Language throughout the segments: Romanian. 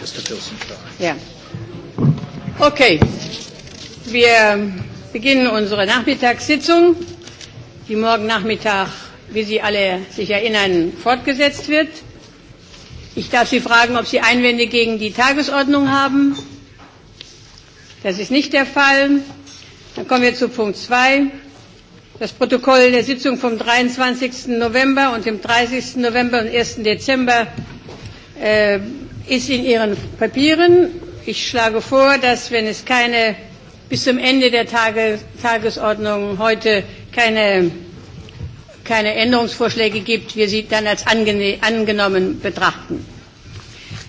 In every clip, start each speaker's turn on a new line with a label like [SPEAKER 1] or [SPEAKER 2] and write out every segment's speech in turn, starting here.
[SPEAKER 1] just to fill some time.
[SPEAKER 2] Yeah. Okay. Wir ähm, beginnen unsere Nachmittagssitzung, die morgen Nachmittag, wie Sie alle sich erinnern, fortgesetzt wird. Ich darf Sie fragen, ob Sie Einwände gegen die Tagesordnung haben. Das ist nicht der Fall. Dann kommen wir zu Punkt 2. Das Protokoll der Sitzung vom 23. November und dem 30. November und 1. Dezember äh, ist in Ihren Papieren. Ich schlage vor, dass, wenn es keine bis zum Ende der Tage, Tagesordnung heute keine, keine Änderungsvorschläge gibt, wir sie dann als angene, angenommen betrachten.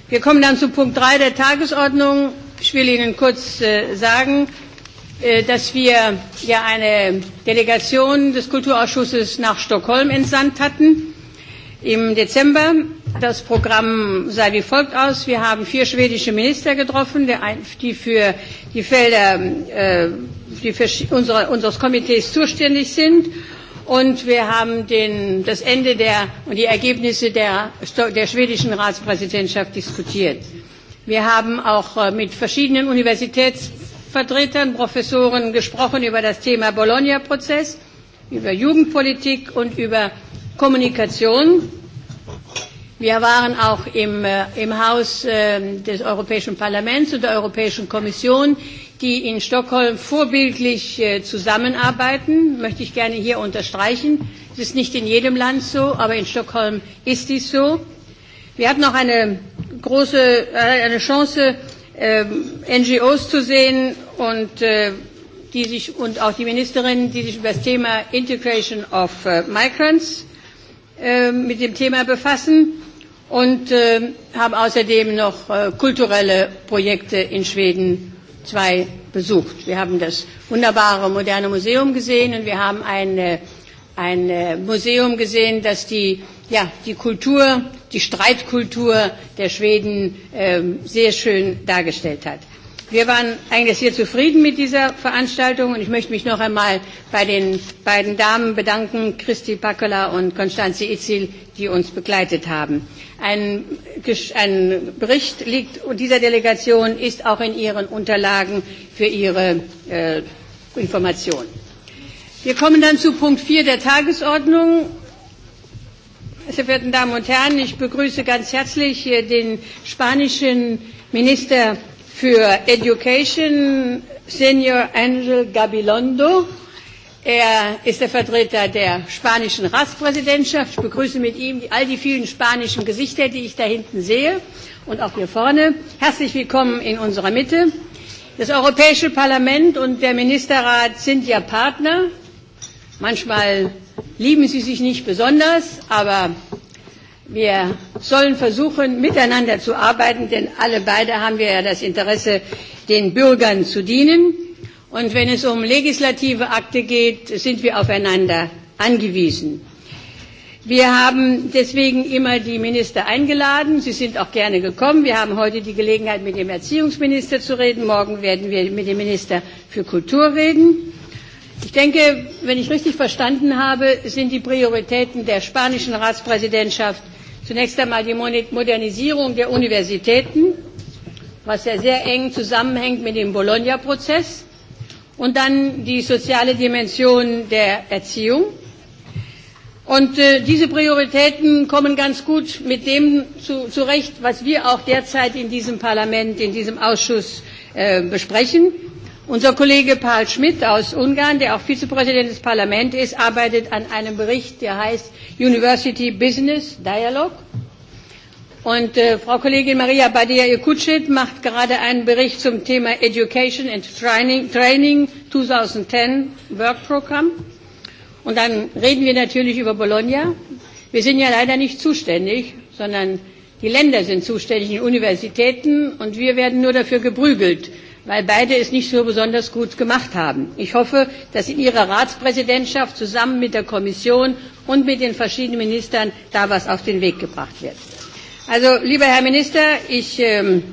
[SPEAKER 2] Wir kommen dann zu Punkt 3 der Tagesordnung. Ich will Ihnen kurz äh, sagen, äh, dass wir ja eine Delegation des Kulturausschusses nach Stockholm entsandt hatten im Dezember Das Programm sah wie folgt aus. Wir haben vier schwedische Minister getroffen, die für die Felder äh, die für unsere, unseres Komitees zuständig sind. Und wir haben den, das Ende der, und die Ergebnisse der, der schwedischen Ratspräsidentschaft diskutiert. Wir haben auch äh, mit verschiedenen Universitätsvertretern, Professoren gesprochen über das Thema Bologna-Prozess, über Jugendpolitik und über Kommunikation. Wir waren auch im, äh, im Haus äh, des Europäischen Parlaments und der Europäischen Kommission, die in Stockholm vorbildlich äh, zusammenarbeiten, möchte ich gerne hier unterstreichen. Es ist nicht in jedem Land so, aber in Stockholm ist dies so. Wir hatten auch eine große äh, eine Chance, äh, NGOs zu sehen und äh, die sich und auch die Ministerin, die sich über das Thema Integration of äh, Migrants ähm, mit dem Thema befassen und äh, habe außerdem noch äh, kulturelle Projekte in Schweden zwei besucht. Wir haben das wunderbare moderne Museum gesehen und wir haben ein, ein Museum gesehen, das die, ja, die Kultur, die Streitkultur der Schweden äh, sehr schön dargestellt hat. Wir waren eigentlich sehr zufrieden mit dieser Veranstaltung und ich möchte mich noch einmal bei den beiden Damen bedanken, Christi Pakola und Konstanze Itzil, die uns begleitet haben. Ein, ein Bericht liegt dieser Delegation ist auch in Ihren Unterlagen für Ihre äh, Information. Wir kommen dann zu Punkt 4 der Tagesordnung. Sehr verehrten Damen und Herren, ich begrüße ganz herzlich den spanischen Minister Für Education Senior Angel Gabilondo. Er ist der Vertreter der spanischen Ratspräsidentschaft. Ich begrüße mit ihm all die vielen spanischen Gesichter, die ich da hinten sehe und auch hier vorne. Herzlich willkommen in unserer Mitte. Das Europäische Parlament und der Ministerrat sind ja Partner. Manchmal lieben sie sich nicht besonders, aber Wir sollen versuchen, miteinander zu arbeiten, denn alle beide haben wir ja das Interesse, den Bürgern zu dienen. Und wenn es um legislative Akte geht, sind wir aufeinander angewiesen. Wir haben deswegen immer die Minister eingeladen. Sie sind auch gerne gekommen. Wir haben heute die Gelegenheit, mit dem Erziehungsminister zu reden. Morgen werden wir mit dem Minister für Kultur reden. Ich denke, wenn ich richtig verstanden habe, sind die Prioritäten der spanischen Ratspräsidentschaft Zunächst einmal die Modernisierung der Universitäten, was ja sehr eng zusammenhängt mit dem Bologna-Prozess, und dann die soziale Dimension der Erziehung. Und äh, diese Prioritäten kommen ganz gut mit dem zu, zurecht, was wir auch derzeit in diesem Parlament, in diesem Ausschuss äh, besprechen. Unser Kollege Paul Schmidt aus Ungarn, der auch Vizepräsident des Parlaments ist, arbeitet an einem Bericht, der heißt University Business Dialogue. Und äh, Frau Kollegin Maria Badia Jekucic macht gerade einen Bericht zum Thema Education and Training, Training 2010 Work Program. Und dann reden wir natürlich über Bologna. Wir sind ja leider nicht zuständig, sondern die Länder sind zuständig, die Universitäten, und wir werden nur dafür geprügelt, weil beide es nicht so besonders gut gemacht haben. Ich hoffe, dass in Ihrer Ratspräsidentschaft zusammen mit der Kommission und mit den verschiedenen Ministern da was auf den Weg gebracht wird. Also, lieber Herr Minister, ich ähm,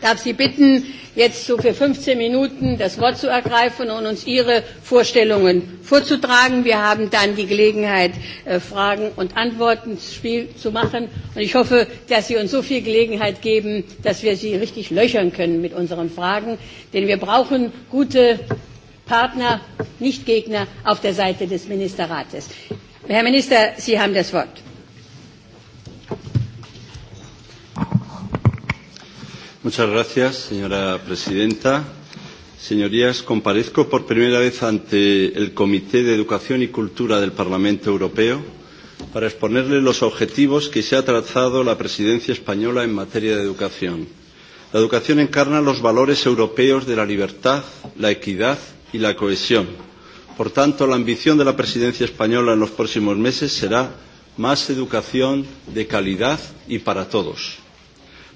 [SPEAKER 2] darf Sie bitten, jetzt so für 15 Minuten das Wort zu ergreifen und uns Ihre Vorstellungen vorzutragen. Wir haben dann die Gelegenheit, äh, Fragen und Antworten Spiel zu machen. Und ich hoffe, dass Sie uns so viel Gelegenheit geben, dass wir Sie richtig löchern können mit unseren Fragen. Denn wir brauchen gute Partner, nicht Gegner auf der Seite des Ministerrates. Herr Minister, Sie haben das Wort.
[SPEAKER 3] Muchas gracias, señora presidenta. Señorías, comparezco por primera vez ante el Comité de Educación y Cultura del Parlamento Europeo para exponerle los objetivos que se ha trazado la presidencia española en materia de educación. La educación encarna los valores europeos de la libertad, la equidad y la cohesión. Por tanto, la ambición de la presidencia española en los próximos meses será más educación de calidad y para todos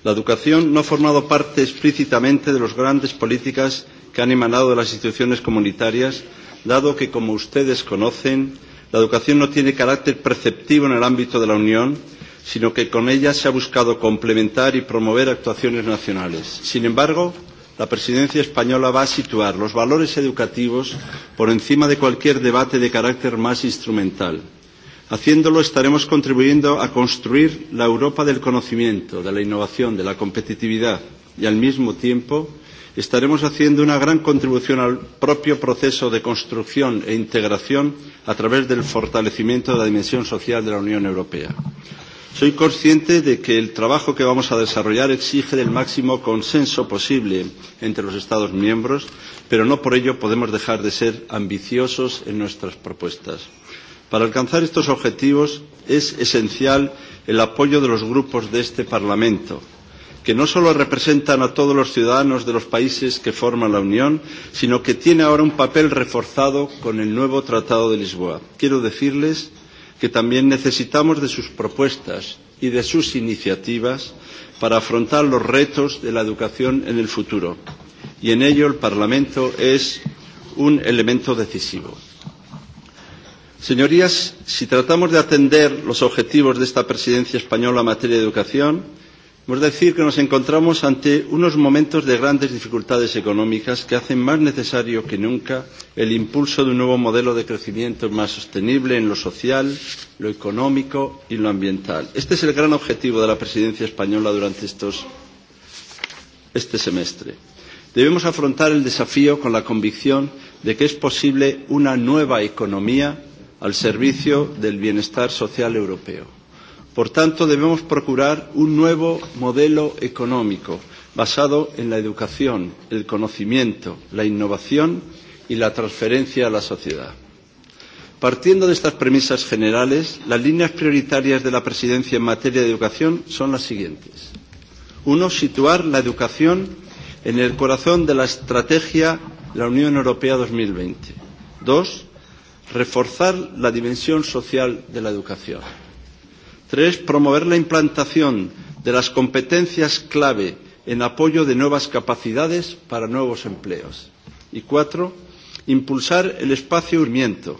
[SPEAKER 3] la educación no ha formado parte explícitamente de las grandes políticas que han emanado de las instituciones comunitarias, dado que, como ustedes conocen, la educación no tiene carácter preceptivo en el ámbito de la Unión, sino que con ella se ha buscado complementar y promover actuaciones nacionales. Sin embargo, la presidencia española va a situar los valores educativos por encima de cualquier debate de carácter más instrumental. Haciéndolo estaremos contribuyendo a construir la Europa del conocimiento, de la innovación, de la competitividad y al mismo tiempo estaremos haciendo una gran contribución al propio proceso de construcción e integración a través del fortalecimiento de la dimensión social de la Unión Europea. Soy consciente de que el trabajo que vamos a desarrollar exige el máximo consenso posible entre los Estados miembros, pero no por ello podemos dejar de ser ambiciosos en nuestras propuestas. Para alcanzar estos objetivos es esencial el apoyo de los grupos de este Parlamento, que no solo representan a todos los ciudadanos de los países que forman la Unión, sino que tiene ahora un papel reforzado con el nuevo Tratado de Lisboa. Quiero decirles que también necesitamos de sus propuestas y de sus iniciativas para afrontar los retos de la educación en el futuro. Y en ello el Parlamento es un elemento decisivo. Señorías, si tratamos de atender los objetivos de esta presidencia española en materia de educación, hemos de decir que nos encontramos ante unos momentos de grandes dificultades económicas que hacen más necesario que nunca el impulso de un nuevo modelo de crecimiento más sostenible en lo social, lo económico y lo ambiental. Este es el gran objetivo de la presidencia española durante estos, este semestre. Debemos afrontar el desafío con la convicción de que es posible una nueva economía al servicio del bienestar social europeo. Por tanto, debemos procurar un nuevo modelo económico basado en la educación, el conocimiento, la innovación y la transferencia a la sociedad. Partiendo de estas premisas generales, las líneas prioritarias de la Presidencia en materia de educación son las siguientes. Uno, situar la educación en el corazón de la estrategia de la Unión Europea 2020. Dos, reforzar la dimensión social de la educación. Tres, promover la implantación de las competencias clave en apoyo de nuevas capacidades para nuevos empleos. Y cuatro, impulsar el espacio urmiento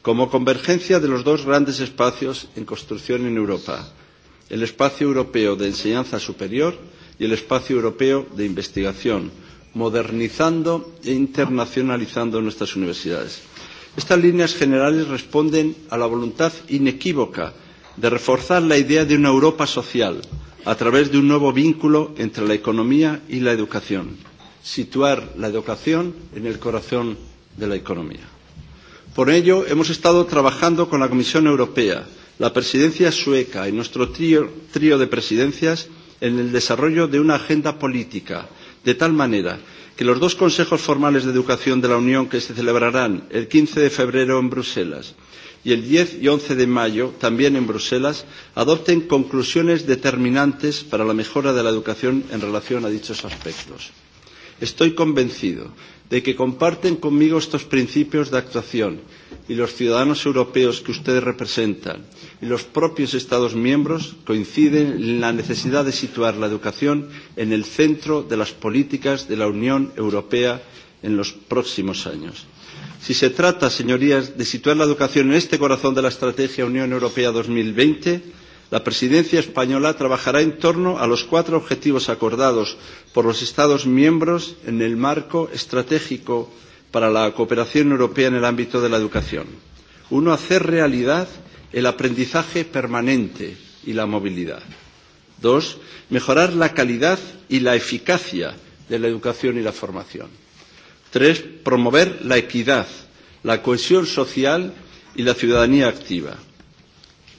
[SPEAKER 3] como convergencia de los dos grandes espacios en construcción en Europa, el espacio europeo de enseñanza superior y el espacio europeo de investigación, modernizando e internacionalizando nuestras universidades. Estas líneas generales responden a la voluntad inequívoca de reforzar la idea de una Europa social a través de un nuevo vínculo entre la economía y la educación, situar la educación en el corazón de la economía. Por ello, hemos estado trabajando con la Comisión Europea, la presidencia sueca y nuestro trío, trío de presidencias en el desarrollo de una agenda política, de tal manera que que los dos consejos formales de educación de la Unión que se celebrarán el 15 de febrero en Bruselas y el 10 y 11 de mayo también en Bruselas adopten conclusiones determinantes para la mejora de la educación en relación a dichos aspectos. Estoy convencido de que comparten conmigo estos principios de actuación y los ciudadanos europeos que ustedes representan y los propios Estados miembros coinciden en la necesidad de situar la educación en el centro de las políticas de la Unión Europea en los próximos años. Si se trata, señorías, de situar la educación en este corazón de la Estrategia Unión Europea 2020, la presidencia española trabajará en torno a los cuatro objetivos acordados por los Estados miembros en el marco estratégico para la cooperación europea en el ámbito de la educación. Uno, hacer realidad el aprendizaje permanente y la movilidad. Dos, mejorar la calidad y la eficacia de la educación y la formación. Tres, promover la equidad, la cohesión social y la ciudadanía activa.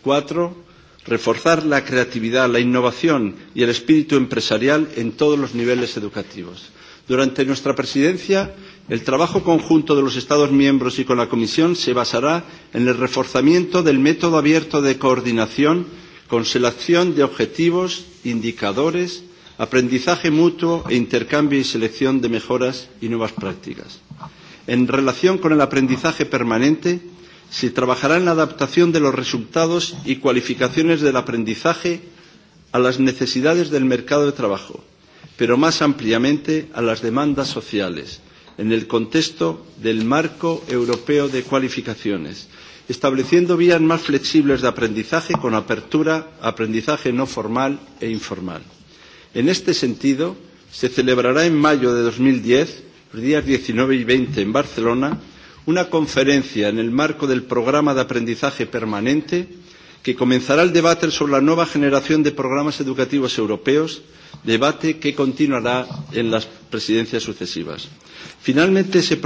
[SPEAKER 3] Cuatro, reforzar la creatividad, la innovación y el espíritu empresarial en todos los niveles educativos. Durante nuestra presidencia, el trabajo conjunto de los Estados miembros y con la Comisión se basará en el reforzamiento del método abierto de coordinación con selección de objetivos, indicadores, aprendizaje mutuo e intercambio y selección de mejoras y nuevas prácticas. En relación con el aprendizaje permanente, se trabajará en la adaptación de los resultados y cualificaciones del aprendizaje a las necesidades del mercado de trabajo, pero más ampliamente a las demandas sociales, en el contexto del marco europeo de cualificaciones, estableciendo vías más flexibles de aprendizaje con apertura a aprendizaje no formal e informal. En este sentido, se celebrará en mayo de 2010, los días 19 y 20 en Barcelona, una conferencia en el marco del programa de aprendizaje permanente que comenzará el debate sobre la nueva generación de programas educativos europeos, debate que continuará en las presidencias sucesivas. Finalmente, se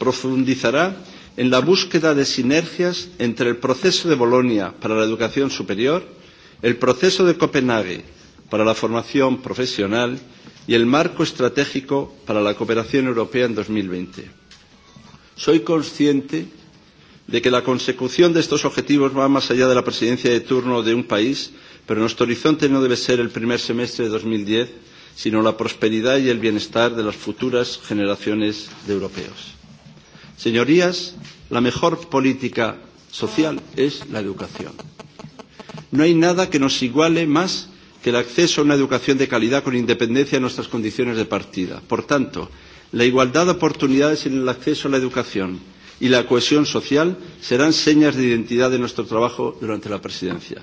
[SPEAKER 3] profundizará en la búsqueda de sinergias entre el proceso de Bolonia para la educación superior, el proceso de Copenhague para la formación profesional y el marco estratégico para la cooperación europea en 2020. Soy consciente de que la consecución de estos objetivos va más allá de la presidencia de turno de un país, pero nuestro horizonte no debe ser el primer semestre de 2010, sino la prosperidad y el bienestar de las futuras generaciones de europeos. Señorías, la mejor política social es la educación. No hay nada que nos iguale más que el acceso a una educación de calidad con independencia de nuestras condiciones de partida. Por tanto, la igualdad de oportunidades en el acceso a la educación y la cohesión social serán señas de identidad de nuestro trabajo durante la presidencia.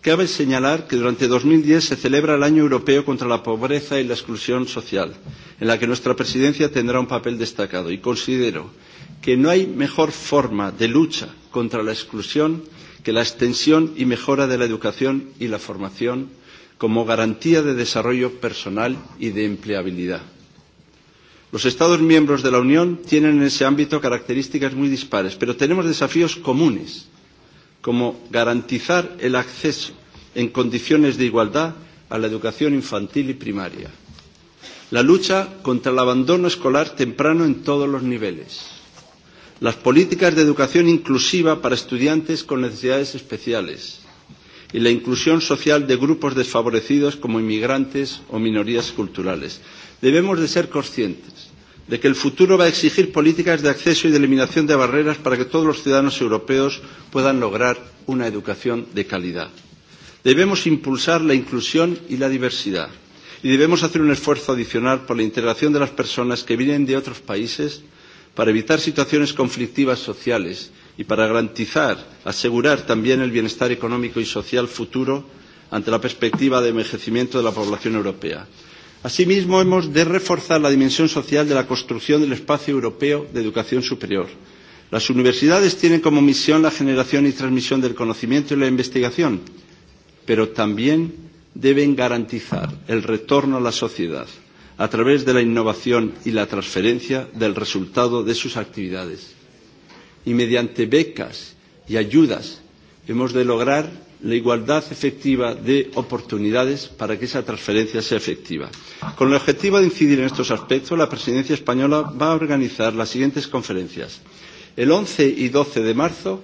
[SPEAKER 3] Cabe señalar que durante 2010 se celebra el Año Europeo contra la Pobreza y la Exclusión Social, en la que nuestra presidencia tendrá un papel destacado y considero que no hay mejor forma de lucha contra la exclusión que la extensión y mejora de la educación y la formación como garantía de desarrollo personal y de empleabilidad. Los Estados miembros de la Unión tienen en ese ámbito características muy dispares, pero tenemos desafíos comunes, como garantizar el acceso en condiciones de igualdad a la educación infantil y primaria, la lucha contra el abandono escolar temprano en todos los niveles, las políticas de educación inclusiva para estudiantes con necesidades especiales y la inclusión social de grupos desfavorecidos como inmigrantes o minorías culturales debemos de ser conscientes de que el futuro va a exigir políticas de acceso y de eliminación de barreras para que todos los ciudadanos europeos puedan lograr una educación de calidad. Debemos impulsar la inclusión y la diversidad y debemos hacer un esfuerzo adicional por la integración de las personas que vienen de otros países para evitar situaciones conflictivas sociales y para garantizar, asegurar también el bienestar económico y social futuro ante la perspectiva de envejecimiento de la población europea. Asimismo, hemos de reforzar la dimensión social de la construcción del espacio europeo de educación superior. Las universidades tienen como misión la generación y transmisión del conocimiento y la investigación, pero también deben garantizar el retorno a la sociedad a través de la innovación y la transferencia del resultado de sus actividades. Y mediante becas y ayudas hemos de lograr la igualdad efectiva de oportunidades para que esa transferencia sea efectiva. Con el objetivo de incidir en estos aspectos, la presidencia española va a organizar las siguientes conferencias. El 11 y 12 de marzo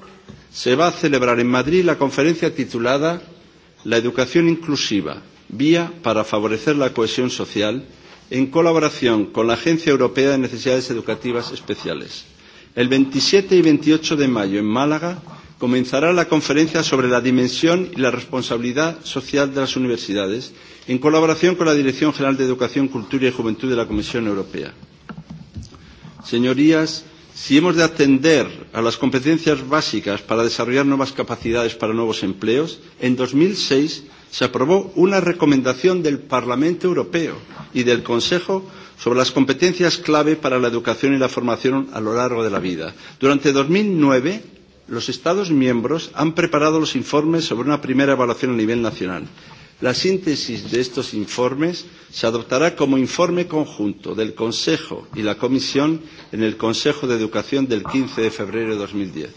[SPEAKER 3] se va a celebrar en Madrid la conferencia titulada La educación inclusiva, vía para favorecer la cohesión social, en colaboración con la Agencia Europea de Necesidades Educativas Especiales. El 27 y 28 de mayo en Málaga comenzará la conferencia sobre la dimensión y la responsabilidad social de las universidades, en colaboración con la Dirección General de Educación, Cultura y Juventud de la Comisión Europea. Señorías, si hemos de atender a las competencias básicas para desarrollar nuevas capacidades para nuevos empleos, en 2006 se aprobó una recomendación del Parlamento Europeo y del Consejo sobre las competencias clave para la educación y la formación a lo largo de la vida. Durante 2009, los Estados miembros han preparado los informes sobre una primera evaluación a nivel nacional. La síntesis de estos informes se adoptará como informe conjunto del Consejo y la Comisión en el Consejo de Educación del 15 de febrero de 2010.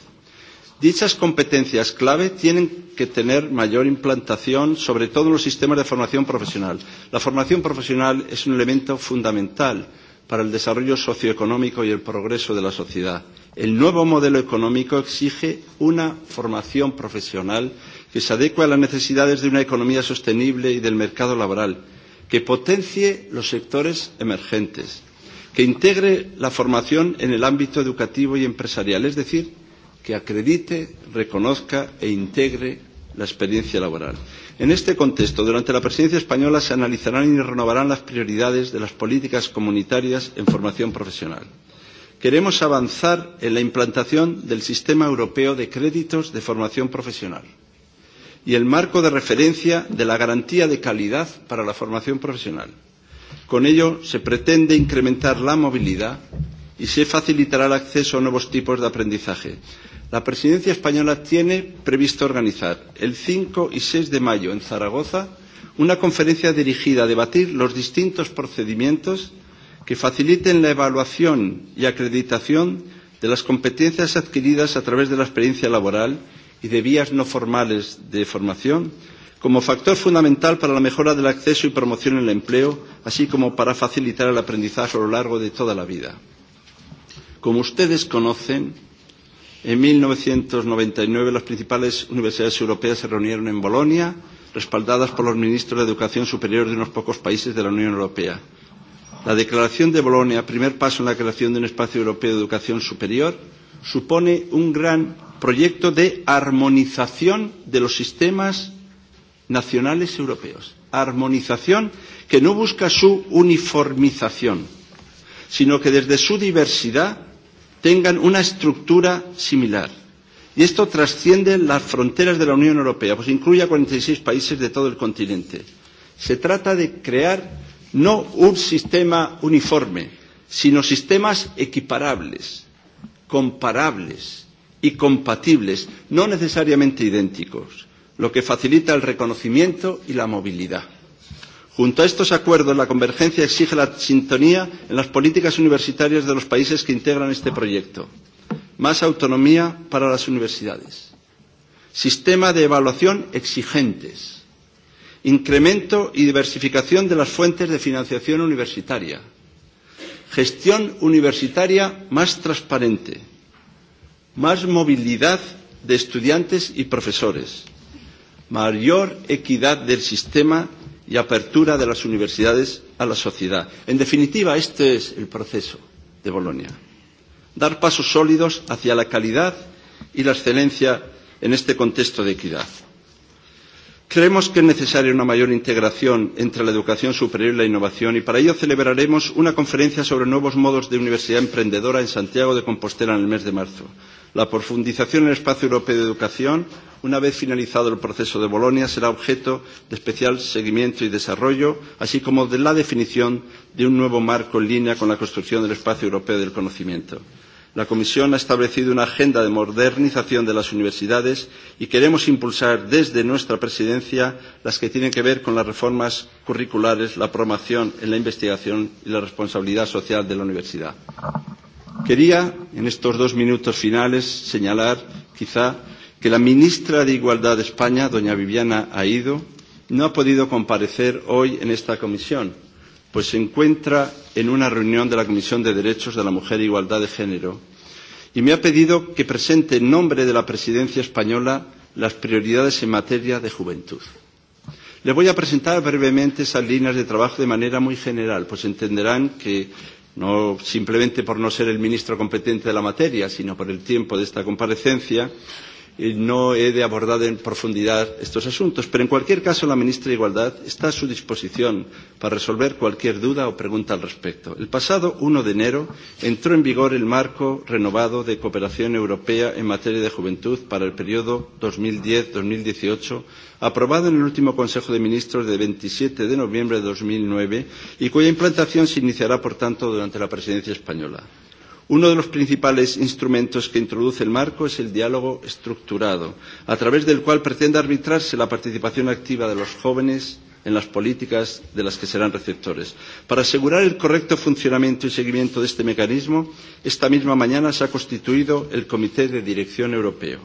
[SPEAKER 3] Dichas competencias clave tienen que tener mayor implantación, sobre todo en los sistemas de formación profesional. La formación profesional es un elemento fundamental para el desarrollo socioeconómico y el progreso de la sociedad. El nuevo modelo económico exige una formación profesional que se adecue a las necesidades de una economía sostenible y del mercado laboral, que potencie los sectores emergentes, que integre la formación en el ámbito educativo y empresarial, es decir, que acredite, reconozca e integre la experiencia laboral. En este contexto, durante la presidencia española se analizarán y renovarán las prioridades de las políticas comunitarias en formación profesional queremos avanzar en la implantación del Sistema Europeo de Créditos de Formación Profesional y el marco de referencia de la garantía de calidad para la formación profesional. Con ello se pretende incrementar la movilidad y se facilitará el acceso a nuevos tipos de aprendizaje. La presidencia española tiene previsto organizar el 5 y 6 de mayo en Zaragoza una conferencia dirigida a debatir los distintos procedimientos que faciliten la evaluación y acreditación de las competencias adquiridas a través de la experiencia laboral y de vías no formales de formación como factor fundamental para la mejora del acceso y promoción en el empleo, así como para facilitar el aprendizaje a lo largo de toda la vida. Como ustedes conocen, en 1999 las principales universidades europeas se reunieron en Bolonia, respaldadas por los ministros de Educación Superior de unos pocos países de la Unión Europea. La Declaración de Bolonia, primer paso en la creación de un espacio europeo de educación superior, supone un gran proyecto de armonización de los sistemas nacionales europeos. Armonización que no busca su uniformización, sino que desde su diversidad tengan una estructura similar. Y esto trasciende las fronteras de la Unión Europea, pues incluye a 46 países de todo el continente. Se trata de crear no un sistema uniforme, sino sistemas equiparables, comparables y compatibles, no necesariamente idénticos, lo que facilita el reconocimiento y la movilidad. Junto a estos acuerdos, la convergencia exige la sintonía en las políticas universitarias de los países que integran este proyecto. Más autonomía para las universidades. Sistema de evaluación exigentes incremento y diversificación de las fuentes de financiación universitaria, gestión universitaria más transparente, más movilidad de estudiantes y profesores, mayor equidad del sistema y apertura de las universidades a la sociedad. En definitiva, este es el proceso de Bolonia. Dar pasos sólidos hacia la calidad y la excelencia en este contexto de equidad. Creemos que es necesaria una mayor integración entre la educación superior y la innovación y para ello celebraremos una conferencia sobre nuevos modos de universidad emprendedora en Santiago de Compostela en el mes de marzo. La profundización en el espacio europeo de educación, una vez finalizado el proceso de Bolonia, será objeto de especial seguimiento y desarrollo, así como de la definición de un nuevo marco en línea con la construcción del espacio europeo del conocimiento. La Comisión ha establecido una agenda de modernización de las universidades y queremos impulsar desde nuestra presidencia las que tienen que ver con las reformas curriculares, la promoción en la investigación y la responsabilidad social de la universidad. Quería, en estos dos minutos finales, señalar quizá que la ministra de Igualdad de España, doña Viviana Aído, no ha podido comparecer hoy en esta comisión pues se encuentra en una reunión de la Comisión de Derechos de la Mujer e Igualdad de Género y me ha pedido que presente en nombre de la presidencia española las prioridades en materia de juventud. Le voy a presentar brevemente esas líneas de trabajo de manera muy general, pues entenderán que no simplemente por no ser el ministro competente de la materia, sino por el tiempo de esta comparecencia, no he de abordar en profundidad estos asuntos, pero en cualquier caso la ministra de Igualdad está a su disposición para resolver cualquier duda o pregunta al respecto. El pasado 1 de enero entró en vigor el marco renovado de cooperación europea en materia de juventud para el periodo 2010-2018, aprobado en el último Consejo de Ministros de 27 de noviembre de 2009 y cuya implantación se iniciará, por tanto, durante la presidencia española. Uno de los principales instrumentos que introduce el marco es el diálogo estructurado, a través del cual pretende arbitrarse la participación activa de los jóvenes en las políticas de las que serán receptores. Para asegurar el correcto funcionamiento y seguimiento de este mecanismo, esta misma mañana se ha constituido el Comité de Dirección Europeo.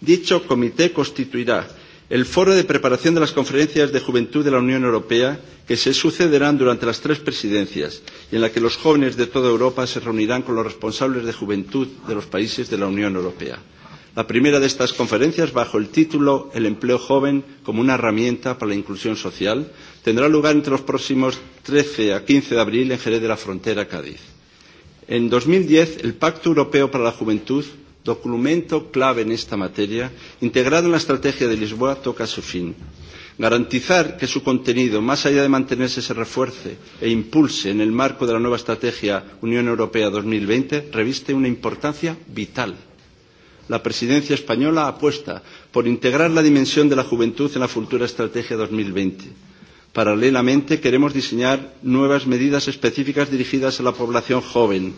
[SPEAKER 3] Dicho comité constituirá el foro de preparación de las conferencias de juventud de la Unión Europea que se sucederán durante las tres presidencias y en la que los jóvenes de toda Europa se reunirán con los responsables de juventud de los países de la Unión Europea. La primera de estas conferencias, bajo el título El empleo joven como una herramienta para la inclusión social, tendrá lugar entre los próximos 13 a 15 de abril en Jerez de la Frontera, Cádiz. En 2010, el Pacto Europeo para la Juventud documento clave en esta materia, integrado en la Estrategia de Lisboa, toca su fin. Garantizar que su contenido, más allá de mantenerse, se refuerce e impulse en el marco de la nueva Estrategia Unión Europea 2020 reviste una importancia vital. La presidencia española apuesta por integrar la dimensión de la juventud en la futura Estrategia 2020. Paralelamente, queremos diseñar nuevas medidas específicas dirigidas a la población joven,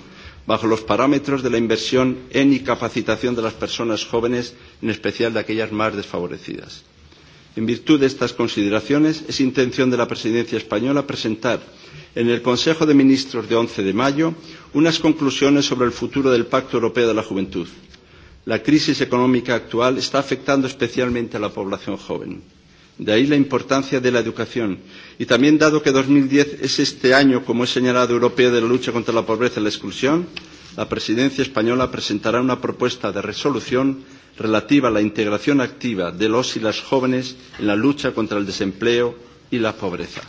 [SPEAKER 3] bajo los parámetros de la inversión en y capacitación de las personas jóvenes, en especial de aquellas más desfavorecidas. En virtud de estas consideraciones, es intención de la Presidencia española presentar en el Consejo de Ministros de 11 de mayo unas conclusiones sobre el futuro del Pacto Europeo de la Juventud. La crisis económica actual está afectando especialmente a la población joven. De ahí la importancia de la educación Y también, dado que 2010 es este año, como he señalado, europeo de la lucha contra la pobreza y la exclusión, la presidencia española presentará una propuesta de resolución relativa a la integración activa de los y las jóvenes en la lucha contra el desempleo y la pobreza.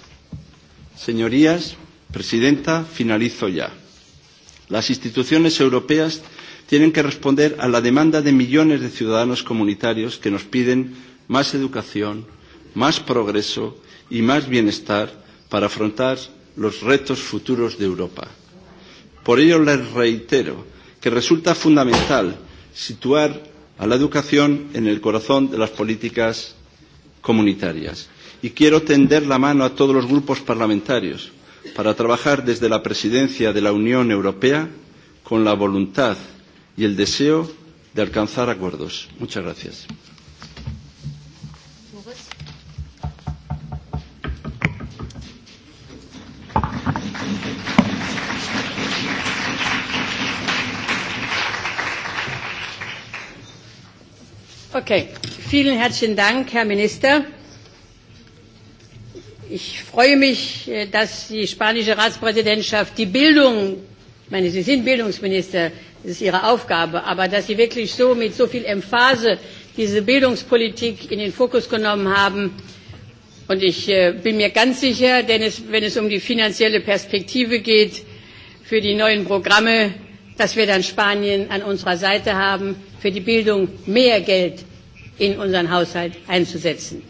[SPEAKER 3] Señorías, Presidenta, finalizo ya. Las instituciones europeas tienen que responder a la demanda de millones de ciudadanos comunitarios que nos piden más educación, más progreso y más bienestar para afrontar los retos futuros de Europa. Por ello les reitero que resulta fundamental situar a la educación en el corazón de las políticas comunitarias. Y quiero tender la mano a todos los grupos parlamentarios para trabajar desde la presidencia de la Unión Europea con la voluntad y el deseo de alcanzar acuerdos. Muchas gracias.
[SPEAKER 2] Okay, vielen herzlichen Dank, Herr Minister. Ich freue mich, äh, dass die spanische Ratspräsidentschaft die Bildung, ich meine, Sie sind Bildungsminister, das ist Ihre Aufgabe, aber dass Sie wirklich so mit so viel Emphase diese Bildungspolitik in den Fokus genommen haben. Und ich äh, bin mir ganz sicher, denn es, wenn es um die finanzielle Perspektive geht für die neuen Programme, dass wir dann Spanien an unserer Seite haben, für die Bildung mehr Geld in unseren Haushalt einzusetzen.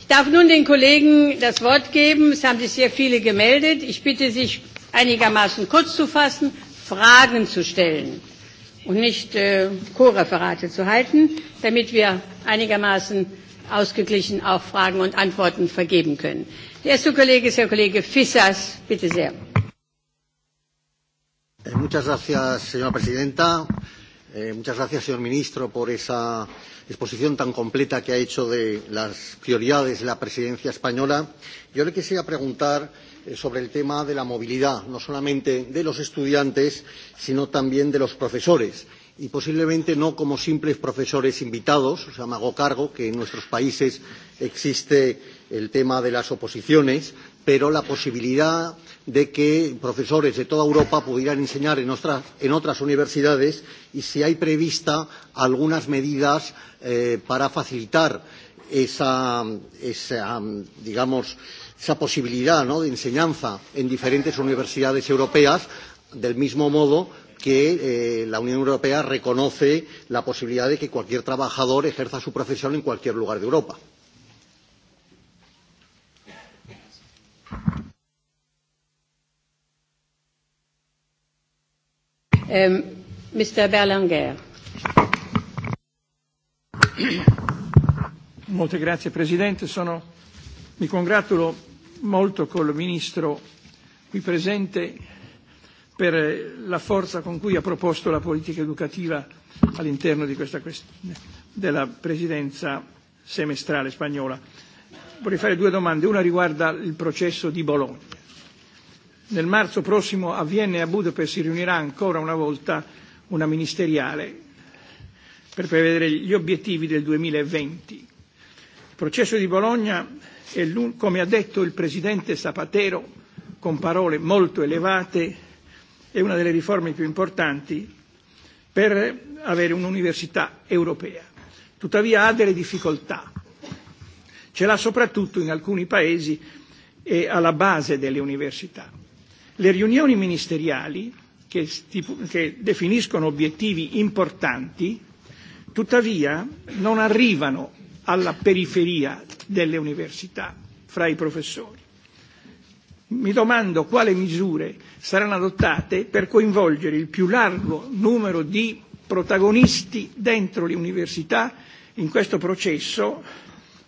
[SPEAKER 2] Ich darf nun den Kollegen das Wort geben. Es haben sich sehr viele gemeldet. Ich bitte, sich einigermaßen kurz zu fassen, Fragen zu stellen und nicht äh, Co-Referate zu halten, damit wir einigermaßen ausgeglichen auch Fragen und Antworten vergeben können. Der erste Kollege ist Herr Kollege Fissers. Bitte sehr.
[SPEAKER 4] Eh, muchas gracias, señora presidenta. Eh, muchas gracias, señor ministro, por esa exposición tan completa que ha hecho de las prioridades de la presidencia española. Yo le quisiera preguntar eh, sobre el tema de la movilidad, no solamente de los estudiantes, sino también de los profesores y posiblemente no como simples profesores invitados. O sea, me hago cargo que en nuestros países existe el tema de las oposiciones, pero la posibilidad de que profesores de toda Europa pudieran enseñar en, ostras, en otras universidades y si hay prevista algunas medidas eh, para facilitar esa, esa, digamos, esa posibilidad ¿no? de enseñanza en diferentes universidades europeas, del mismo modo que eh, la Unión Europea reconoce la posibilidad de que cualquier trabajador ejerza su profesión en cualquier lugar de Europa.
[SPEAKER 2] Mr. Um, Berlinguer.
[SPEAKER 5] Molte grazie Presidente, Sono, mi congratulo molto col Ministro qui presente per la forza con cui ha proposto la politica educativa all'interno di questa questione della Presidenza semestrale spagnola. Vorrei fare due domande, una riguarda il processo di Bologna Nel marzo prossimo a Vienna e a Budapest si riunirà ancora una volta una ministeriale per prevedere gli obiettivi del 2020. Il processo di Bologna è, come ha detto il presidente Zapatero con parole molto elevate, è una delle riforme più importanti per avere un'università europea. Tuttavia ha delle difficoltà. Ce l'ha soprattutto in alcuni paesi e alla base delle università le riunioni ministeriali che, stipu- che definiscono obiettivi importanti, tuttavia non arrivano alla periferia delle università fra i professori. Mi domando quali misure saranno adottate per coinvolgere il più largo numero di protagonisti dentro le università in questo processo,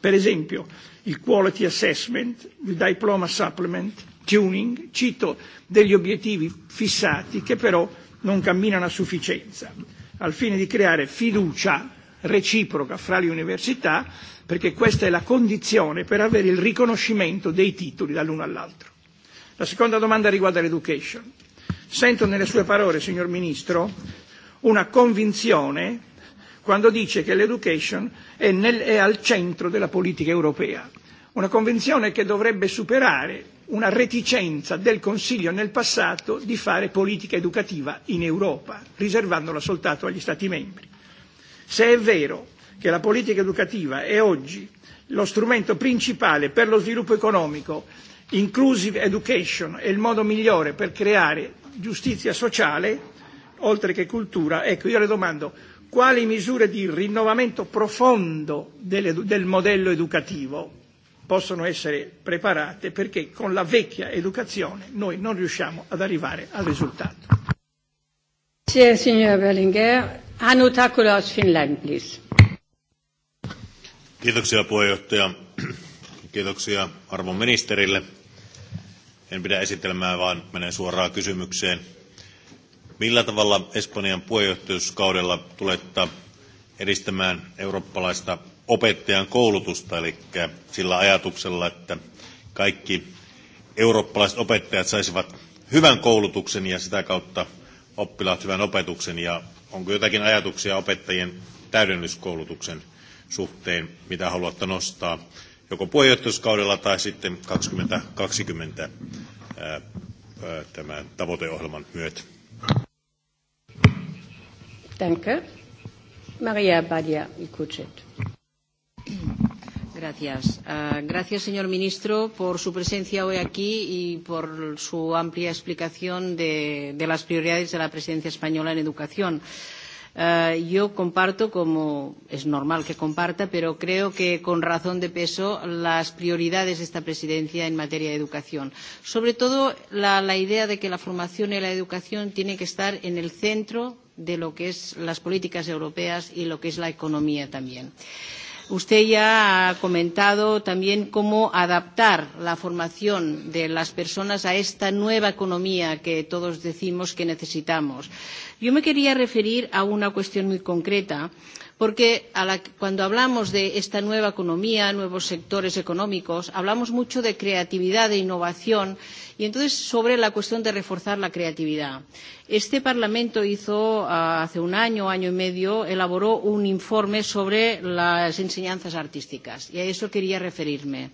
[SPEAKER 5] per esempio il quality assessment, il diploma supplement, tuning, cito degli obiettivi fissati che però non camminano a sufficienza, al fine di creare fiducia reciproca fra le università, perché questa è la condizione per avere il riconoscimento dei titoli dall'uno all'altro. La seconda domanda riguarda l'education. Sento nelle sue parole, signor Ministro, una convinzione quando dice che l'education è, nel, è al centro della politica europea, una convinzione che dovrebbe superare una reticenza del Consiglio nel passato di fare politica educativa in Europa, riservandola soltanto agli Stati membri. Se è vero che la politica educativa è oggi lo strumento principale per lo sviluppo economico, inclusive education è il modo migliore per creare giustizia sociale, oltre che cultura, ecco io le domando quali misure di rinnovamento profondo del, modello educativo possono essere preparate perché con la vecchia educazione noi non riusciamo ad arrivare al risultato.
[SPEAKER 2] Grazie signor Berlinger. Hannu Takulas,
[SPEAKER 6] Kiitoksia puheenjohtaja. Kiitoksia arvon ministerille. En pidä esitelmää, vaan menen suoraan kysymykseen. Millä tavalla Espanjan puheenjohtajuuskaudella tulette edistämään eurooppalaista opettajan koulutusta, eli sillä ajatuksella, että kaikki eurooppalaiset opettajat saisivat hyvän koulutuksen ja sitä kautta oppilaat hyvän opetuksen. Ja onko jotakin ajatuksia opettajien täydennyskoulutuksen suhteen, mitä haluatte nostaa joko puheenjohtajuuskaudella tai sitten 2020 ää, ää, tämän tavoiteohjelman myötä?
[SPEAKER 2] Danke. Maria Badia Ikucet.
[SPEAKER 7] Gracias. Uh, gracias, señor ministro, por su presencia hoy aquí y por su amplia explicación de, de las prioridades de la presidencia española en educación. Uh, yo comparto, como es normal que comparta, pero creo que con razón de peso las prioridades de esta presidencia en materia de educación. Sobre todo la, la idea de que la formación y la educación tienen que estar en el centro de lo que son las políticas europeas y lo que es la economía también. Uh, Usted ya ha comentado también cómo adaptar la formación de las personas a esta nueva economía que todos decimos que necesitamos. Yo me quería referir a una cuestión muy concreta porque a la, cuando hablamos de esta nueva economía, nuevos sectores económicos, hablamos mucho de creatividad, de innovación Y entonces, sobre la cuestión de reforzar la creatividad. Este Parlamento hizo, ah, hace un año, año y medio, elaboró un informe sobre las enseñanzas artísticas. Y a eso quería referirme.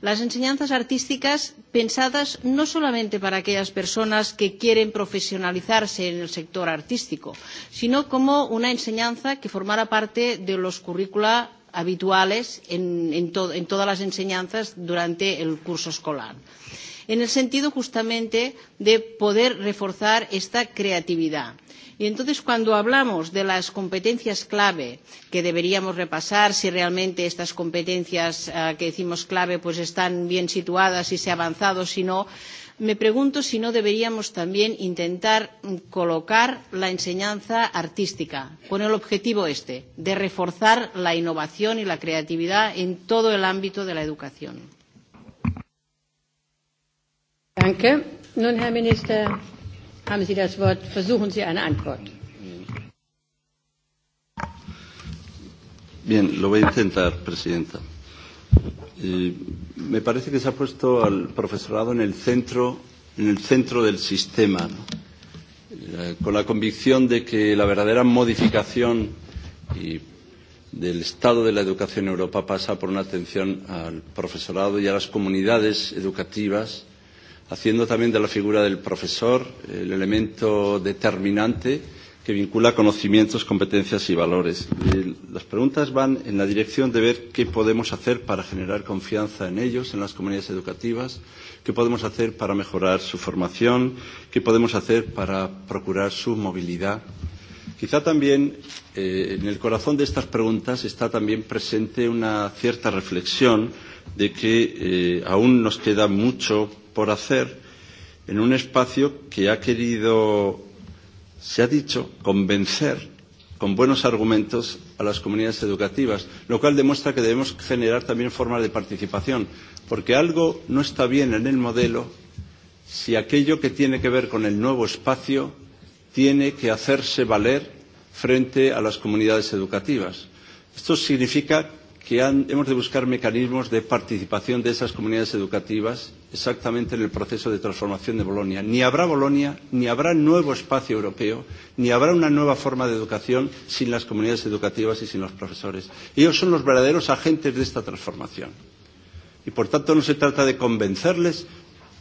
[SPEAKER 7] Las enseñanzas artísticas pensadas no solamente para aquellas personas que quieren profesionalizarse en el sector artístico, sino como una enseñanza que formara parte de los currícula habituales en, en, to en todas las enseñanzas durante el curso escolar. Eh, en el sentido justamente de poder reforzar esta creatividad. Y entonces, cuando hablamos de las competencias clave que deberíamos repasar, si realmente estas competencias uh, que decimos clave pues están bien situadas, y se ha avanzado, si no, me pregunto si no deberíamos también intentar colocar la enseñanza artística con el objetivo este, de reforzar la innovación y la creatividad en todo el ámbito de la educación.
[SPEAKER 2] Herr Minister, haben Sie das Wort. Versuchen Sie eine Antwort.
[SPEAKER 3] Bien, lo voy a intentar, Presidenta. y eh, me parece que se ha puesto al profesorado en el centro, en el centro del sistema, ¿no? Eh, con la convicción de que la verdadera modificación y del estado de la educación en Europa pasa por una atención al profesorado y a las comunidades educativas haciendo también de la figura del profesor el elemento determinante que vincula conocimientos, competencias y valores. Y las preguntas van en la dirección de ver qué podemos hacer para generar confianza en ellos, en las comunidades educativas, qué podemos hacer para mejorar su formación, qué podemos hacer para procurar su movilidad. Quizá también eh, en el corazón de estas preguntas está también presente una cierta reflexión de que eh, aún nos queda mucho por hacer en un espacio que ha querido, se ha dicho, convencer con buenos argumentos a las comunidades educativas, lo cual demuestra que debemos generar también formas de participación, porque algo no está bien en el modelo si aquello que tiene que ver con el nuevo espacio tiene que hacerse valer frente a las comunidades educativas. Esto significa que han, hemos de buscar mecanismos de participación de esas comunidades educativas exactamente en el proceso de transformación de Bolonia. Ni habrá Bolonia, ni habrá nuevo espacio europeo, ni habrá una nueva forma de educación sin las comunidades educativas y sin los profesores. Ellos son los verdaderos agentes de esta transformación. Y por tanto no se trata de convencerles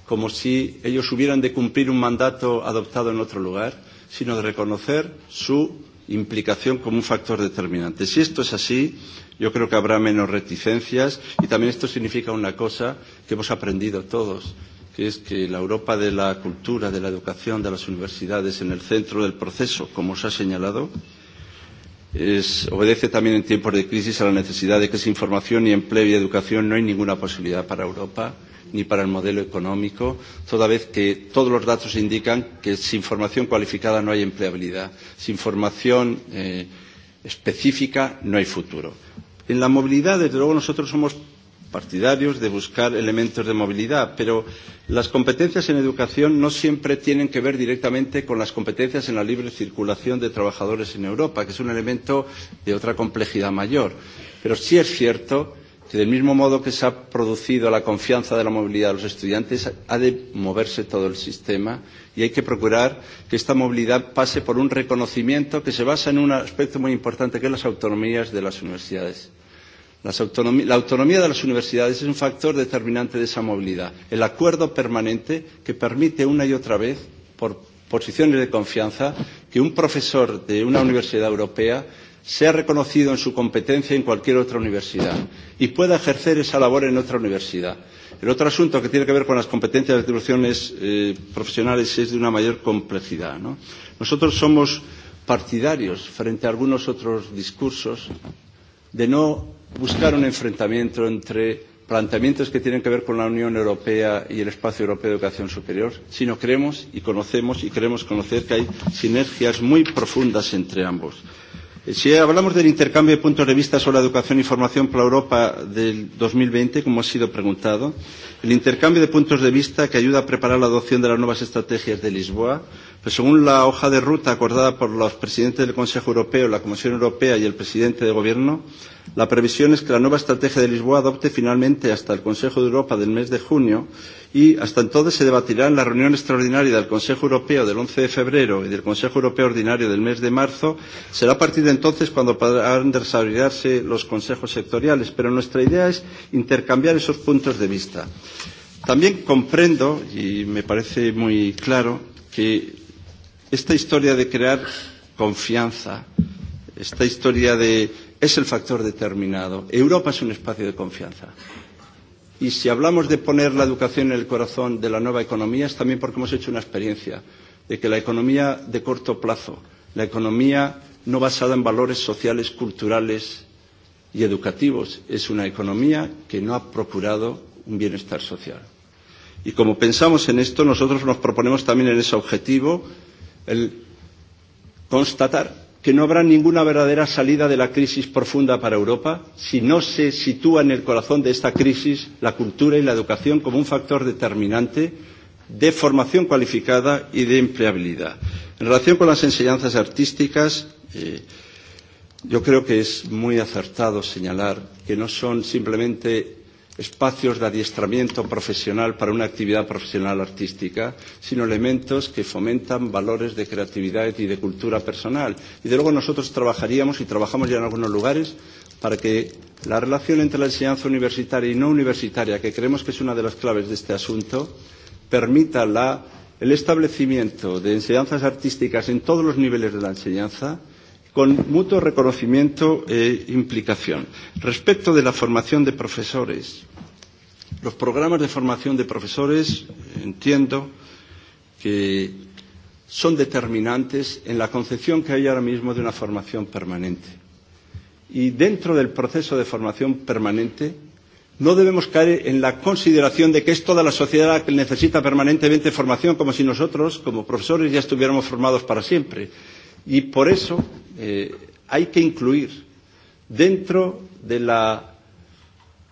[SPEAKER 3] como si ellos hubieran de cumplir un mandato adoptado en otro lugar, sino de reconocer su implicación como un factor determinante. Si esto es así, yo creo que habrá menos reticencias y también esto significa una cosa que hemos aprendido todos, que es que la Europa de la cultura, de la educación, de las universidades en el centro del proceso, como se ha señalado, es, obedece también en tiempos de crisis a la necesidad de que sin formación y empleo y educación no hay ninguna posibilidad para Europa ni para el modelo económico, toda vez que todos los datos indican que sin formación cualificada no hay empleabilidad, sin formación eh, específica no hay futuro. En la movilidad, desde luego, nosotros somos partidarios de buscar elementos de movilidad, pero las competencias en educación no siempre tienen que ver directamente con las competencias en la libre circulación de trabajadores en Europa, que es un elemento de otra complejidad mayor. Pero sí es cierto Si del mismo modo que se ha producido la confianza de la movilidad de los estudiantes, ha de moverse todo el sistema y hay que procurar que esta movilidad pase por un reconocimiento que se basa en un aspecto muy importante, que es las autonomías de las universidades. Las autonom la autonomía de las universidades es un factor determinante de esa movilidad. El acuerdo permanente que permite una y otra vez, por posiciones de confianza, que un profesor de una universidad europea sea reconocido en su competencia en cualquier otra universidad y pueda ejercer esa labor en otra universidad. El otro asunto que tiene que ver con las competencias de atribuciones eh, profesionales es de una mayor complejidad. ¿no? Nosotros somos partidarios, frente a algunos otros discursos, de no buscar un enfrentamiento entre planteamientos que tienen que ver con la Unión Europea y el espacio europeo de educación superior, sino creemos y conocemos y queremos conocer que hay sinergias muy profundas entre ambos. Si hablamos del intercambio de puntos de vista sobre la educación y formación para Europa del 2020, como ha sido preguntado, el intercambio de puntos de vista que ayuda a preparar la adopción de las nuevas estrategias de Lisboa Pues según la hoja de ruta acordada por los presidentes del Consejo Europeo, la Comisión Europea y el presidente de Gobierno, la previsión es que la nueva estrategia de Lisboa adopte finalmente hasta el Consejo de Europa del mes de junio y hasta entonces se debatirá en la reunión extraordinaria del Consejo Europeo del 11 de febrero y del Consejo Europeo Ordinario del mes de marzo. Será a partir de entonces cuando podrán desarrollarse los consejos sectoriales, pero nuestra idea es intercambiar esos puntos de vista. También comprendo, y me parece muy claro, que esta historia de crear confianza, esta historia de es el factor determinado. Europa es un espacio de confianza. Y si hablamos de poner la educación en el corazón de la nueva economía, es también porque hemos hecho una experiencia de que la economía de corto plazo, la economía no basada en valores sociales, culturales y educativos, es una economía que no ha procurado un bienestar social. Y como pensamos en esto, nosotros nos proponemos también en ese objetivo el constatar que no habrá ninguna verdadera salida de la crisis profunda para Europa si no se sitúa en el corazón de esta crisis la cultura y la educación como un factor determinante de formación cualificada y de empleabilidad. En relación con las enseñanzas artísticas, eh, yo creo que es muy acertado señalar que no son simplemente espacios de adiestramiento profesional para una actividad profesional artística, sino elementos que fomentan valores de creatividad y de cultura personal. Y de luego nosotros trabajaríamos y trabajamos ya en algunos lugares para que la relación entre la enseñanza universitaria y no universitaria, que creemos que es una de las claves de este asunto, permita la, el establecimiento de enseñanzas artísticas en todos los niveles de la enseñanza, con mutuo reconocimiento e implicación. Respecto de la formación de profesores, los programas de formación de profesores, entiendo que son determinantes en la concepción que hay ahora mismo de una formación permanente. Y dentro del proceso de formación permanente, no debemos caer en la consideración de que es toda la sociedad la que necesita permanentemente formación, como si nosotros, como profesores, ya estuviéramos formados para siempre. Y por eso eh, hay que incluir dentro de la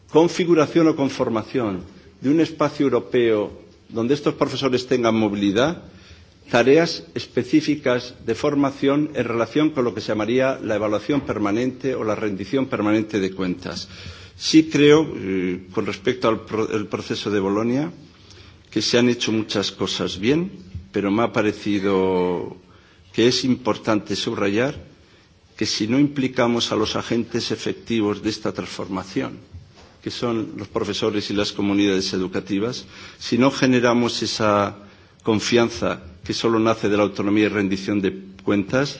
[SPEAKER 3] configuración o conformación de un espacio europeo donde estos profesores tengan movilidad, tareas específicas de formación en relación con lo que se llamaría la evaluación permanente o la rendición permanente de cuentas. Sí creo, eh, con respecto al pro el proceso de Bolonia, que se han hecho muchas cosas bien, pero me ha parecido que es importante subrayar que si no implicamos a los agentes efectivos de esta transformación, que son los profesores y las comunidades educativas, si no generamos esa confianza que solo nace de la autonomía y rendición de cuentas,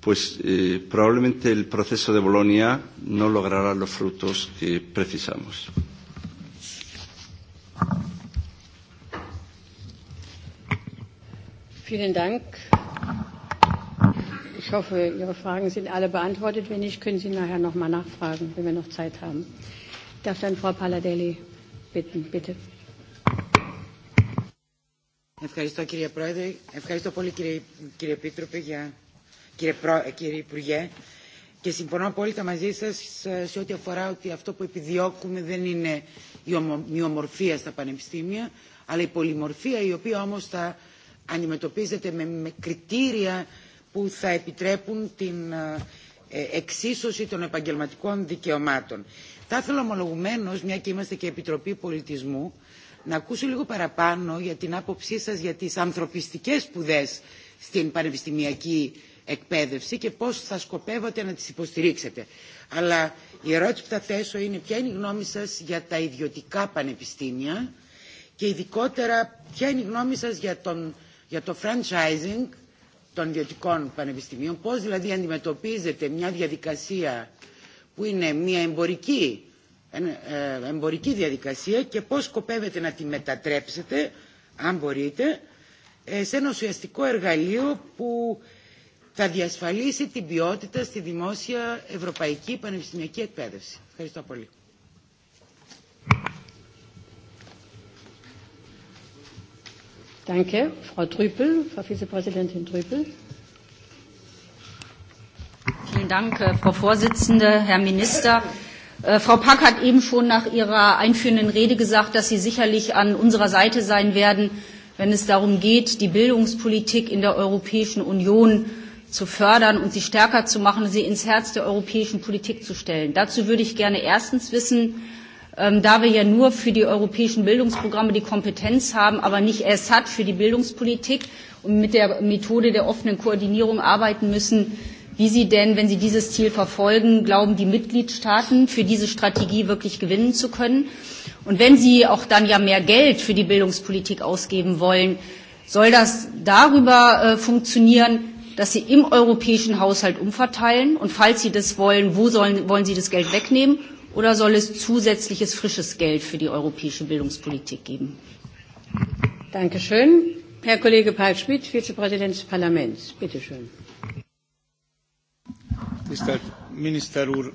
[SPEAKER 3] pues eh, probablemente el proceso de Bolonia no logrará los frutos que precisamos.
[SPEAKER 2] Vielen Dank hoffe, Ihre Fragen sind alle beantwortet. Wenn nicht, können Sie nachher noch mal nachfragen, wenn wir noch Zeit haben. Ich darf dann Frau Paladelli bitten, bitte.
[SPEAKER 8] Ευχαριστώ κύριε Πρόεδρε, ευχαριστώ πολύ κύριε, κύριε Επίτροπε, για, κύριε, Προ, κύριε Υπουργέ και συμφωνώ απόλυτα μαζί σας σε ό,τι αφορά ότι αυτό που επιδιώκουμε δεν είναι η ομοιομορφία στα πανεπιστήμια, αλλά η πολυμορφία η οποία όμως θα αντιμετωπίζεται με, με κριτήρια που θα επιτρέπουν την εξίσωση των επαγγελματικών δικαιωμάτων. Θα ήθελα ομολογουμένως, μια και είμαστε και Επιτροπή Πολιτισμού, να ακούσω λίγο παραπάνω για την άποψή σας για τις ανθρωπιστικές σπουδές στην πανεπιστημιακή εκπαίδευση και πώς θα σκοπεύατε να τις υποστηρίξετε. Αλλά η ερώτηση που θα θέσω είναι ποια είναι η γνώμη σας για τα ιδιωτικά πανεπιστήμια και ειδικότερα ποια είναι η γνώμη σας για, τον, για το franchising των ιδιωτικών πανεπιστημίων, πώς δηλαδή αντιμετωπίζεται μια διαδικασία που είναι μια εμπορική, εμπορική διαδικασία και πώς σκοπεύετε να τη μετατρέψετε, αν μπορείτε, σε ένα ουσιαστικό εργαλείο που θα διασφαλίσει την ποιότητα στη δημόσια ευρωπαϊκή πανεπιστημιακή εκπαίδευση. Ευχαριστώ πολύ.
[SPEAKER 2] Danke. Frau Trüpel, Frau Vizepräsidentin Trüpel.
[SPEAKER 9] Vielen Dank, äh, Frau Vorsitzende, Herr Minister. Äh, Frau Pack hat eben schon nach ihrer einführenden Rede gesagt, dass Sie sicherlich an unserer Seite sein werden, wenn es darum geht, die Bildungspolitik in der Europäischen Union zu fördern und sie stärker zu machen, sie ins Herz der europäischen Politik zu stellen. Dazu würde ich gerne erstens wissen, ähm, da wir ja nur für die europäischen Bildungsprogramme die Kompetenz haben, aber nicht erst hat für die Bildungspolitik und mit der Methode der offenen Koordinierung arbeiten müssen, wie Sie denn, wenn Sie dieses Ziel verfolgen, glauben, die Mitgliedstaaten für diese Strategie wirklich gewinnen zu können. Und wenn Sie auch dann ja mehr Geld für die Bildungspolitik ausgeben wollen, soll das darüber äh, funktionieren, dass Sie im europäischen Haushalt umverteilen? Und falls Sie das wollen, wo sollen, wollen Sie das Geld wegnehmen? Oder soll es zusätzliches frisches Geld für die europäische Bildungspolitik geben? Dankeschön.
[SPEAKER 2] Herr Kollege Schmidt, Vizepräsident des Parlaments. Bitte schön.
[SPEAKER 10] Tisztelt miniszter úr,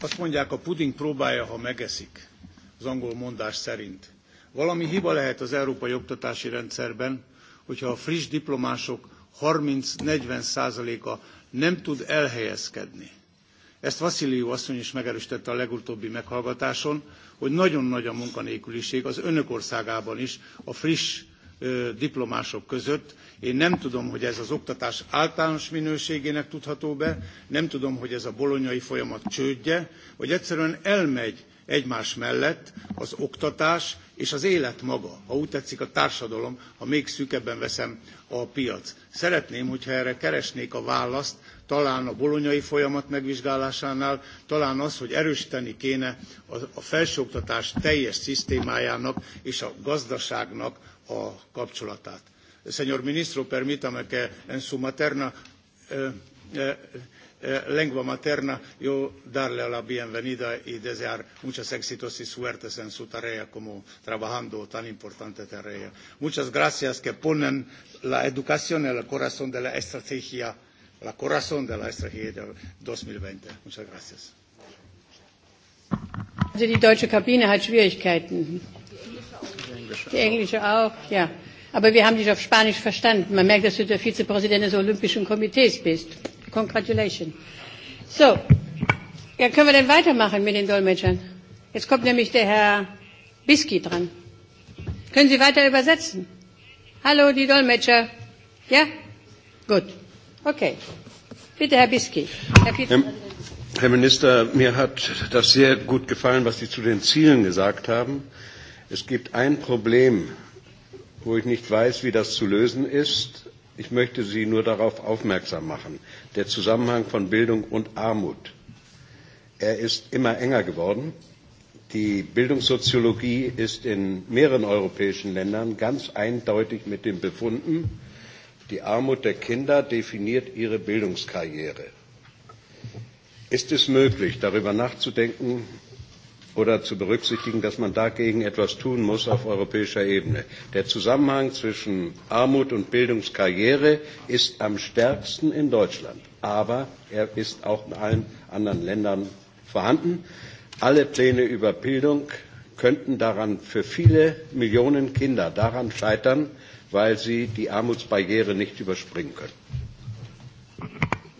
[SPEAKER 10] azt mondják, a puding próbálja, ha megeszik, az angol mondás szerint. Valami hiba lehet az európai oktatási rendszerben, hogyha a friss diplomások 30-40 százaléka nem tud elhelyezkedni Ezt Vasziliu asszony is megerősítette a legutóbbi meghallgatáson, hogy nagyon nagy a munkanélküliség az önök országában is a friss ö, diplomások között. Én nem tudom, hogy ez az oktatás általános minőségének tudható be, nem tudom, hogy ez a bolonyai folyamat csődje, vagy egyszerűen elmegy egymás mellett az oktatás és az élet maga, ha úgy tetszik a társadalom, ha még szűkebben veszem a piac. Szeretném, hogyha erre keresnék a választ, talán a bolonyai folyamat megvizsgálásánál, talán az, hogy erősíteni kéne a felsőoktatás teljes szisztémájának és a gazdaságnak a kapcsolatát. Señor ministro, permítame que en su materna eh, eh, eh lengua materna, yo darle la bienvenida y desear muchos éxitos y suertes en su tarea como trabajando tan importante tarea. Muchas gracias que ponen la educación en el corazón de la estrategia la corazón de la estrategia de 2020. Muchas gracias.
[SPEAKER 2] Also die deutsche Kabine hat Schwierigkeiten. Die englische auch, ja. Aber wir haben dich auf Spanisch verstanden. Man merkt, dass du der Vizepräsident des Olympischen Komitees bist. Congratulations. So, ja, können wir denn weitermachen mit den Dolmetschern? Jetzt kommt nämlich der Herr Biski dran. Können Sie weiter übersetzen? Hallo, die Dolmetscher. Ja? Gut. Okay. Bitte, Herr Biski. Herr, Peter.
[SPEAKER 11] Herr Minister, mir hat das sehr gut gefallen, was Sie zu den Zielen gesagt haben. Es gibt ein Problem, wo ich nicht weiß, wie das zu lösen ist. Ich möchte Sie nur darauf aufmerksam machen. Der Zusammenhang von Bildung und Armut. Er ist immer enger geworden. Die Bildungssoziologie ist in mehreren europäischen Ländern ganz eindeutig mit den Befunden Die Armut der Kinder definiert ihre Bildungskarriere. Ist es möglich, darüber nachzudenken oder zu berücksichtigen, dass man dagegen etwas tun muss auf europäischer Ebene? Der Zusammenhang zwischen Armut und Bildungskarriere ist am stärksten in Deutschland, aber er ist auch in allen anderen Ländern vorhanden. Alle Pläne über Bildung könnten daran für viele Millionen Kinder daran scheitern, weil sie die Armutsbarriere nicht überspringen können.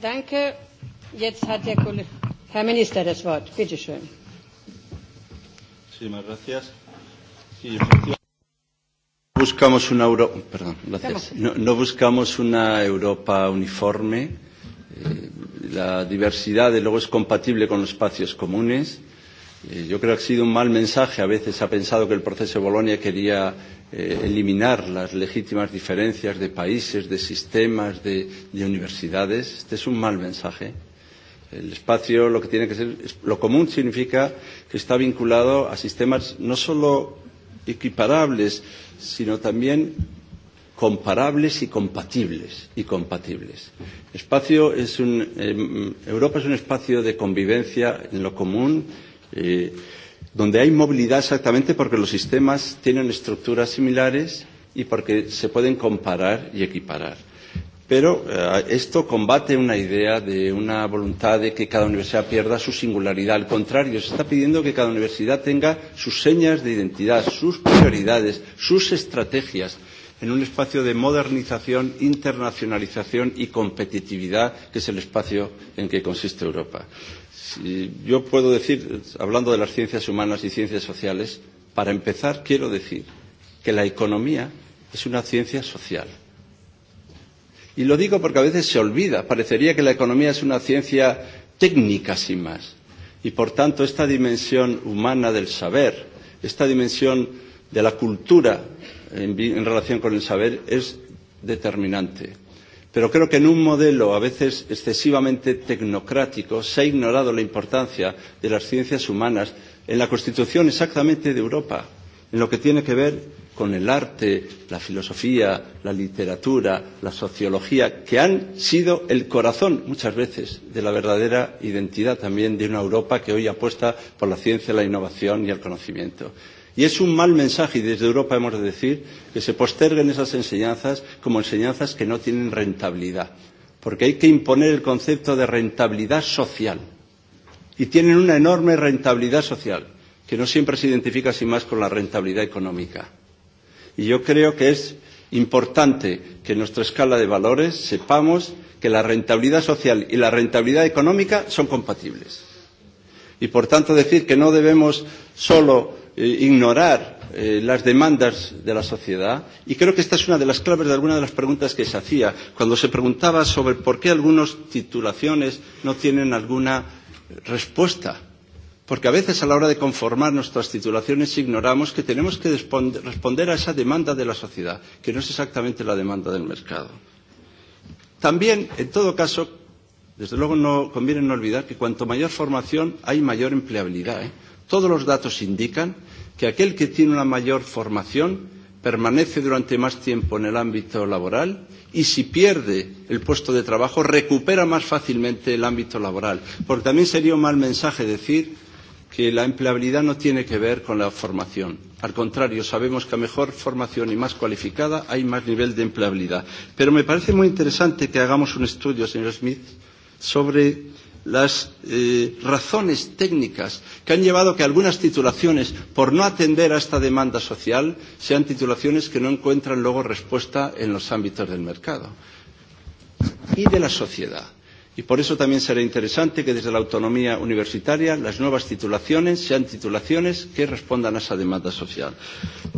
[SPEAKER 2] Danke. Jetzt hat der Kollege, Herr Minister das Wort. Bitte schön.
[SPEAKER 3] buscamos una Europa, oh, perdón, No, no buscamos una Europa uniforme. Eh, la diversidad, de luego, es compatible con los espacios comunes. Eh, Yo creo que ha sido un mal mensaje. A veces ha pensado que el proceso de Bolonia quería eh, eliminar las legítimas diferencias de países, de sistemas, de, de universidades. Este es un mal mensaje. El espacio lo que tiene que ser, lo común significa que está vinculado a sistemas no solo equiparables, sino también comparables y compatibles y compatibles. Espacio es un, eh, Europa es un espacio de convivencia en lo común Eh, donde hay movilidad exactamente porque los sistemas tienen estructuras similares y porque se pueden comparar y equiparar. Pero eh, esto combate una idea de una voluntad de que cada universidad pierda su singularidad. Al contrario, se está pidiendo que cada universidad tenga sus señas de identidad, sus prioridades, sus estrategias en un espacio de modernización, internacionalización y competitividad, que es el espacio en que consiste Europa yo puedo decir, hablando de las ciencias humanas y ciencias sociales, para empezar quiero decir que la economía es una ciencia social. Y lo digo porque a veces se olvida, parecería que la economía es una ciencia técnica sin más. Y por tanto esta dimensión humana del saber, esta dimensión de la cultura en, en relación con el saber es determinante. Pero creo que en un modelo a veces excesivamente tecnocrático se ha ignorado la importancia de las ciencias humanas en la constitución exactamente de Europa, en lo que tiene que ver con el arte, la filosofía, la literatura, la sociología, que han sido el corazón muchas veces de la verdadera identidad también de una Europa que hoy apuesta por la ciencia, la innovación y el conocimiento. Y es un mal mensaje, y desde Europa hemos de decir, que se posterguen esas enseñanzas como enseñanzas que no tienen rentabilidad, porque hay que imponer el concepto de rentabilidad social. Y tienen una enorme rentabilidad social, que no siempre se identifica sin más con la rentabilidad económica. Y yo creo que es importante que en nuestra escala de valores sepamos que la rentabilidad social y la rentabilidad económica son compatibles. Y por tanto decir que no debemos solo eh, ignorar eh, las demandas de la sociedad y creo que esta es una de las claves de alguna de las preguntas que se hacía cuando se preguntaba sobre por qué algunas titulaciones no tienen alguna respuesta. Porque a veces a la hora de conformar nuestras titulaciones ignoramos que tenemos que responder a esa demanda de la sociedad, que no es exactamente la demanda del mercado. También, en todo caso, desde luego no conviene no olvidar que cuanto mayor formación hay mayor empleabilidad. ¿eh? Todos los datos indican que aquel que tiene una mayor formación permanece durante más tiempo en el ámbito laboral y si pierde el puesto de trabajo recupera más fácilmente el ámbito laboral. Porque también sería un mal mensaje decir que la empleabilidad no tiene que ver con la formación. Al contrario, sabemos que a mejor formación y más cualificada hay más nivel de empleabilidad. Pero me parece muy interesante que hagamos un estudio, señor Smith, sobre las eh, razones técnicas que han llevado a que algunas titulaciones, por no atender a esta demanda social, sean titulaciones que no encuentran luego respuesta en los ámbitos del mercado y de la sociedad. Y por eso también será interesante que desde la autonomía universitaria las nuevas titulaciones sean titulaciones que respondan a esa demanda social.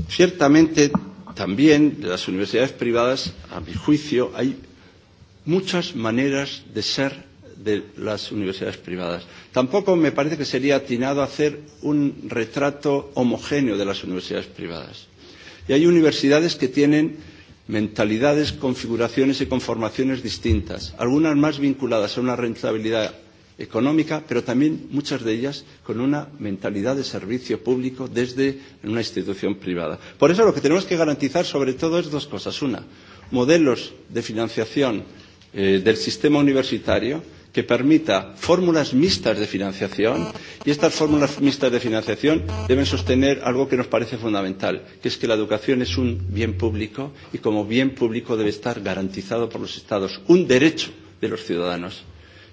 [SPEAKER 3] Ciertamente, también de las universidades privadas, a mi juicio, hay muchas maneras de ser de las universidades privadas. Tampoco me parece que sería atinado hacer un retrato homogéneo de las universidades privadas. Y hay universidades que tienen mentalidades, configuraciones y conformaciones distintas, algunas más vinculadas a una rentabilidad económica, pero también muchas de ellas con una mentalidad de servicio público desde una institución privada. Por eso lo que tenemos que garantizar sobre todo es dos cosas. Una, modelos de financiación eh, del sistema universitario que permita fórmulas mixtas de financiación y estas fórmulas mixtas de financiación deben sostener algo que nos parece fundamental, que es que la educación es un bien público y como bien público debe estar garantizado por los Estados, un derecho de los ciudadanos.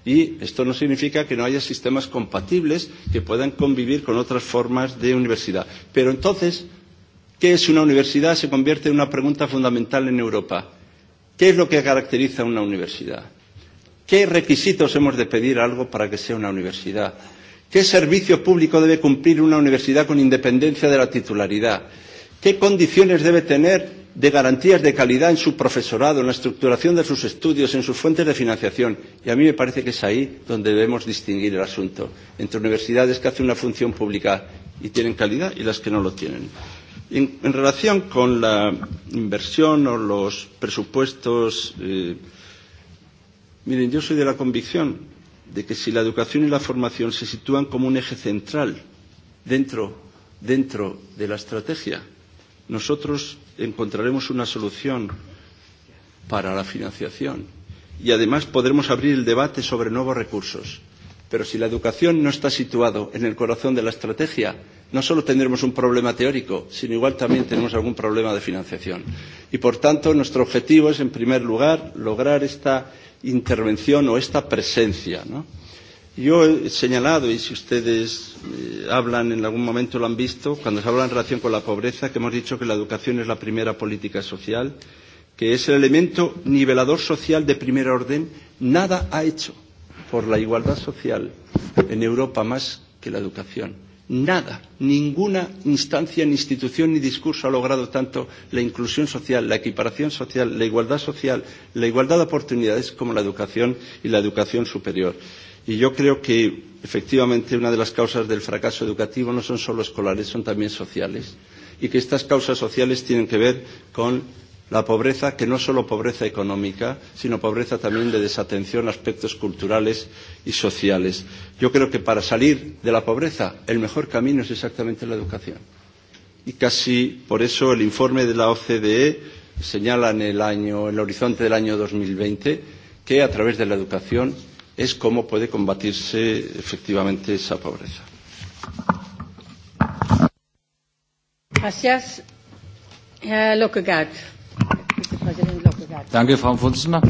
[SPEAKER 3] Y esto no significa que no haya sistemas compatibles que puedan convivir con otras formas de universidad. Pero entonces, ¿qué es una universidad? Se convierte en una pregunta fundamental en Europa. ¿Qué es lo que caracteriza a una universidad? ¿Qué requisitos hemos de pedir algo para que sea una universidad? ¿Qué servicio público debe cumplir una universidad con independencia de la titularidad? ¿Qué condiciones debe tener de garantías de calidad en su profesorado, en la estructuración de sus estudios, en sus fuentes de financiación? Y a mí me parece que es ahí donde debemos distinguir el asunto entre universidades que hacen una función pública y tienen calidad y las que no lo tienen. En, en relación con la inversión o los presupuestos eh, Miren, yo soy de la convicción de que si la educación y la formación se sitúan como un eje central dentro, dentro de la estrategia, nosotros encontraremos una solución para la financiación y además podremos abrir el debate sobre nuevos recursos. Pero si la educación no está situada en el corazón de la estrategia, no solo tendremos un problema teórico, sino igual también tenemos algún problema de financiación. Y por tanto, nuestro objetivo es, en primer lugar, lograr esta intervención o esta presencia. ¿no? Yo he señalado, y si ustedes eh, hablan en algún momento lo han visto, cuando se habla en relación con la pobreza, que hemos dicho que la educación es la primera política social, que es el elemento nivelador social de primer orden, nada ha hecho por la igualdad social en Europa más que la educación. Nada, ninguna instancia, ni institución, ni discurso ha logrado tanto la inclusión social, la equiparación social, la igualdad social, la igualdad de oportunidades como la educación y la educación superior. Y yo creo que efectivamente una de las causas del fracaso educativo no son solo escolares, son también sociales. Y que estas causas sociales tienen que ver con la pobreza que no es solo pobreza económica, sino pobreza también de desatención a aspectos culturales y sociales. Yo creo que para salir de la pobreza el mejor camino es exactamente la educación. Y casi por eso el informe de la OCDE señala en el, año, en el horizonte del año 2020 que a través de la educación es cómo puede combatirse efectivamente esa pobreza.
[SPEAKER 2] Gracias. Uh,
[SPEAKER 12] Danke, Frau Vorsitzende.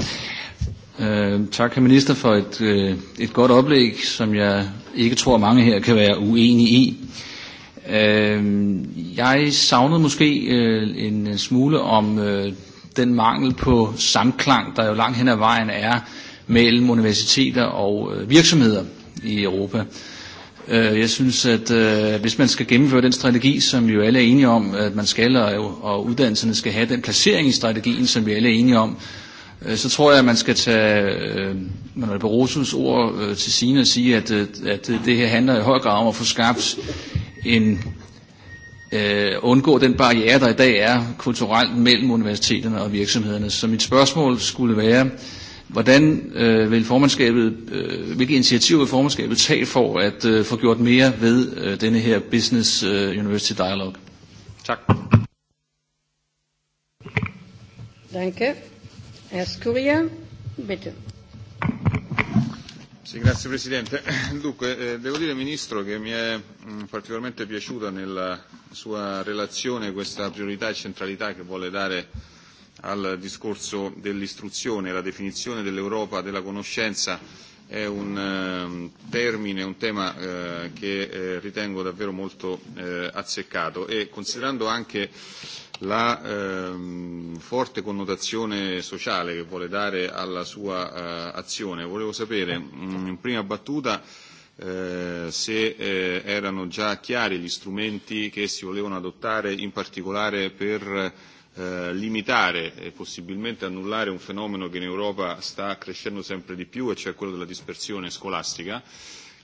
[SPEAKER 12] Øh, tak, herr minister, for et, øh, et godt oplæg, som jeg ikke tror, mange her kan være uenige i. Øh, jeg savnede måske en smule om den mangel på samklang, der jo langt hen ad vejen er mellem universiteter og virksomheder i Europa. Øh, jeg synes, at øh, hvis man skal gennemføre den strategi, som jo alle er enige om, at man skal, og uddannelserne skal have den placering i strategien, som vi alle er enige om, øh, så tror jeg, at man skal tage Manuel Barrosos ord til sine og sige, at, at det her handler i høj grad om at få skabt en uh, undgå den barriere, der i dag er kulturelt mellem universiteterne og virksomhederne. Så mit spørgsmål skulle være, uh, Hvordan øh, vil formandskabet, øh, hvilke initiativer vil formandskabet tage for at øh, få gjort mere ved øh, denne her Business øh, University Dialogue? Tak.
[SPEAKER 2] Danke. Herr Scuria, bitte.
[SPEAKER 13] Sì, grazie Presidente. Dunque, eh, devo dire Ministro che mi è mh, mm, particolarmente piaciuta nella sua relazione questa priorità e centralità che vuole dare al discorso dell'istruzione. La definizione dell'Europa della conoscenza è un ehm, termine, un tema eh, che eh, ritengo davvero molto eh, azzeccato e considerando anche la ehm, forte connotazione sociale che vuole dare alla sua azione, volevo sapere mm, in prima battuta se erano già chiari gli strumenti che si volevano adottare in particolare per Eh, limitare e possibilmente annullare un fenomeno che in Europa sta crescendo sempre di più, e cioè quello della dispersione scolastica.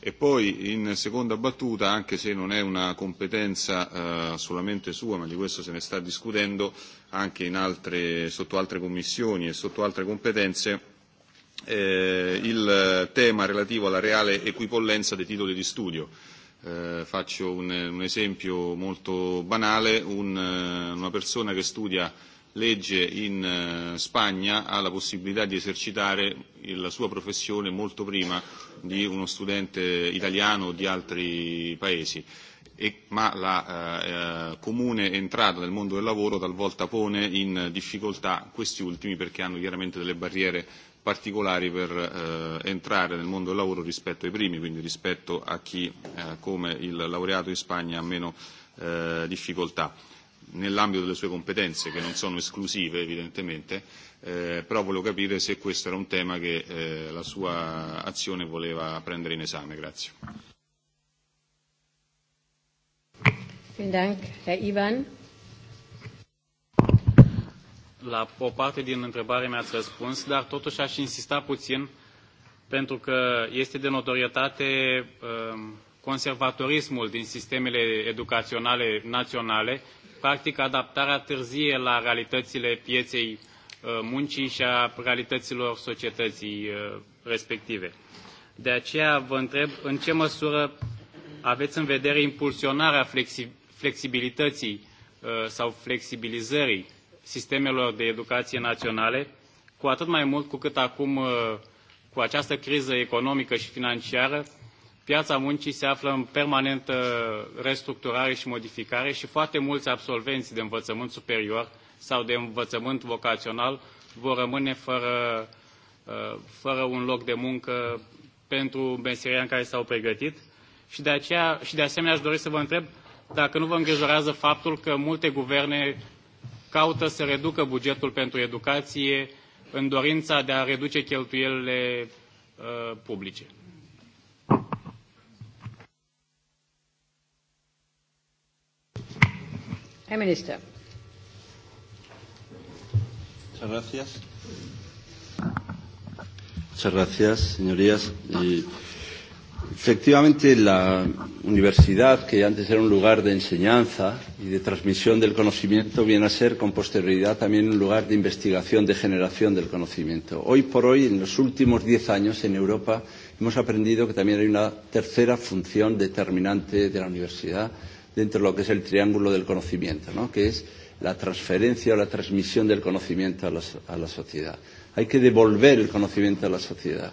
[SPEAKER 13] E poi, in seconda battuta, anche se non è una competenza eh, solamente sua, ma di questo se ne sta discutendo anche in altre, sotto altre commissioni e sotto altre competenze, eh, il tema relativo alla reale equipollenza dei titoli di studio Eh, faccio un, un esempio molto banale, un, eh, una persona che studia legge in eh, Spagna ha la possibilità di esercitare la sua professione molto prima di uno studente italiano o di altri paesi. E, ma la eh, eh, comune entrata nel mondo del lavoro talvolta pone in difficoltà questi ultimi perché hanno chiaramente delle barriere particolari per eh, entrare nel mondo del lavoro rispetto ai primi, quindi rispetto a chi eh, come il laureato in Spagna ha meno eh, difficoltà nell'ambito delle sue competenze, che non sono esclusive evidentemente, eh, però volevo capire se questo era un tema che eh, la sua azione voleva prendere in esame. Grazie.
[SPEAKER 2] Vielen Ivan
[SPEAKER 14] la o parte din întrebare mi-ați răspuns, dar totuși aș insista puțin pentru că este de notorietate um, conservatorismul din sistemele educaționale naționale, practic adaptarea târzie la realitățile pieței uh, muncii și a realităților societății uh, respective. De aceea vă întreb în ce măsură aveți în vedere impulsionarea flexibilității uh, sau flexibilizării sistemelor de educație naționale, cu atât mai mult cu cât acum, uh, cu această criză economică și financiară, piața muncii se află în permanentă restructurare și modificare și foarte mulți absolvenți de învățământ superior sau de învățământ vocațional vor rămâne fără, uh, fără un loc de muncă pentru meseria în care s-au pregătit. Și de, aceea, și de asemenea aș dori să vă întreb dacă nu vă îngrijorează faptul că multe guverne caută să reducă bugetul pentru educație în dorința de a reduce cheltuielile uh, publice.
[SPEAKER 2] Herr Minister.
[SPEAKER 15] Muchas gracias.
[SPEAKER 3] Muchas gracias, señorías. Y Efectivamente, la universidad, que antes era un lugar de enseñanza y de transmisión del conocimiento, viene a ser con posterioridad también un lugar de investigación, de generación del conocimiento. Hoy por hoy, en los últimos diez años en Europa, hemos aprendido que también hay una tercera función determinante de la universidad dentro de lo que es el triángulo del conocimiento, ¿no? que es la transferencia o la transmisión del conocimiento a la, a la sociedad. Hay que devolver el conocimiento a la sociedad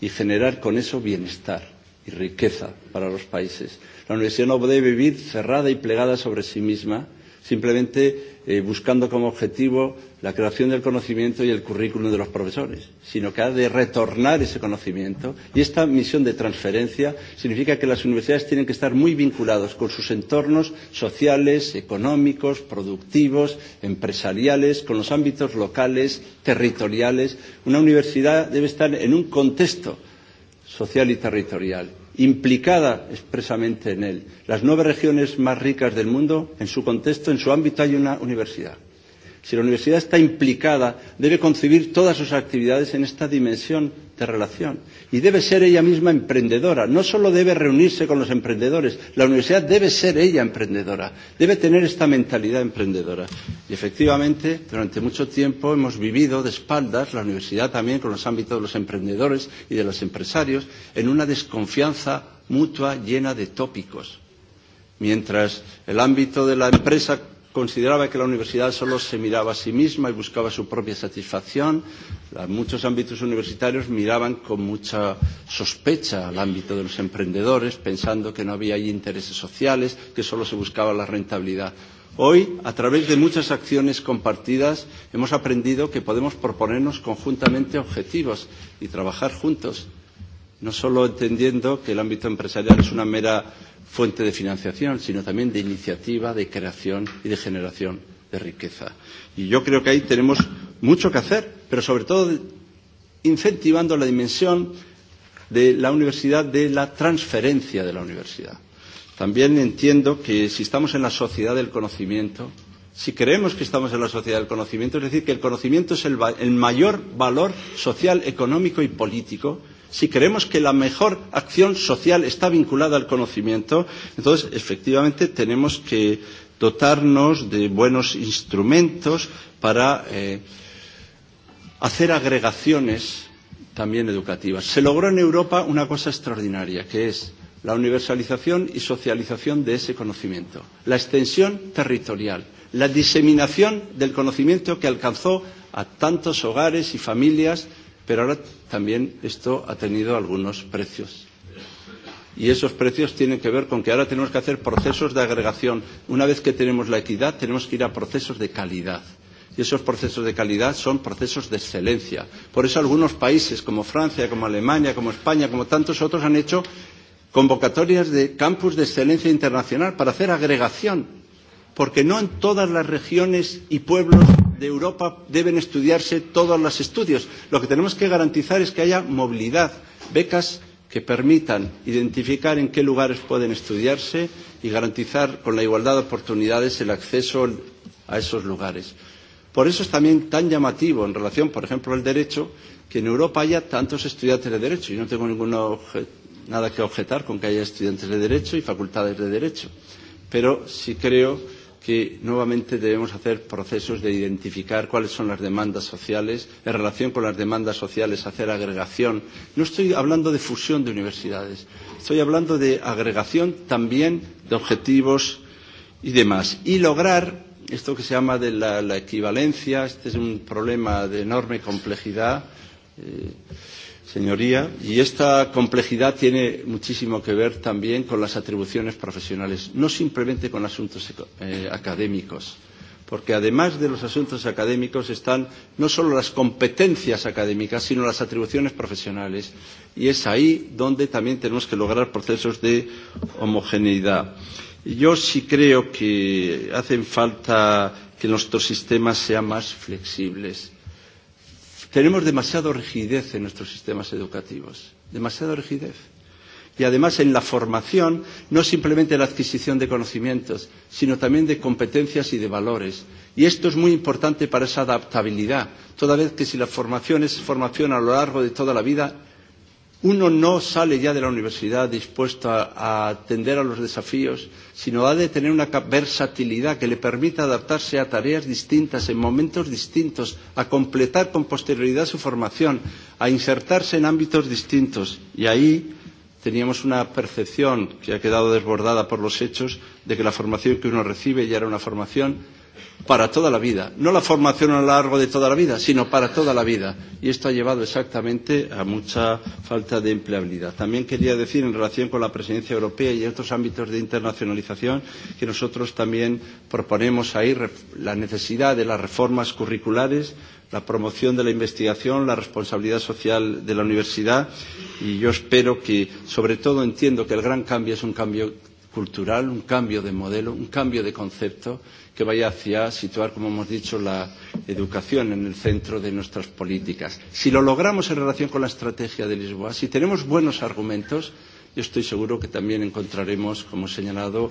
[SPEAKER 3] y generar con eso bienestar y riqueza para los países. La universidad no puede vivir cerrada y plegada sobre sí misma, simplemente eh, buscando como objetivo la creación del conocimiento y el currículum de los profesores, sino que ha de retornar ese conocimiento. Y esta misión de transferencia significa que las universidades tienen que estar muy vinculadas con sus entornos sociales, económicos, productivos, empresariales, con los ámbitos locales, territoriales. Una universidad debe estar en un contexto social y territorial, implicada expresamente en él. Las nueve regiones más ricas del mundo, en su contexto, en su ámbito, hay una universidad. Si la universidad está implicada, debe concebir todas sus actividades en esta dimensión de relación. Y debe ser ella misma emprendedora. No solo debe reunirse con los emprendedores, la universidad debe ser ella emprendedora. Debe tener esta mentalidad emprendedora. Y efectivamente, durante mucho tiempo hemos vivido de espaldas, la universidad también, con los ámbitos de los emprendedores y de los empresarios, en una desconfianza mutua llena de tópicos. Mientras el ámbito de la empresa consideraba que la universidad solo se miraba a sí misma y buscaba su propia satisfacción. En Muchos ámbitos universitarios miraban con mucha sospecha al ámbito de los emprendedores, pensando que no había ahí intereses sociales, que solo se buscaba la rentabilidad. Hoy, a través de muchas acciones compartidas, hemos aprendido que podemos proponernos conjuntamente objetivos y trabajar juntos no solo entendiendo que el ámbito empresarial es una mera fuente de financiación, sino también de iniciativa, de creación y de generación de riqueza. Y yo creo que ahí tenemos mucho que hacer, pero sobre todo incentivando la dimensión de la universidad de la transferencia de la universidad. También entiendo que si estamos en la sociedad del conocimiento, si creemos que estamos en la sociedad del conocimiento, es decir, que el conocimiento es el, el mayor valor social, económico y político si creemos que la mejor acción social está vinculada al conocimiento, entonces efectivamente tenemos que dotarnos de buenos instrumentos para eh, hacer agregaciones también educativas. Se logró en Europa una cosa extraordinaria, que es la universalización y socialización de ese conocimiento, la extensión territorial, la diseminación del conocimiento que alcanzó a tantos hogares y familias Pero ahora también esto ha tenido algunos precios. Y esos precios tienen que ver con que ahora tenemos que hacer procesos de agregación. Una vez que tenemos la equidad, tenemos que ir a procesos de calidad. Y esos procesos de calidad son procesos de excelencia. Por eso algunos países como Francia, como Alemania, como España, como tantos otros han hecho convocatorias de campus de excelencia internacional para hacer agregación. Porque no en todas las regiones y pueblos de Europa deben estudiarse todos los estudios. Lo que tenemos que garantizar es que haya movilidad, becas que permitan identificar en qué lugares pueden estudiarse y garantizar con la igualdad de oportunidades el acceso a esos lugares. Por eso es también tan llamativo en relación, por ejemplo, al derecho, que en Europa haya tantos estudiantes de derecho. Yo no tengo ninguna nada que objetar con que haya estudiantes de derecho y facultades de derecho. Pero sí creo que nuevamente debemos hacer procesos de identificar cuáles son las demandas sociales, en relación con las demandas sociales hacer agregación. No estoy hablando de fusión de universidades, estoy hablando de agregación también de objetivos y demás. Y lograr esto que se llama de la, la equivalencia, este es un problema de enorme complejidad. Eh, señoría, y esta complejidad tiene muchísimo que ver también con las atribuciones profesionales, no simplemente con asuntos eh, académicos, porque además de los asuntos académicos están no solo las competencias académicas, sino las atribuciones profesionales, y es ahí donde también tenemos que lograr procesos de homogeneidad. Yo sí creo que hacen falta que nuestros sistemas sean más flexibles Tenemos demasiada rigidez en nuestros sistemas educativos, demasiada rigidez. Y además en la formación, no simplemente la adquisición de conocimientos, sino también de competencias y de valores. Y esto es muy importante para esa adaptabilidad, toda vez que si la formación es formación a lo largo de toda la vida, uno no sale ya de la universidad dispuesto a, a atender a los desafíos, sino ha de tener una versatilidad que le permita adaptarse a tareas distintas, en momentos distintos, a completar con posterioridad su formación, a insertarse en ámbitos distintos. Y ahí teníamos una percepción que ha quedado desbordada por los hechos de que la formación que uno recibe ya era una formación para toda la vida. No la formación a lo largo de toda la vida, sino para toda la vida. Y esto ha llevado exactamente a mucha falta de empleabilidad. También quería decir, en relación con la presidencia europea y otros ámbitos de internacionalización, que nosotros también proponemos ahí la necesidad de las reformas curriculares la promoción de la investigación, la responsabilidad social de la universidad y yo espero que, sobre todo entiendo que el gran cambio es un cambio cultural, un cambio de modelo, un cambio de concepto que vaya hacia situar, como hemos dicho, la educación en el centro de nuestras políticas. Si lo logramos en relación con la estrategia de Lisboa, si tenemos buenos argumentos, yo estoy seguro que también encontraremos, como he señalado,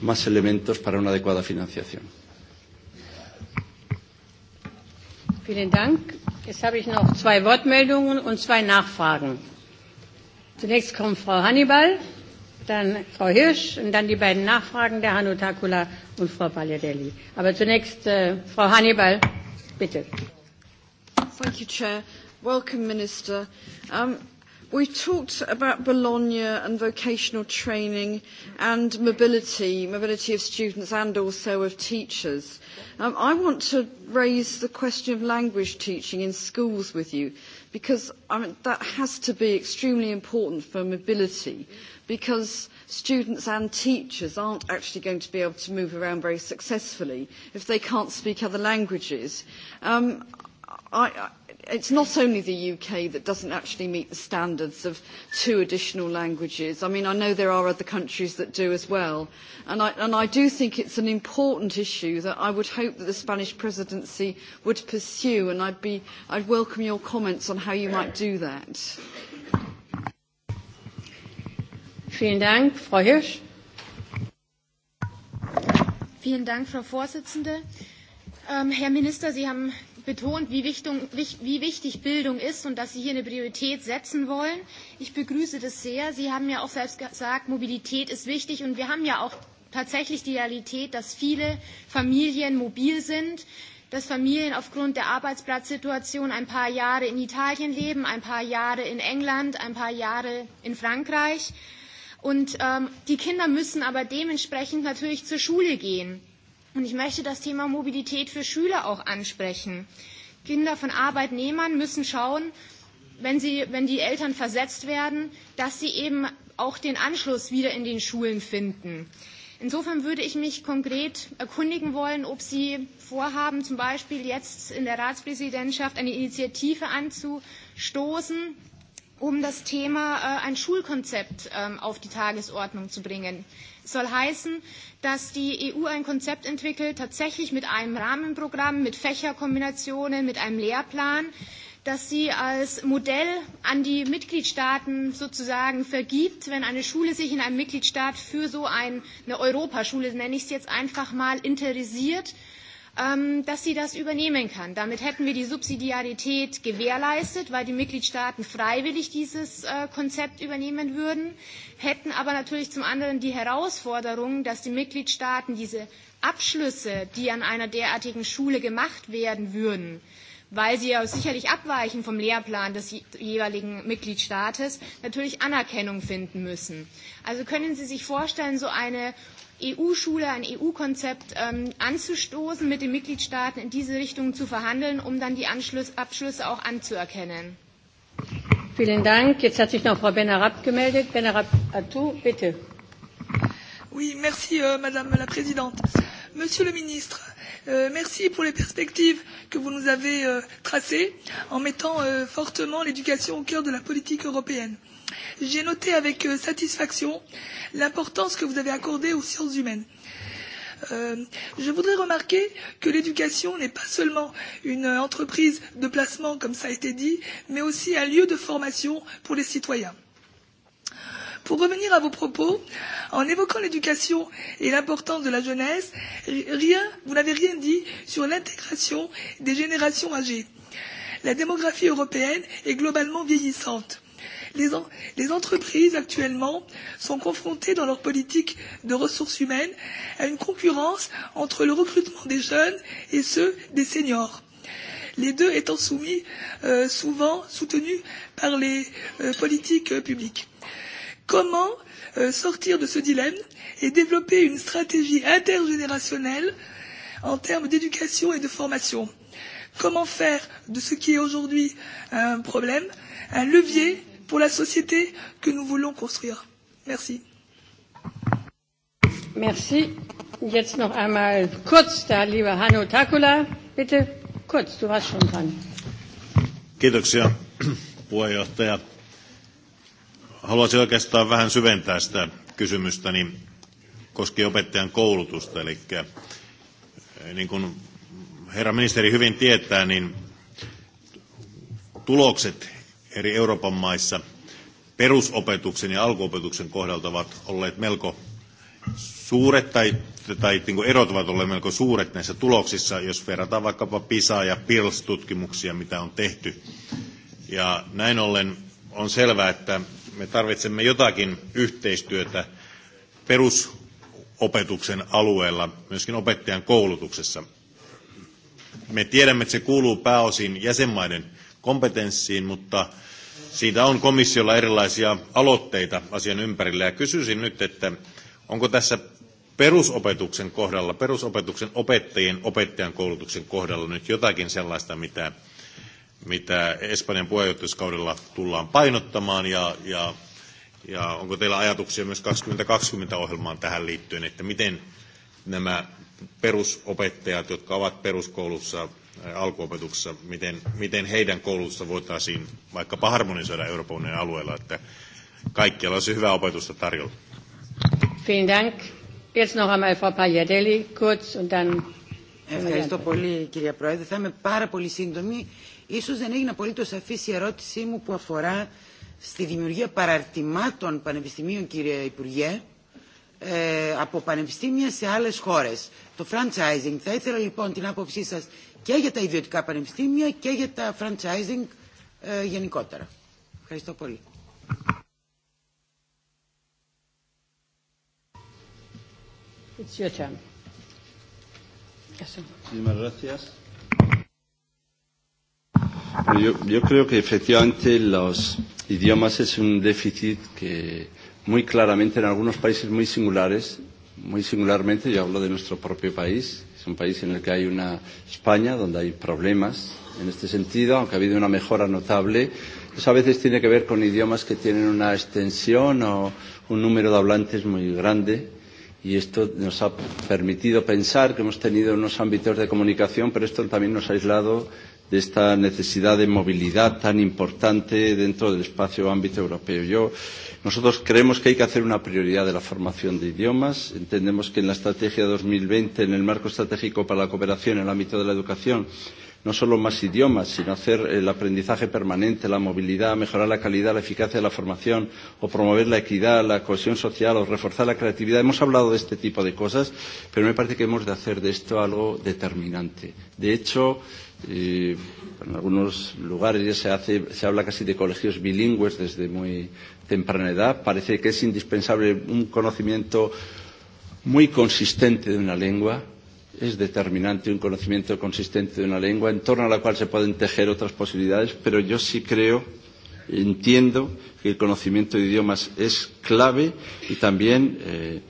[SPEAKER 3] más elementos para una adecuada financiación.
[SPEAKER 2] Vielen Dank. Jetzt habe ich noch zwei Wortmeldungen und zwei Nachfragen. Zunächst kommt Frau Hannibal dann Frau Hirsch und dann die beiden Nachfragen der Hanno Takula und Frau Pagliadelli. Aber zunächst äh, Frau Hannibal, bitte. Thank you, Chair. Welcome, Minister. Um, We've talked about Bologna and vocational training and mobility, mobility of students and also of teachers. Um, I want to raise the question of language teaching in schools with you because I mean, that has to be extremely important for mobility because students and teachers aren't actually going to be able to move around very successfully if they can't speak other languages.
[SPEAKER 7] Um, I, it's not only the UK that doesn't actually meet the standards of two additional languages. I mean, I know there are other countries that do as well.
[SPEAKER 2] And I, and I do think it's an important issue that I would hope that the Spanish presidency would pursue, and I'd, be, I'd welcome your comments on how you might do that.
[SPEAKER 16] Vielen Dank, Frau Hirsch. Vielen Dank, Frau Vorsitzende. Ähm, Herr Minister, Sie haben betont, wie, Wichtung, wie wichtig Bildung ist und dass Sie hier eine Priorität setzen wollen. Ich begrüße das sehr. Sie haben ja auch selbst gesagt, Mobilität ist wichtig und wir haben ja auch tatsächlich die Realität, dass viele Familien mobil sind, dass Familien aufgrund der Arbeitsplatzsituation ein paar Jahre in Italien leben, ein paar Jahre in England, ein paar Jahre in Frankreich. Und ähm, die Kinder müssen aber dementsprechend natürlich zur Schule gehen. Und ich möchte das Thema Mobilität für Schüler auch ansprechen. Kinder von Arbeitnehmern müssen schauen, wenn, sie, wenn die Eltern versetzt werden, dass sie eben auch den Anschluss wieder in den Schulen finden. Insofern würde ich mich konkret erkundigen wollen, ob Sie vorhaben, zum Beispiel jetzt in der Ratspräsidentschaft eine Initiative anzustoßen, um das Thema äh, ein Schulkonzept ähm, auf die Tagesordnung zu bringen. Es soll heißen, dass die EU ein Konzept entwickelt, tatsächlich mit einem Rahmenprogramm, mit Fächerkombinationen, mit einem Lehrplan, dass sie als Modell an die Mitgliedstaaten sozusagen vergibt, wenn eine Schule sich in einem Mitgliedstaat für so ein, eine Europaschule, nenne ich es jetzt einfach mal, interessiert, Ähm, dass sie das übernehmen kann. Damit hätten wir die Subsidiarität gewährleistet, weil die Mitgliedstaaten freiwillig dieses äh, Konzept übernehmen würden, hätten aber natürlich zum anderen die Herausforderung, dass die Mitgliedstaaten diese Abschlüsse, die an einer derartigen Schule gemacht werden würden, weil sie ja sicherlich abweichen vom Lehrplan des jeweiligen Mitgliedstaates, natürlich Anerkennung finden müssen. Also können Sie sich vorstellen, so eine EU-Schule, ein EU-Konzept ähm, anzustoßen, mit den Mitgliedstaaten in diese Richtung zu verhandeln, um dann die Anschluss, Abschlüsse auch anzuerkennen.
[SPEAKER 2] Vielen Dank. Jetzt hat sich noch Frau Benarab gemeldet. Benarab Atou, bitte.
[SPEAKER 17] Oui, merci euh, Madame la Présidente. Monsieur le Ministre, euh, merci pour les perspectives que vous nous avez euh, tracées en mettant euh, fortement l'éducation au cœur de la politique européenne j'ai noté avec euh, satisfaction l'importance que vous avez accordée aux sciences humaines. Euh, je voudrais remarquer que l'éducation n'est pas seulement une entreprise de placement, comme ça a été dit, mais aussi un lieu de formation pour les citoyens. Pour revenir à vos propos, en évoquant l'éducation et l'importance de la jeunesse, rien, vous n'avez rien dit sur l'intégration des générations âgées. La démographie européenne est globalement vieillissante les, en, les entreprises actuellement sont confrontées dans leur politique de ressources humaines à une concurrence entre le recrutement des jeunes et ceux des seniors les deux étant soumis euh, souvent soutenus par les euh, politiques euh, publiques. Comment euh, sortir de ce dilemme et développer une stratégie intergénérationnelle en termes d'éducation et de formation Comment faire de ce qui est aujourd'hui un problème un levier pour la société que nous voulons construire. Merci. Merci.
[SPEAKER 2] Jetzt noch einmal kurz, der da, liebe Hanno Takula. Bitte kurz, du warst schon dran.
[SPEAKER 6] Kiitoksia puheenjohtaja. Haluaisin oikeastaan vähän syventää sitä kysymystäni koskien opettajan koulutusta. Eli eh, niin kuin herra ministeri hyvin tietää, niin tulokset eri Euroopan maissa perusopetuksen ja alkuopetuksen kohdalta ovat olleet melko suuret tai, tai niin kuin erot ovat olleet melko suuret näissä tuloksissa, jos verrataan vaikkapa PISA- ja pils tutkimuksia mitä on tehty. Ja näin ollen on selvää, että me tarvitsemme jotakin yhteistyötä perusopetuksen alueella, myöskin opettajan koulutuksessa. Me tiedämme, että se kuuluu pääosin jäsenmaiden kompetenssiin, mutta Siitä on komissiolla erilaisia aloitteita asian ympärillä ja kysyisin nyt, että onko tässä perusopetuksen kohdalla, perusopetuksen opettajien opettajan koulutuksen kohdalla nyt jotakin sellaista, mitä, mitä Espanjan puheenjohtajuuskaudella tullaan painottamaan ja, ja, ja onko teillä ajatuksia myös 2020-ohjelmaan tähän liittyen, että miten nämä perusopettajat, jotka ovat peruskoulussa alkuopetuksessa, miten, miten heidän koulutusta voitaisiin vaikkapa harmonisoida Euroopan unionin alueella, että kaikkialla olisi hyvää opetusta tarjolla.
[SPEAKER 2] Vielen Dank. Jetzt noch einmal Frau Pagliadelli, kurz und dann...
[SPEAKER 8] Ευχαριστώ πολύ κυρία Πρόεδρε. Θα είμαι πάρα πολύ σύντομη. Ίσως δεν έγινε απολύτως σαφής η ερώτησή μου που αφορά στη δημιουργία παραρτημάτων πανεπιστημίων κύριε Υπουργέ από πανεπιστήμια σε άλλες χώρες. Το franchising. Θα ήθελα λοιπόν την άποψή σας και για τα ιδιωτικά πανεπιστήμια και για τα franchising ε, γενικότερα. Ευχαριστώ πολύ.
[SPEAKER 2] It's your turn.
[SPEAKER 15] Muchísimas
[SPEAKER 3] Yo, yo creo que efectivamente los idiomas es un déficit que muy claramente en algunos países muy singulares muy singularmente, yo hablo de nuestro propio país, es un país en el que hay una España donde hay problemas en este sentido, aunque ha habido una mejora notable. Eso a veces tiene que ver con idiomas que tienen una extensión o un número de hablantes muy grande y esto nos ha permitido pensar que hemos tenido unos ámbitos de comunicación, pero esto también nos ha aislado de esta necesidad de movilidad tan importante dentro del espacio o ámbito europeo. Yo, nosotros creemos que hay que hacer una prioridad de la formación de idiomas. Entendemos que en la Estrategia 2020, en el marco estratégico para la cooperación en el ámbito de la educación, no solo más idiomas, sino hacer el aprendizaje permanente, la movilidad, mejorar la calidad, la eficacia de la formación o promover la equidad, la cohesión social o reforzar la creatividad. Hemos hablado de este tipo de cosas, pero me parece que hemos de hacer de esto algo determinante. De hecho, y en algunos lugares ya se, hace, se habla casi de colegios bilingües desde muy temprana edad. Parece que es indispensable un conocimiento muy consistente de una lengua. Es determinante un conocimiento consistente de una lengua en torno a la cual se pueden tejer otras posibilidades, pero yo sí creo, entiendo que el conocimiento de idiomas es clave y también eh,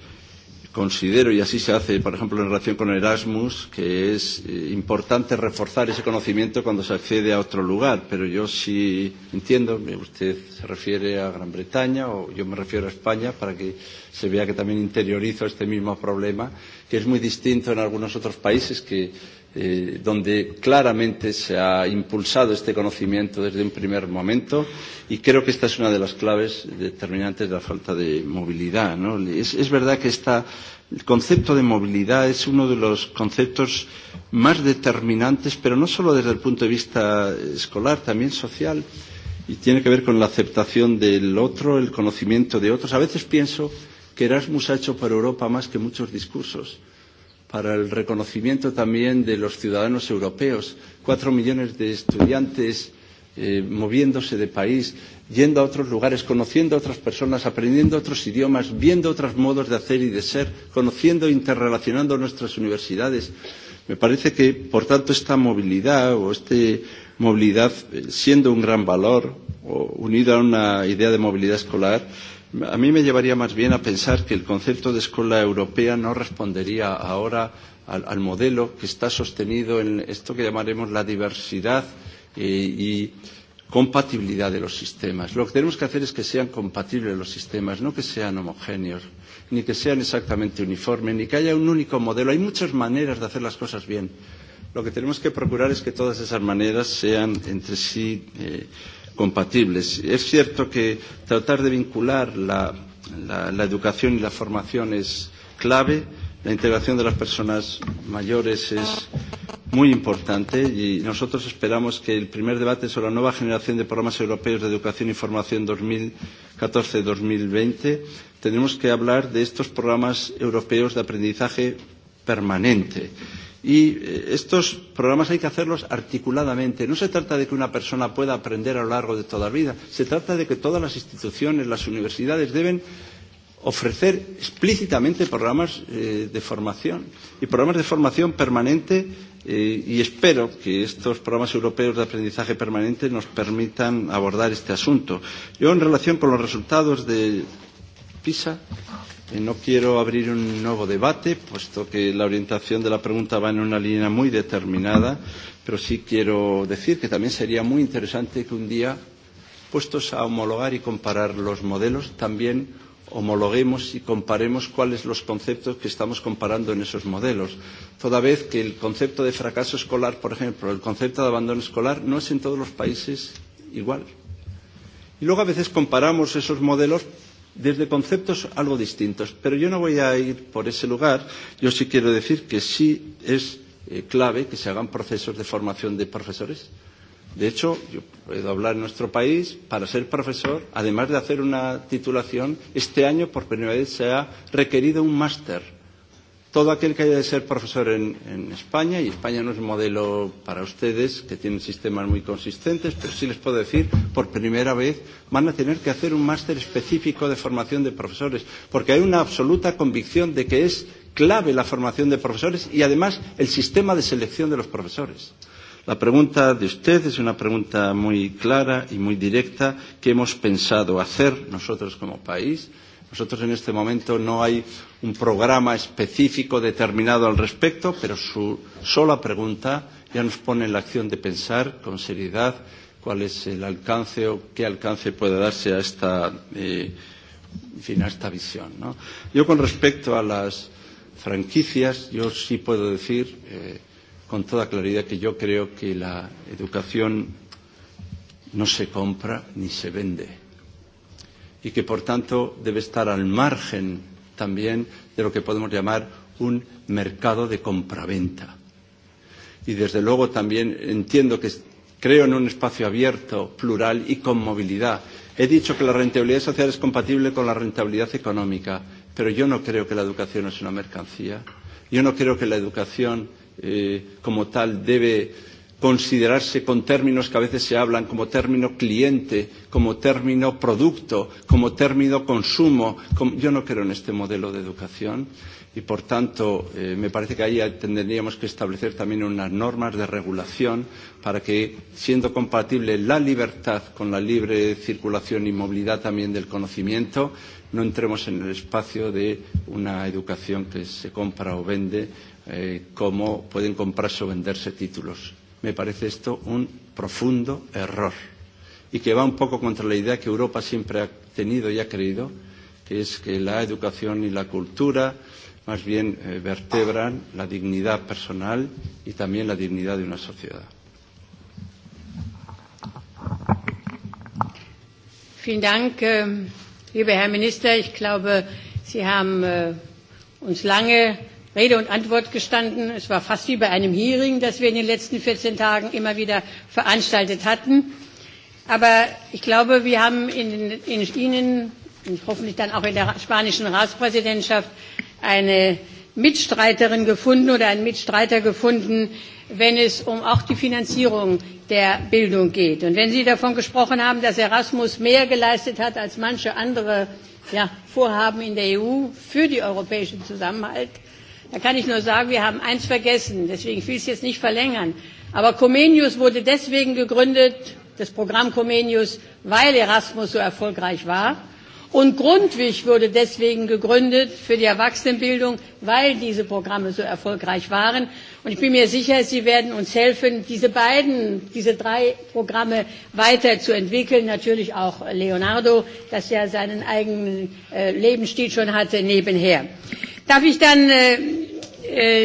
[SPEAKER 3] considero, y así se hace, por ejemplo, en relación con Erasmus, que es eh, importante reforzar ese conocimiento cuando se accede a otro lugar. Pero yo sí entiendo, eh, usted se refiere a Gran Bretaña o yo me refiero a España, para que se vea que también interiorizo este mismo problema, que es muy distinto en algunos otros países que eh, donde claramente se ha impulsado este conocimiento desde un primer momento y creo que esta es una de las claves determinantes de la falta de movilidad. ¿no? Es, es verdad que esta, el concepto de movilidad es uno de los conceptos más determinantes, pero no solo desde el punto de vista escolar, también social, y tiene que ver con la aceptación del otro, el conocimiento de otros. A veces pienso que Erasmus ha hecho por Europa más que muchos discursos para el reconocimiento también de los ciudadanos europeos, cuatro millones de estudiantes eh, moviéndose de país, yendo a otros lugares, conociendo a otras personas, aprendiendo otros idiomas, viendo otros modos de hacer y de ser, conociendo e interrelacionando nuestras universidades. Me parece que, por tanto, esta movilidad o esta movilidad, eh, siendo un gran valor, o unida a una idea de movilidad escolar, a mí me llevaría más bien a pensar que el concepto de escuela europea no respondería ahora al, al modelo que está sostenido en esto que llamaremos la diversidad eh, y compatibilidad de los sistemas. Lo que tenemos que hacer es que sean compatibles los sistemas, no que sean homogéneos, ni que sean exactamente uniformes, ni que haya un único modelo. Hay muchas maneras de hacer las cosas bien. Lo que tenemos que procurar es que todas esas maneras sean entre sí eh, compatibles. Es cierto que tratar de vincular la, la, la educación y la formación es clave. La integración de las personas mayores es muy importante y nosotros esperamos que el primer debate sobre la nueva generación de programas europeos de educación y formación 2014-2020 tenemos que hablar de estos programas europeos de aprendizaje permanente. Y eh, estos programas hay que hacerlos articuladamente. No se trata de que una persona pueda aprender a lo largo de toda la vida. Se trata de que todas las instituciones, las universidades deben ofrecer explícitamente programas eh, de formación y programas de formación permanente eh, y espero que estos programas europeos de aprendizaje permanente nos permitan abordar este asunto. Yo en relación con los resultados de PISA Eh, no quiero abrir un nuevo debate, puesto que la orientación de la pregunta va en una línea muy determinada, pero sí quiero decir que también sería muy interesante que un día, puestos a homologar y comparar los modelos, también homologuemos y comparemos cuáles son los conceptos que estamos comparando en esos modelos. Toda vez que el concepto de fracaso escolar, por ejemplo, el concepto de abandono escolar, no es en todos los países igual. Y luego a veces comparamos esos modelos desde conceptos algo distintos. Pero yo no voy a ir por ese lugar. Yo sí quiero decir que sí es eh, clave que se hagan procesos de formación de profesores. De hecho, yo puedo hablar en nuestro país, para ser profesor, además de hacer una titulación, este año por primera vez se ha requerido un máster todo aquel que haya de ser profesor en, en España, y España no es modelo para ustedes, que tienen sistemas muy consistentes, pero sí les puedo decir, por primera vez van a tener que hacer un máster específico de formación de profesores, porque hay una absoluta convicción de que es clave la formación de profesores y además el sistema de selección de los profesores. La pregunta de usted es una pregunta muy clara y muy directa que hemos pensado hacer nosotros como país. Nosotros en este momento no hay un programa específico determinado al respecto, pero su sola pregunta ya nos pone en la acción de pensar con seriedad cuál es el alcance o qué alcance puede darse a esta, eh, en fin, a esta visión. ¿no? Yo con respecto a las franquicias, yo sí puedo decir eh, con toda claridad que yo creo que la educación no se compra ni se vende y que por tanto debe estar al margen también de lo que podemos llamar un mercado de compraventa. Y desde luego también entiendo que creo en un espacio abierto, plural y con movilidad. He dicho que la rentabilidad social es compatible con la rentabilidad económica, pero yo no creo que la educación es una mercancía. Yo no creo que la educación eh, como tal debe considerarse con términos que a veces se hablan como término cliente, como término producto, como término consumo. Como... Yo no creo en este modelo de educación y, por tanto, eh, me parece que ahí tendríamos que establecer también unas normas de regulación para que, siendo compatible la libertad con la libre circulación y movilidad también del conocimiento, no entremos en el espacio de una educación que se compra o vende eh, como pueden comprarse o venderse títulos me parece esto un profundo error y que va un poco contra la idea que Europa siempre ha tenido y ha creído, que es que la educación y la cultura más bien eh, vertebran la dignidad personal y también la dignidad de una sociedad.
[SPEAKER 2] Vielen Dank, eh, lieber Herr Minister. Ich glaube, Sie haben äh, uns lange Rede und Antwort gestanden. Es war fast wie bei einem Hearing, das wir in den letzten 14 Tagen immer wieder veranstaltet hatten. Aber ich glaube, wir haben in, in Ihnen und hoffentlich dann auch in der spanischen Ratspräsidentschaft eine Mitstreiterin gefunden oder einen Mitstreiter gefunden, wenn es um auch die Finanzierung der Bildung geht. Und wenn Sie davon gesprochen haben, dass Erasmus mehr geleistet hat als manche andere ja, Vorhaben in der EU für den europäischen Zusammenhalt, da kann ich nur sagen, wir haben eins vergessen, deswegen will ich es jetzt nicht verlängern. Aber Comenius wurde deswegen gegründet, das Programm Comenius, weil Erasmus so erfolgreich war. Und Grundwig wurde deswegen gegründet für die Erwachsenenbildung, weil diese Programme so erfolgreich waren. Und ich bin mir sicher, Sie werden uns helfen, diese beiden, diese drei Programme weiterzuentwickeln. Natürlich auch Leonardo, das ja seinen eigenen äh, Lebensstil schon hatte, nebenher. Äh, Darf ich dann äh,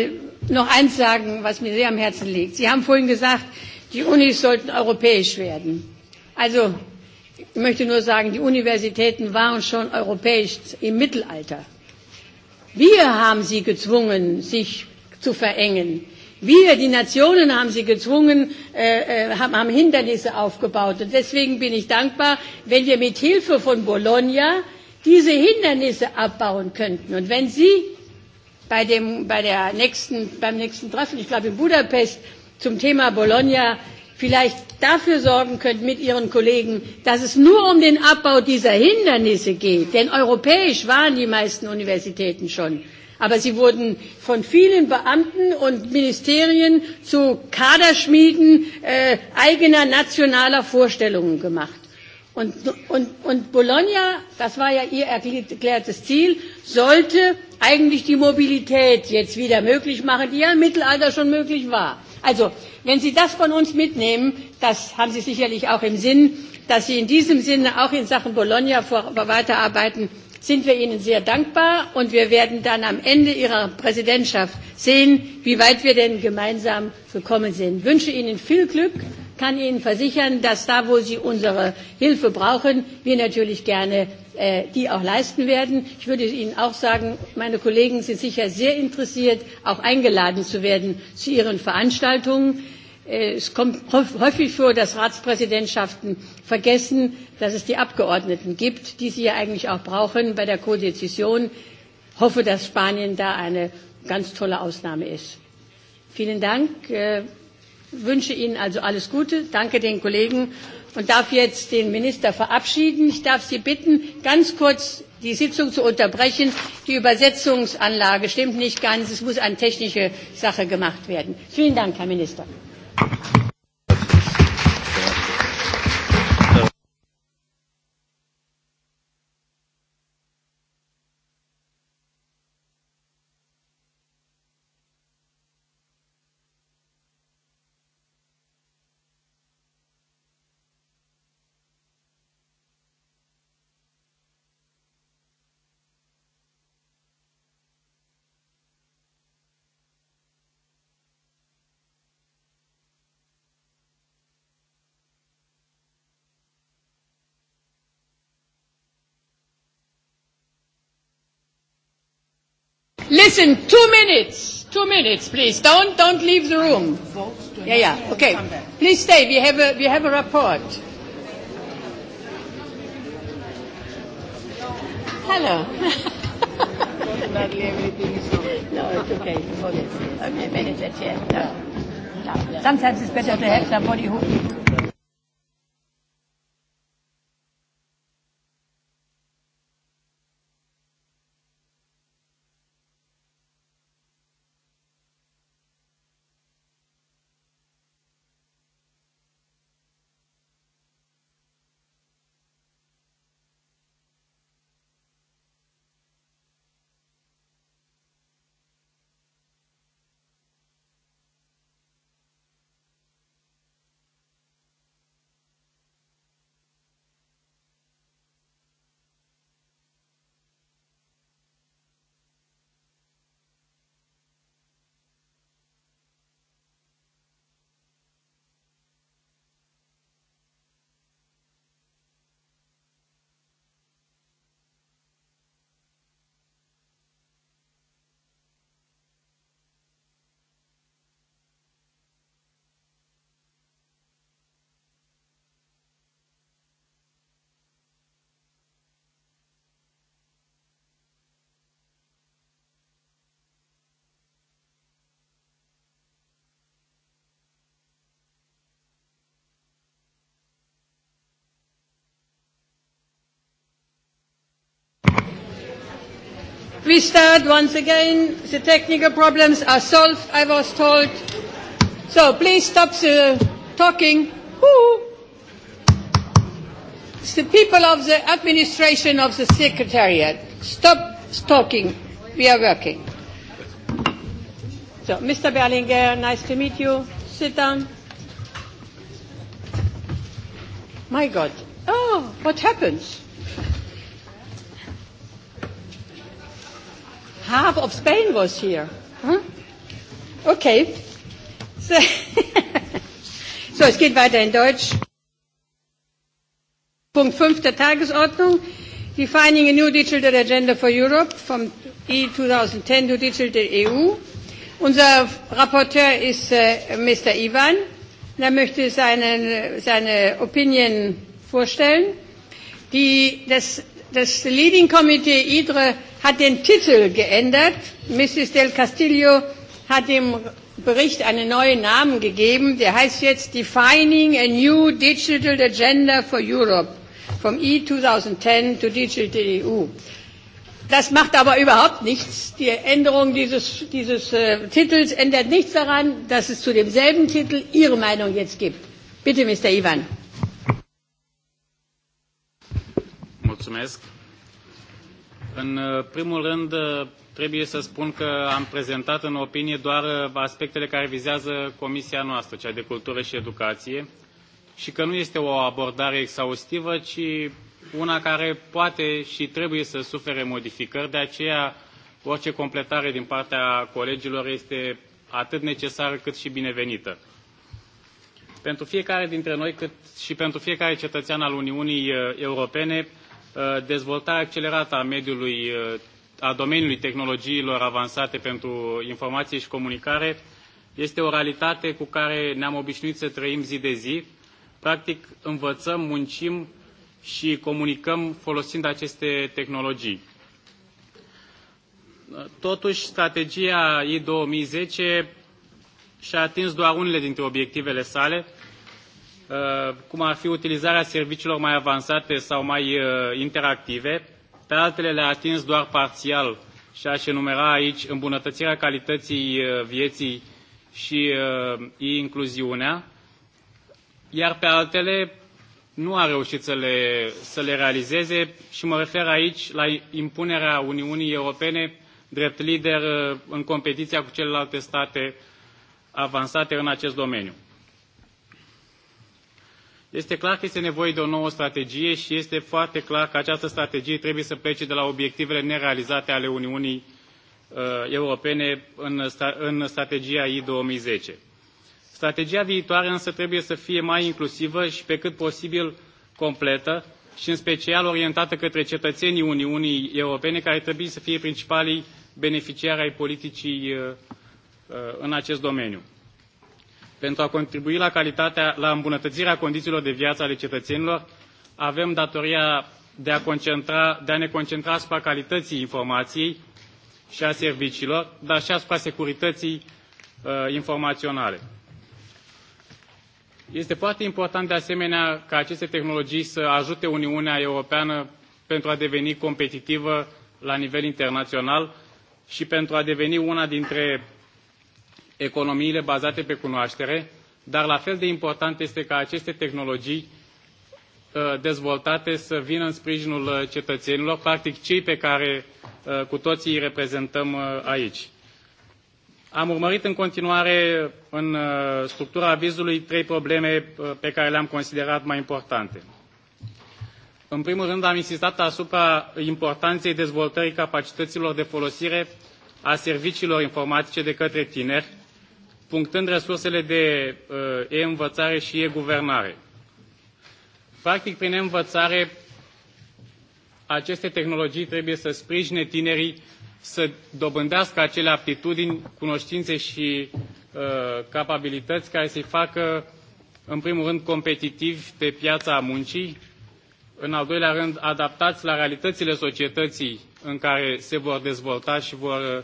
[SPEAKER 2] äh, noch eins sagen, was mir sehr am Herzen liegt? Sie haben vorhin gesagt, die Unis sollten europäisch werden. Also ich möchte nur sagen, die Universitäten waren schon europäisch im Mittelalter. Wir haben sie gezwungen, sich zu verengen. Wir, die Nationen, haben sie gezwungen, äh, äh haben Hindernisse aufgebaut. Und deswegen bin ich dankbar, wenn wir mit Hilfe von Bologna diese Hindernisse abbauen könnten. Und wenn Sie bei dem, bei der nächsten, beim nächsten Treffen, ich glaube in Budapest, zum Thema Bologna vielleicht dafür sorgen könnt mit Ihren Kollegen, dass es nur um den Abbau dieser Hindernisse geht. Denn europäisch waren die meisten Universitäten schon. Aber sie wurden von vielen Beamten und Ministerien zu Kaderschmieden äh, eigener nationaler Vorstellungen gemacht. Und, und, und Bologna, das war ja ihr erklärtes Ziel, sollte eigentlich die Mobilität jetzt wieder möglich machen, die ja im Mittelalter schon möglich war. Also, wenn Sie das von uns mitnehmen, das haben Sie sicherlich auch im Sinn, dass Sie in diesem Sinne auch in Sachen Bologna vor, weiterarbeiten, sind wir Ihnen sehr dankbar und wir werden dann am Ende Ihrer Präsidentschaft sehen, wie weit wir denn gemeinsam gekommen sind. Ich wünsche Ihnen viel Glück kann Ihnen versichern, dass da, wo Sie unsere Hilfe brauchen, wir natürlich gerne äh, die auch leisten werden. Ich würde Ihnen auch sagen, meine Kollegen sind sicher sehr interessiert, auch eingeladen zu werden zu Ihren Veranstaltungen. Äh, es kommt häufig vor, dass Ratspräsidentschaften vergessen, dass es die Abgeordneten gibt, die sie ja eigentlich auch brauchen bei der Kodezision. Ich hoffe, dass Spanien da eine ganz tolle Ausnahme ist. Vielen Dank. Äh, wünsche Ihnen also alles Gute, danke den Kollegen und darf jetzt den Minister verabschieden. Ich darf Sie bitten, ganz kurz die Sitzung zu unterbrechen. Die Übersetzungsanlage stimmt nicht ganz. Es muss eine technische Sache gemacht werden. Vielen Dank, Herr Minister.
[SPEAKER 3] Listen, two
[SPEAKER 2] minutes. Two minutes, please. Don't don't leave the room. Yeah, yeah. Okay. Please stay. We have a we have a report. Hello.
[SPEAKER 18] Fortunately, everything is No, it's
[SPEAKER 2] okay. Okay, manager chair. no. Sometimes it's better to have somebody who we start once again? The technical problems are solved, I was told. So please stop the talking. Woo! It's the people of the administration of the secretariat. Stop talking. We are working. So, Mr. Berlinger, nice to meet you. Sit down. My God. Oh, what happens? Half of Spain was here. Huh? Okay. So, so, es geht weiter in Deutsch. Punkt 5 der Tagesordnung. Defining a new digital agenda for Europe from E 2010 to digital EU. Unser Rapporteur eh, ist äh, Mr. Ivan. Und er möchte seinen, seine Opinion vorstellen. Die, das, das Leading Committee IDRE hat den Titel geändert. Mrs. del Castillo hat dem Bericht einen neuen Namen gegeben. Der heißt jetzt Defining a New Digital Agenda for Europe from E 2010 to Digital EU. Das macht aber überhaupt nichts. Die Änderung dieses, dieses äh, Titels ändert nichts daran, dass es zu demselben Titel Ihre Meinung jetzt gibt. Bitte, Mr. Ivan.
[SPEAKER 14] Mulțumesc. În uh, primul rând, uh, trebuie să spun că am prezentat în opinie doar uh, aspectele care vizează comisia noastră, cea de cultură și educație, și că nu este o abordare exhaustivă, ci una care poate și trebuie să sufere modificări, de aceea orice completare din partea colegilor este atât necesară cât și binevenită. Pentru fiecare dintre noi, cât și pentru fiecare cetățean al Uniunii Europene, Uh, dezvoltarea accelerată a mediului, uh, a domeniului tehnologiilor avansate pentru informație și comunicare este o realitate cu care ne-am obișnuit să trăim zi de zi. Practic, învățăm, muncim și comunicăm folosind aceste tehnologii. Uh, totuși, strategia I 2010 și-a atins doar unele dintre obiectivele sale, Uh, cum ar fi utilizarea serviciilor mai avansate sau mai uh, interactive. Pe altele le-a atins doar parțial și aș enumera aici îmbunătățirea calității uh, vieții și incluziunea, iar pe altele nu a reușit să le, să le realizeze și mă refer aici la impunerea Uniunii Europene drept lider în competiția cu celelalte state avansate în acest domeniu. Este clar că este nevoie de o nouă strategie și este foarte clar că această strategie trebuie să plece de la obiectivele nerealizate ale Uniunii uh, Europene în, sta, în strategia I 2010. Strategia viitoare însă trebuie să fie mai inclusivă și pe cât posibil completă și în special orientată către cetățenii Uniunii Europene care trebuie să fie principalii beneficiari ai politicii uh, uh în acest domeniu pentru a contribui la, calitatea, la îmbunătățirea condițiilor de viață ale cetățenilor, avem datoria de a, concentra, de a ne concentra asupra calității informației și a serviciilor, dar și asupra securității uh, informaționale. Este foarte important de asemenea ca aceste tehnologii să ajute Uniunea Europeană pentru a deveni competitivă la nivel internațional și pentru a deveni una dintre economiile bazate pe cunoaștere, dar la fel de important este ca aceste tehnologii uh, dezvoltate să vină în sprijinul uh, cetățenilor, practic cei pe care uh, cu toții îi reprezentăm aici. Am urmărit în continuare în structura avizului trei probleme pe care le-am considerat mai importante. În primul rând, am insistat asupra importanței dezvoltării capacităților de folosire a serviciilor informatice de către tineri, punctând resursele de uh, e-învățare și e-guvernare. Practic, prin e-învățare, aceste tehnologii trebuie să sprijine tinerii să dobândească acele aptitudini, cunoștințe și uh, capabilități care să-i facă, în primul rând, competitivi pe piața muncii, în al doilea rând, adaptați la realitățile societății în care se vor dezvolta și vor,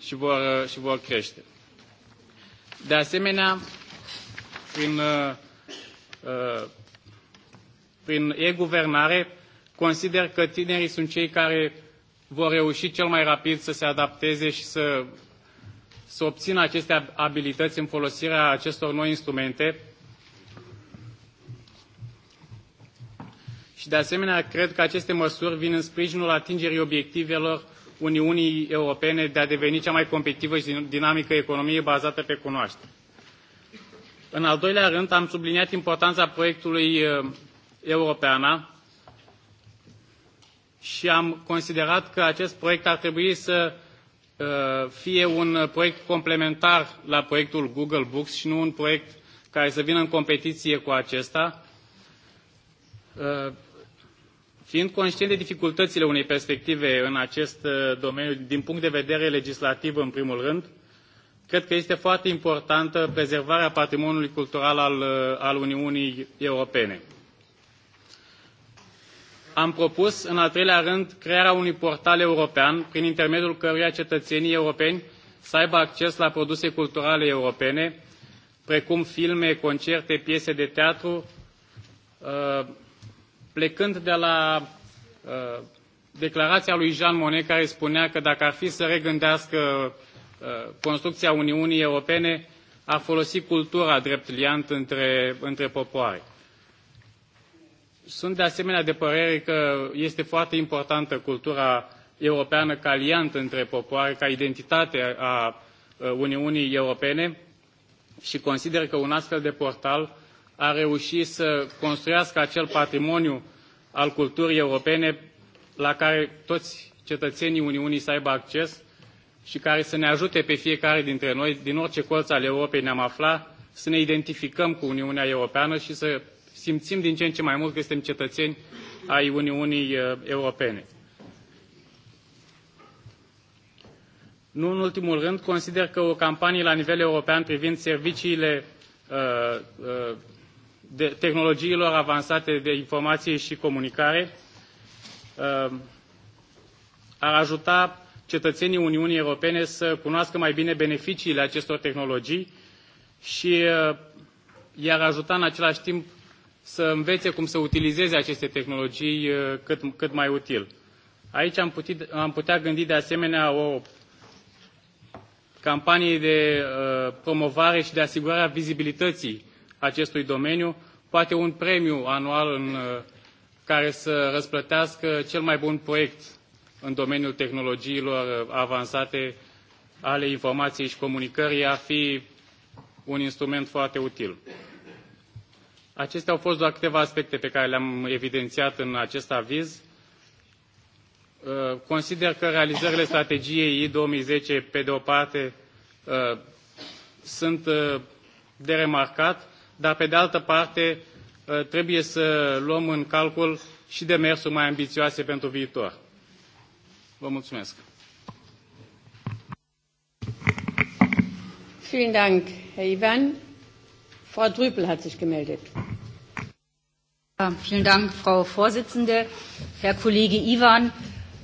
[SPEAKER 14] și vor, și vor crește. De asemenea, prin, uh, uh, prin e-guvernare, consider că tinerii sunt cei care vor reuși cel mai rapid să se adapteze și să, să obțină aceste abilități în folosirea acestor noi instrumente. Și de asemenea, cred că aceste măsuri vin în sprijinul atingerii obiectivelor Uniunii Europene de a deveni cea mai competitivă și dinamică economie bazată pe cunoaștere. În al doilea rând, am subliniat importanța proiectului uh, Europeana și am considerat că acest proiect ar trebui să uh, fie un proiect complementar la proiectul Google Books și nu un proiect care să vină în competiție cu acesta uh, Fiind conștient de dificultățile unei perspective în acest uh, domeniu, din punct de vedere legislativ în primul rând, cred că este foarte importantă prezervarea patrimoniului cultural al, uh, al Uniunii Europene. Am propus, în al treilea rând, crearea unui portal european prin intermediul căruia cetățenii europeni să aibă acces la produse culturale europene, precum filme, concerte, piese de teatru, uh, plecând de la uh, declarația lui Jean Monnet, care spunea că dacă ar fi să regândească uh, construcția Uniunii Europene, a folosi cultura drept liant între, între popoare. Sunt de asemenea de părere că este foarte importantă cultura europeană ca liant între popoare, ca identitate a uh, Uniunii Europene și consider că un astfel de portal a reușit să construiască acel patrimoniu al culturii europene la care toți cetățenii Uniunii să aibă acces și care să ne ajute pe fiecare dintre noi, din orice colț al Europei ne-am afla, să ne identificăm cu Uniunea Europeană și să simțim din ce în ce mai mult că suntem cetățeni ai Uniunii uh, Europene. Nu în ultimul rând, consider că o campanie la nivel european privind serviciile uh, uh, de tehnologiilor avansate de informație și comunicare uh, ar ajuta cetățenii Uniunii Europene să cunoască mai bine beneficiile acestor tehnologii și uh, i-ar ajuta în același timp să învețe cum să utilizeze aceste tehnologii uh, cât, cât mai util. Aici am, putit, am putea gândi de asemenea o campanie de uh, promovare și de asigurare a vizibilității acestui domeniu, poate un premiu anual în, uh, care să răsplătească cel mai bun proiect în domeniul tehnologiilor uh, avansate ale informației și comunicării ar fi un instrument foarte util. Acestea au fost doar câteva aspecte pe care le-am evidențiat în acest aviz. Uh, consider că realizările strategiei I 2010, pe de o parte, sunt de remarcat, dar pe de altă parte ă, trebuie să luăm în calcul și demersuri mai ambițioase pentru viitor. Vă mulțumesc.
[SPEAKER 2] Vielen Dank, Herr Ivan. Frau Drüpel hat sich gemeldet.
[SPEAKER 9] Ja, vielen Dank, Frau Vorsitzende. Herr Kollege Ivan,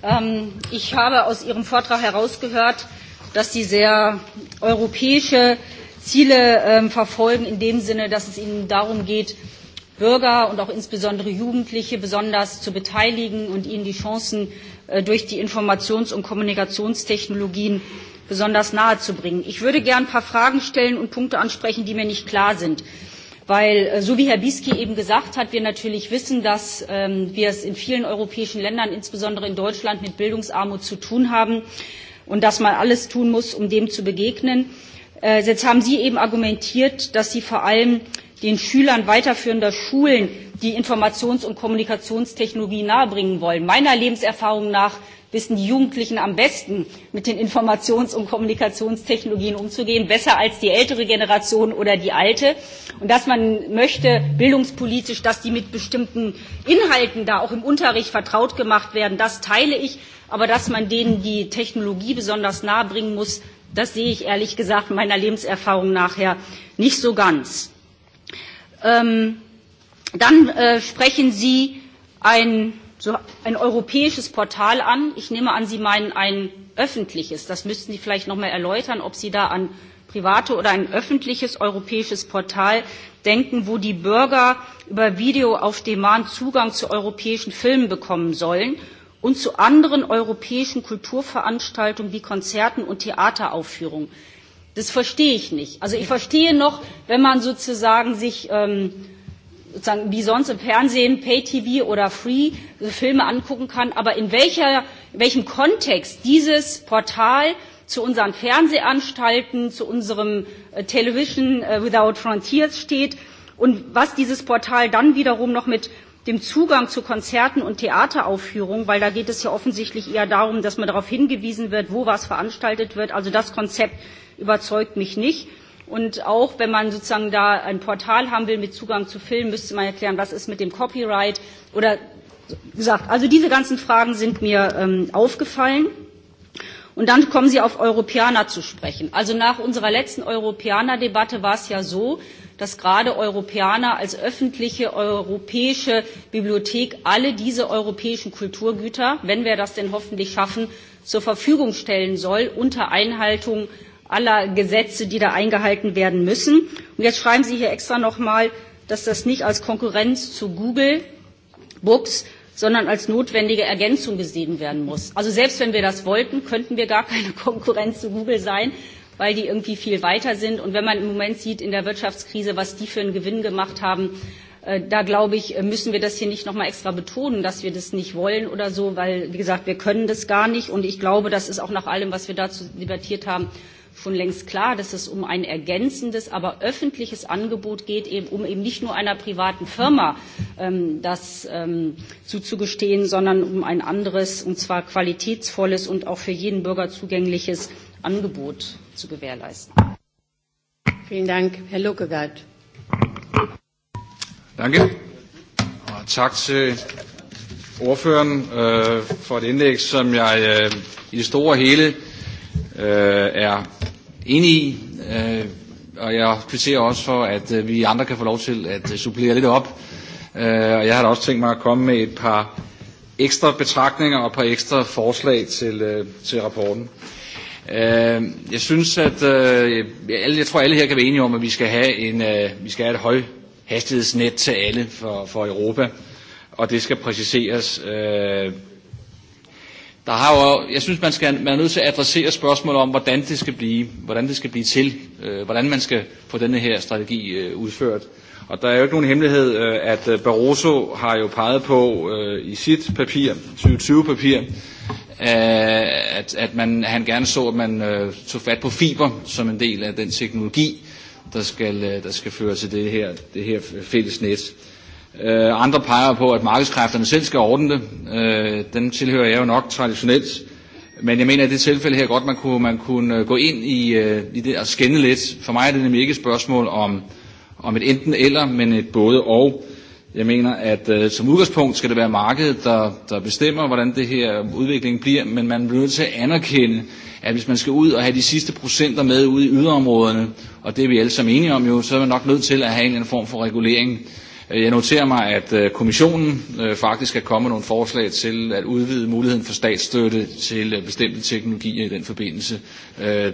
[SPEAKER 9] ähm, ich habe aus Ihrem Vortrag herausgehört, dass Sie sehr europäische Ziele ähm, verfolgen, in dem Sinne, dass es ihnen darum geht, Bürger und auch insbesondere Jugendliche besonders zu beteiligen und ihnen die Chancen äh, durch die Informations- und Kommunikationstechnologien besonders nahezubringen. Ich würde gern ein paar Fragen stellen und Punkte ansprechen, die mir nicht klar sind. Weil, äh, so wie Herr Bieski eben gesagt hat, wir natürlich wissen, dass ähm, wir es in vielen europäischen Ländern, insbesondere in Deutschland, mit Bildungsarmut zu tun haben und dass man alles tun muss, um dem zu begegnen. Äh, jetzt haben Sie eben argumentiert, dass Sie vor allem den Schülern weiterführender Schulen die Informations- und Kommunikationstechnologie nahebringen wollen. Meiner Lebenserfahrung nach wissen die Jugendlichen am besten, mit den Informations- und Kommunikationstechnologien umzugehen, besser als die ältere Generation oder die alte. Und dass man möchte, bildungspolitisch, dass die mit bestimmten Inhalten da auch im Unterricht vertraut gemacht werden, das teile ich. Aber dass man denen die Technologie besonders nahebringen muss, Das sehe ich ehrlich gesagt meiner Lebenserfahrung nachher nicht so ganz. Ähm, dann äh, sprechen Sie ein, so ein europäisches Portal an. Ich nehme an, Sie meinen ein öffentliches. Das müssten Sie vielleicht noch mal erläutern, ob Sie da an private oder ein öffentliches europäisches Portal denken, wo die Bürger über Video auf Demand Zugang zu europäischen Filmen bekommen sollen und zu anderen europäischen Kulturveranstaltungen wie Konzerten und Theateraufführungen. Das verstehe ich nicht. Also ich verstehe noch, wenn man sozusagen sich ähm, sozusagen wie sonst im Fernsehen, Pay-TV oder Free äh, Filme angucken kann, aber in, welcher, welchem Kontext dieses Portal zu unseren Fernsehanstalten, zu unserem äh, Television äh, Without Frontiers steht und was dieses Portal dann wiederum noch mit dem Zugang zu Konzerten und Theateraufführungen, weil da geht es ja offensichtlich eher darum, dass man darauf hingewiesen wird, wo was veranstaltet wird. Also das Konzept überzeugt mich nicht. Und auch wenn man sozusagen da ein Portal haben will mit Zugang zu Filmen, müsste man erklären, was ist mit dem Copyright oder gesagt. Also diese ganzen Fragen sind mir ähm, aufgefallen. Und dann kommen Sie auf Europäer zu sprechen. Also nach unserer letzten Europäer-Debatte war es ja so, dass gerade Europäer als öffentliche europäische Bibliothek alle diese europäischen Kulturgüter, wenn wir das denn hoffentlich schaffen, zur Verfügung stellen soll, unter Einhaltung aller Gesetze, die da eingehalten werden müssen. Und jetzt schreiben Sie hier extra nochmal, dass das nicht als Konkurrenz zu Google Books sondern als notwendige Ergänzung gesehen werden muss. Also selbst wenn wir das wollten, könnten wir gar keine Konkurrenz zu Google sein, weil die irgendwie viel weiter sind. Und wenn man im Moment sieht in der Wirtschaftskrise, was die für einen Gewinn gemacht haben, äh, da glaube ich, müssen wir das hier nicht nochmal extra betonen, dass wir das nicht wollen oder so, weil, wie gesagt, wir können das gar nicht. Und ich glaube, das ist auch nach allem, was wir dazu debattiert haben, schon längst klar, dass es um ein ergänzendes, aber öffentliches Angebot geht, eben, um eben nicht nur einer privaten Firma ähm, das ähm, zuzugestehen, sondern um ein anderes, und zwar qualitätsvolles und auch für jeden Bürger zugängliches Angebot zu gewährleisten. Vielen Dank. Herr Lukkegaard.
[SPEAKER 12] Danke. tak til ordføreren øh, for et indlæg, som jeg øh, i det store hele øh, er enig i, øh, og jeg kvitterer også for, at øh, vi andre kan få lov til at øh, supplere lidt op. Øh, og jeg har da også tænkt mig at komme med et par ekstra betragtninger og et par ekstra forslag til, øh, til rapporten. Øh, jeg synes, at øh, jeg, jeg tror, alle her kan være enige om, at vi skal have, en, øh, vi skal have et højt hastighedsnet til alle for, for Europa, og det skal præciseres øh, der har jo, jeg synes, man, skal, man er nødt til at adressere spørgsmålet om, hvordan det skal blive, hvordan det skal blive til, øh, hvordan man skal få denne her strategi øh, udført. Og der er jo ikke nogen hemmelighed, øh, at øh, Barroso har jo peget på øh, i sit papir, 2020-papir, øh, at, at man, han gerne så, at man øh, tog fat på fiber som en del af den teknologi, der skal, øh, der skal føre til det her, det her fælles net. Øh, andre peger på, at markedskræfterne selv skal ordne det. Øh, dem tilhører jeg jo nok traditionelt. Men jeg mener, at i det tilfælde her godt, man kunne, man kunne øh, gå ind i, øh, i det og skænde lidt. For mig er det nemlig ikke et spørgsmål om, om et enten eller, men et både og. Jeg mener, at øh, som udgangspunkt skal det være markedet, der, der bestemmer, hvordan det her udvikling bliver, men man bliver nødt til at anerkende, at hvis man skal ud og have de sidste procenter med ude i yderområderne, og det er vi alle sammen enige om jo, så er man nok nødt til at have en eller anden form for regulering. Jeg noterer mig, at øh, kommissionen øh, faktisk er kommet nogle forslag til at udvide muligheden for statsstøtte til øh, bestemte teknologier i den forbindelse.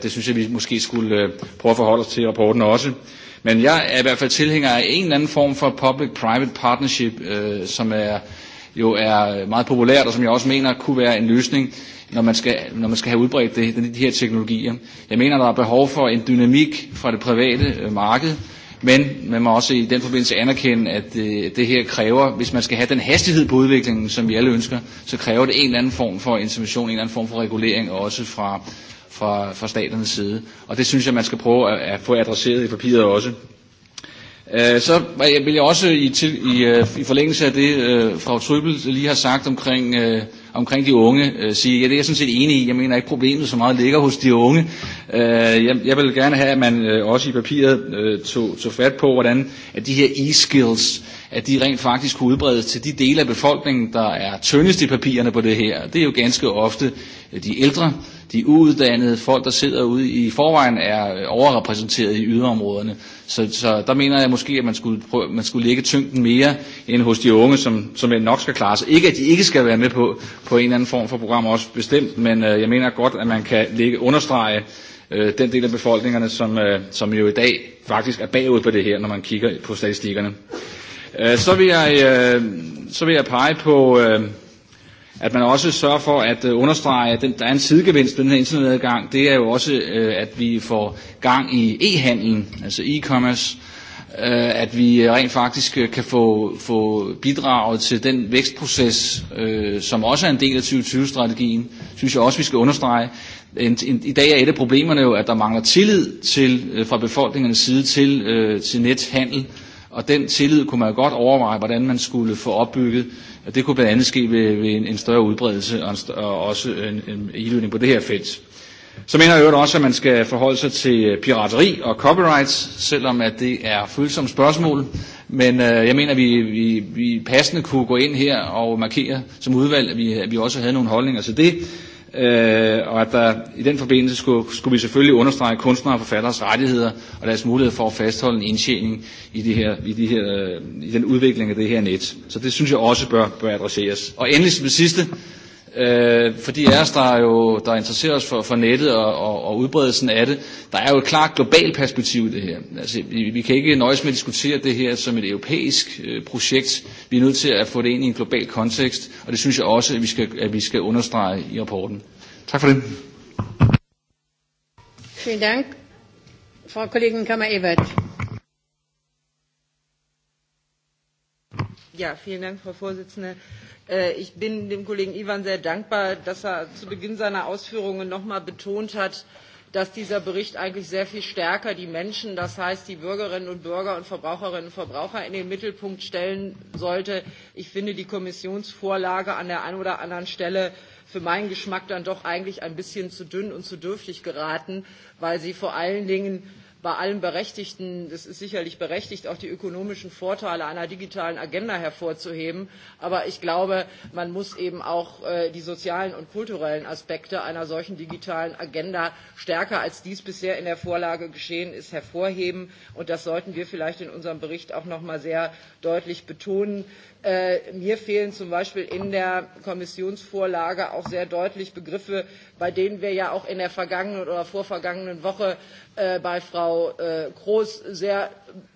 [SPEAKER 12] Det synes jeg, vi måske skulle prøve at forholde os til i rapporten også. Men jeg er i hvert fald tilhænger af en eller anden form for public-private partnership, som er jo er meget populært, og som jeg også mener kunne være en løsning, når man skal, når man skal have udbredt det, de her teknologier. Jeg mener, der er behov for en dynamik fra det private marked, Men man må også i den forbindelse anerkende, at øh, det her kræver, hvis man skal have den hastighed på udviklingen, som vi alle ønsker, så kræver det en eller anden form for intervention, en eller anden form for regulering, også fra, fra, fra staternes side. Og det synes jeg, man skal prøve at, at få adresseret i papiret også. Øh, så vil jeg også i, til, i, øh, i forlængelse af det, øh, fra Trybbel lige har sagt omkring... Øh, omkring de unge øh, sige, ja, det er jeg sådan set enig i. Jeg mener ikke, problemet så meget ligger hos de unge. Øh, jeg, jeg vil gerne have, at man øh, også i papiret øh, tog, tog fat på, hvordan at de her e-skills, at de rent faktisk kunne udbredes til de dele af befolkningen, der er tyndest i papirerne på det her. Det er jo ganske ofte øh, de ældre, de uuddannede folk, der sidder ude i forvejen, er overrepræsenteret i yderområderne. Så, så der mener jeg måske, at man skulle, prøve, man skulle lægge tyngden mere end hos de unge, som, som nok skal klare sig. Ikke at de ikke skal være med på, på en eller anden form for program også bestemt, men øh, jeg mener godt, at man kan lægge understrege øh, den del af befolkningerne, som, øh, som jo i dag faktisk er bagud på det her, når man kigger på statistikkerne. Øh, så, vil jeg, øh, så vil jeg pege på... Øh, at man også sørger for at øh, understrege, at den, der er en sidegevinst ved den her internetadgang, det er jo også, øh, at vi får gang i e-handlen, altså e-commerce, øh, at vi rent faktisk øh, kan få, få bidraget til den vækstproces, øh, som også er en del af 2020-strategien, synes jeg også, vi skal understrege. En, en, I dag er et af problemerne jo, at der mangler tillid til, øh, fra befolkningernes side til, øh, til nethandel, øh, Og den tillid kunne man jo godt overveje, hvordan man skulle få opbygget. Det kunne blandt andet ske ved, ved en, en større udbredelse og, en st- og også en, en ildøgning på det her felt. Så mener jeg også, at man skal forholde sig til pirateri og copyrights, selvom at det er følsomme spørgsmål. Men øh, jeg mener, at vi, vi, vi passende kunne gå ind her og markere som udvalg, at vi, at vi også havde nogle holdninger til det. Øh, og at der i den forbindelse skulle, skulle vi selvfølgelig understrege kunstnere og forfatteres rettigheder og deres mulighed for at fastholde en indtjening i, det her, i, de her, øh, i den udvikling af det her net. Så det synes jeg også bør, bør adresseres. Og endelig som det sidste, Øh, for de af os, der, er jo, der interesserer os for, for nettet og, og, og udbredelsen af det, der er jo et klart globalt perspektiv i det her. Altså, vi, vi kan ikke nøjes med at diskutere det her som et europæisk øh, projekt. Vi er nødt til at få det ind i en global kontekst, og det synes jeg også, at vi skal, at vi skal understrege i rapporten. Tak for det.
[SPEAKER 2] Vielen Dank. Frau Kollegin Kammer-Ebert.
[SPEAKER 18] Ja, vielen Dank, Frau Vorsitzende. Äh, ich bin dem Kollegen Ivan sehr dankbar, dass er zu Beginn seiner Ausführungen noch mal betont hat, dass dieser Bericht eigentlich sehr viel stärker die Menschen, das heißt die Bürgerinnen und Bürger und Verbraucherinnen und Verbraucher in den Mittelpunkt stellen sollte. Ich finde die Kommissionsvorlage an der einen oder anderen Stelle für meinen Geschmack dann doch eigentlich ein bisschen zu dünn und zu dürftig geraten, weil sie vor allen Dingen bei allen berechtigten, das ist sicherlich berechtigt, auch die ökonomischen Vorteile einer digitalen Agenda hervorzuheben. Aber ich glaube, man muss eben auch äh, die sozialen und kulturellen Aspekte einer solchen digitalen Agenda stärker als dies bisher in der Vorlage geschehen ist, hervorheben. Und das sollten wir vielleicht in unserem Bericht auch noch mal sehr deutlich betonen. Äh, Äh, mir fehlen zum Beispiel in der Kommissionsvorlage auch sehr deutlich Begriffe, bei denen wir ja auch in der vergangenen oder vorvergangenen Woche äh, bei Frau äh, Groß sehr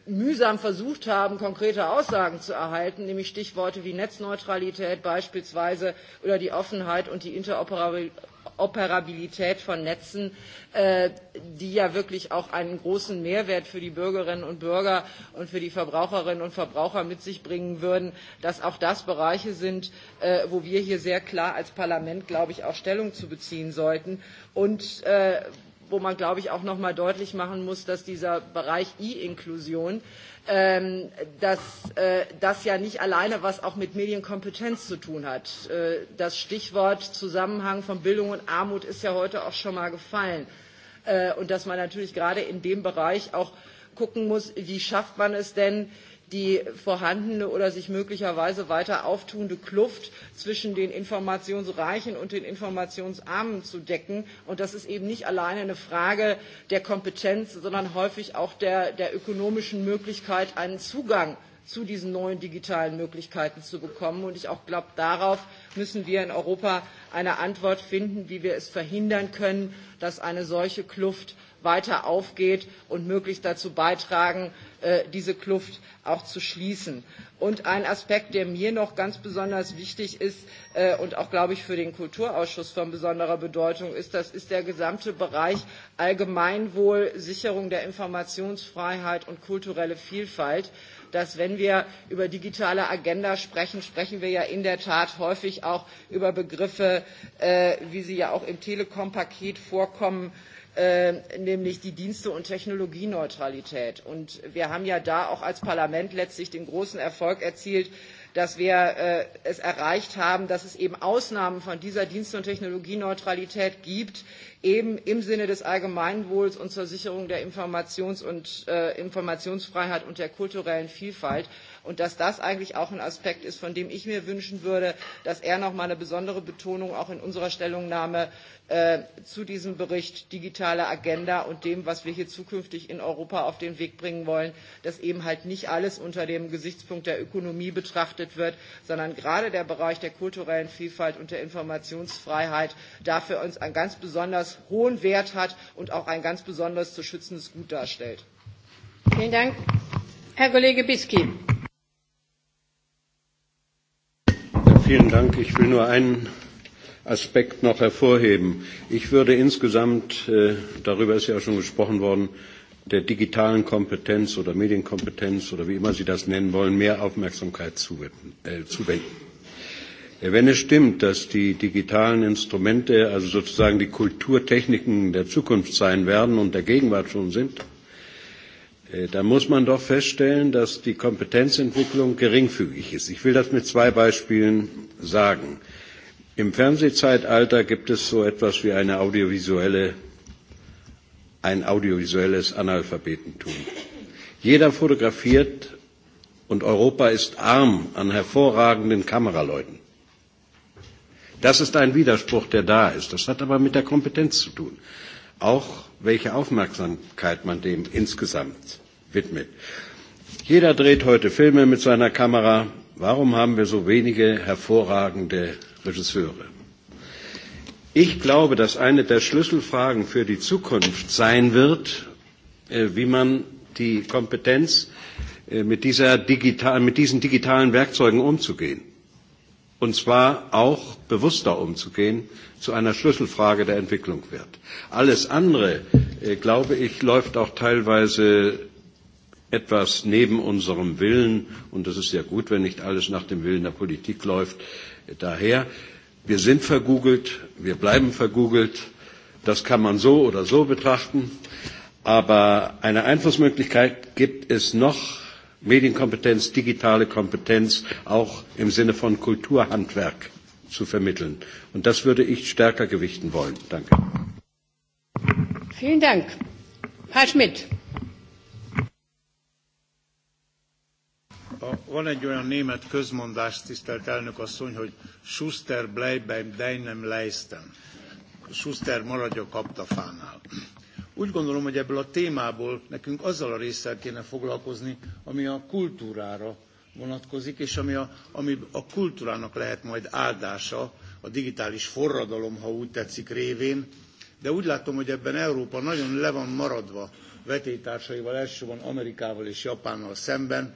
[SPEAKER 18] mühsam versucht haben, konkrete Aussagen zu erhalten, nämlich Stichworte wie Netzneutralität beispielsweise oder die Offenheit und die Interoperabilität Interoperabilität von Netzen, äh, die ja wirklich auch einen großen Mehrwert für die Bürgerinnen und Bürger und für die Verbraucherinnen und Verbraucher mit sich bringen würden, dass auch das Bereiche sind, äh, wo wir hier sehr klar als Parlament, glaube ich, auch Stellung zu beziehen sollten. Und äh, wo man, glaube ich, auch noch mal deutlich machen muss, dass dieser Bereich E-Inklusion, ähm, dass äh, das ja nicht alleine was auch mit Medienkompetenz zu tun hat. Äh, das Stichwort Zusammenhang von Bildung und Armut ist ja heute auch schon mal gefallen. Äh, und dass man natürlich gerade in dem Bereich auch gucken muss, wie schafft man es denn, äh, die vorhandene oder sich möglicherweise weiter auftuende Kluft zwischen den informationsreichen und den informationsarmen zu decken. Und das ist eben nicht alleine eine Frage der Kompetenz, sondern häufig auch der, der ökonomischen Möglichkeit, einen Zugang zu diesen neuen digitalen Möglichkeiten zu bekommen. Und ich auch glaube, darauf müssen wir in Europa eine Antwort finden, wie wir es verhindern können, dass eine solche Kluft weiter aufgeht und möglichst dazu beitragen, äh, diese Kluft auch zu schließen. Und ein Aspekt, der mir noch ganz besonders wichtig ist äh, und auch, glaube ich, für den Kulturausschuss von besonderer Bedeutung ist, das ist der gesamte Bereich Allgemeinwohl, Sicherung der Informationsfreiheit und kulturelle Vielfalt dass wenn wir über digitale Agenda sprechen, sprechen wir ja in der Tat häufig auch über Begriffe, äh, wie sie ja auch im Telekom-Paket vorkommen, Äh, nämlich die Dienste- und Technologieneutralität. Und wir haben ja da auch als Parlament letztlich den großen Erfolg erzielt, dass wir äh, es erreicht haben, dass es eben Ausnahmen von dieser Dienst- und Technologieneutralität gibt, eben im Sinne des Allgemeinwohls und zur Sicherung der Informations- und äh, Informationsfreiheit und der kulturellen Vielfalt und dass das eigentlich auch ein Aspekt ist, von dem ich mir wünschen würde, dass er noch mal eine besondere Betonung auch in unserer Stellungnahme äh, zu diesem Bericht digitale Agenda und dem, was wir hier zukünftig in Europa auf den Weg bringen wollen, dass eben halt nicht alles unter dem Gesichtspunkt der Ökonomie betrachtet wird, sondern gerade der Bereich der kulturellen Vielfalt und der Informationsfreiheit dafür uns einen ganz besonders hohen Wert hat und auch ein ganz besonders zu schützendes Gut darstellt.
[SPEAKER 2] Vielen Dank, Herr Kollege Bisky.
[SPEAKER 11] vielen Dank. Ich will nur einen Aspekt noch hervorheben. Ich würde insgesamt, äh, darüber ist ja schon gesprochen worden, der digitalen Kompetenz oder Medienkompetenz oder wie immer Sie das nennen wollen, mehr Aufmerksamkeit zuwenden. Äh, zuwenden. Wenn es stimmt, dass die digitalen Instrumente, also sozusagen die Kulturtechniken der Zukunft sein werden und der Gegenwart schon sind, Äh, da muss man doch feststellen, dass die Kompetenzentwicklung geringfügig ist. Ich will das mit zwei Beispielen sagen. Im Fernsehzeitalter gibt es so etwas wie eine audiovisuelle, ein audiovisuelles Analphabetentum. Jeder fotografiert und Europa ist arm an hervorragenden Kameraleuten. Das ist ein Widerspruch, der da ist. Das hat aber mit der Kompetenz zu tun auch welche Aufmerksamkeit man dem insgesamt widmet. Jeder dreht heute Filme mit seiner Kamera. Warum haben wir so wenige hervorragende Regisseure? Ich glaube, dass eine der Schlüsselfragen für die Zukunft sein wird, äh, wie man die Kompetenz äh, mit, dieser digital, mit diesen digitalen Werkzeugen umzugehen und zwar auch bewusster umzugehen, zu einer Schlüsselfrage der Entwicklung wird. Alles andere, äh, glaube ich, läuft auch teilweise etwas neben unserem Willen, und das ist ja gut, wenn nicht alles nach dem Willen der Politik läuft, äh, daher. Wir sind vergoogelt, wir bleiben vergoogelt, das kann man so oder so betrachten, aber eine Einflussmöglichkeit gibt es noch Medienkompetenz, digitale Kompetenz auch im Sinne von Kulturhandwerk zu vermitteln. Und das würde ich stärker gewichten wollen. Danke.
[SPEAKER 2] Vielen Dank. Herr Schmidt.
[SPEAKER 10] van egy olyan német közmondás, tisztelt elnök asszony, hogy Schuster leisten. Schuster Úgy gondolom, hogy ebből a témából nekünk azzal a résszel kéne foglalkozni, ami a kultúrára vonatkozik, és ami a, ami a kultúrának lehet majd áldása a digitális forradalom, ha úgy tetszik, révén. De úgy látom, hogy ebben Európa nagyon le van maradva vetétársaival, elsősorban Amerikával és Japánnal szemben.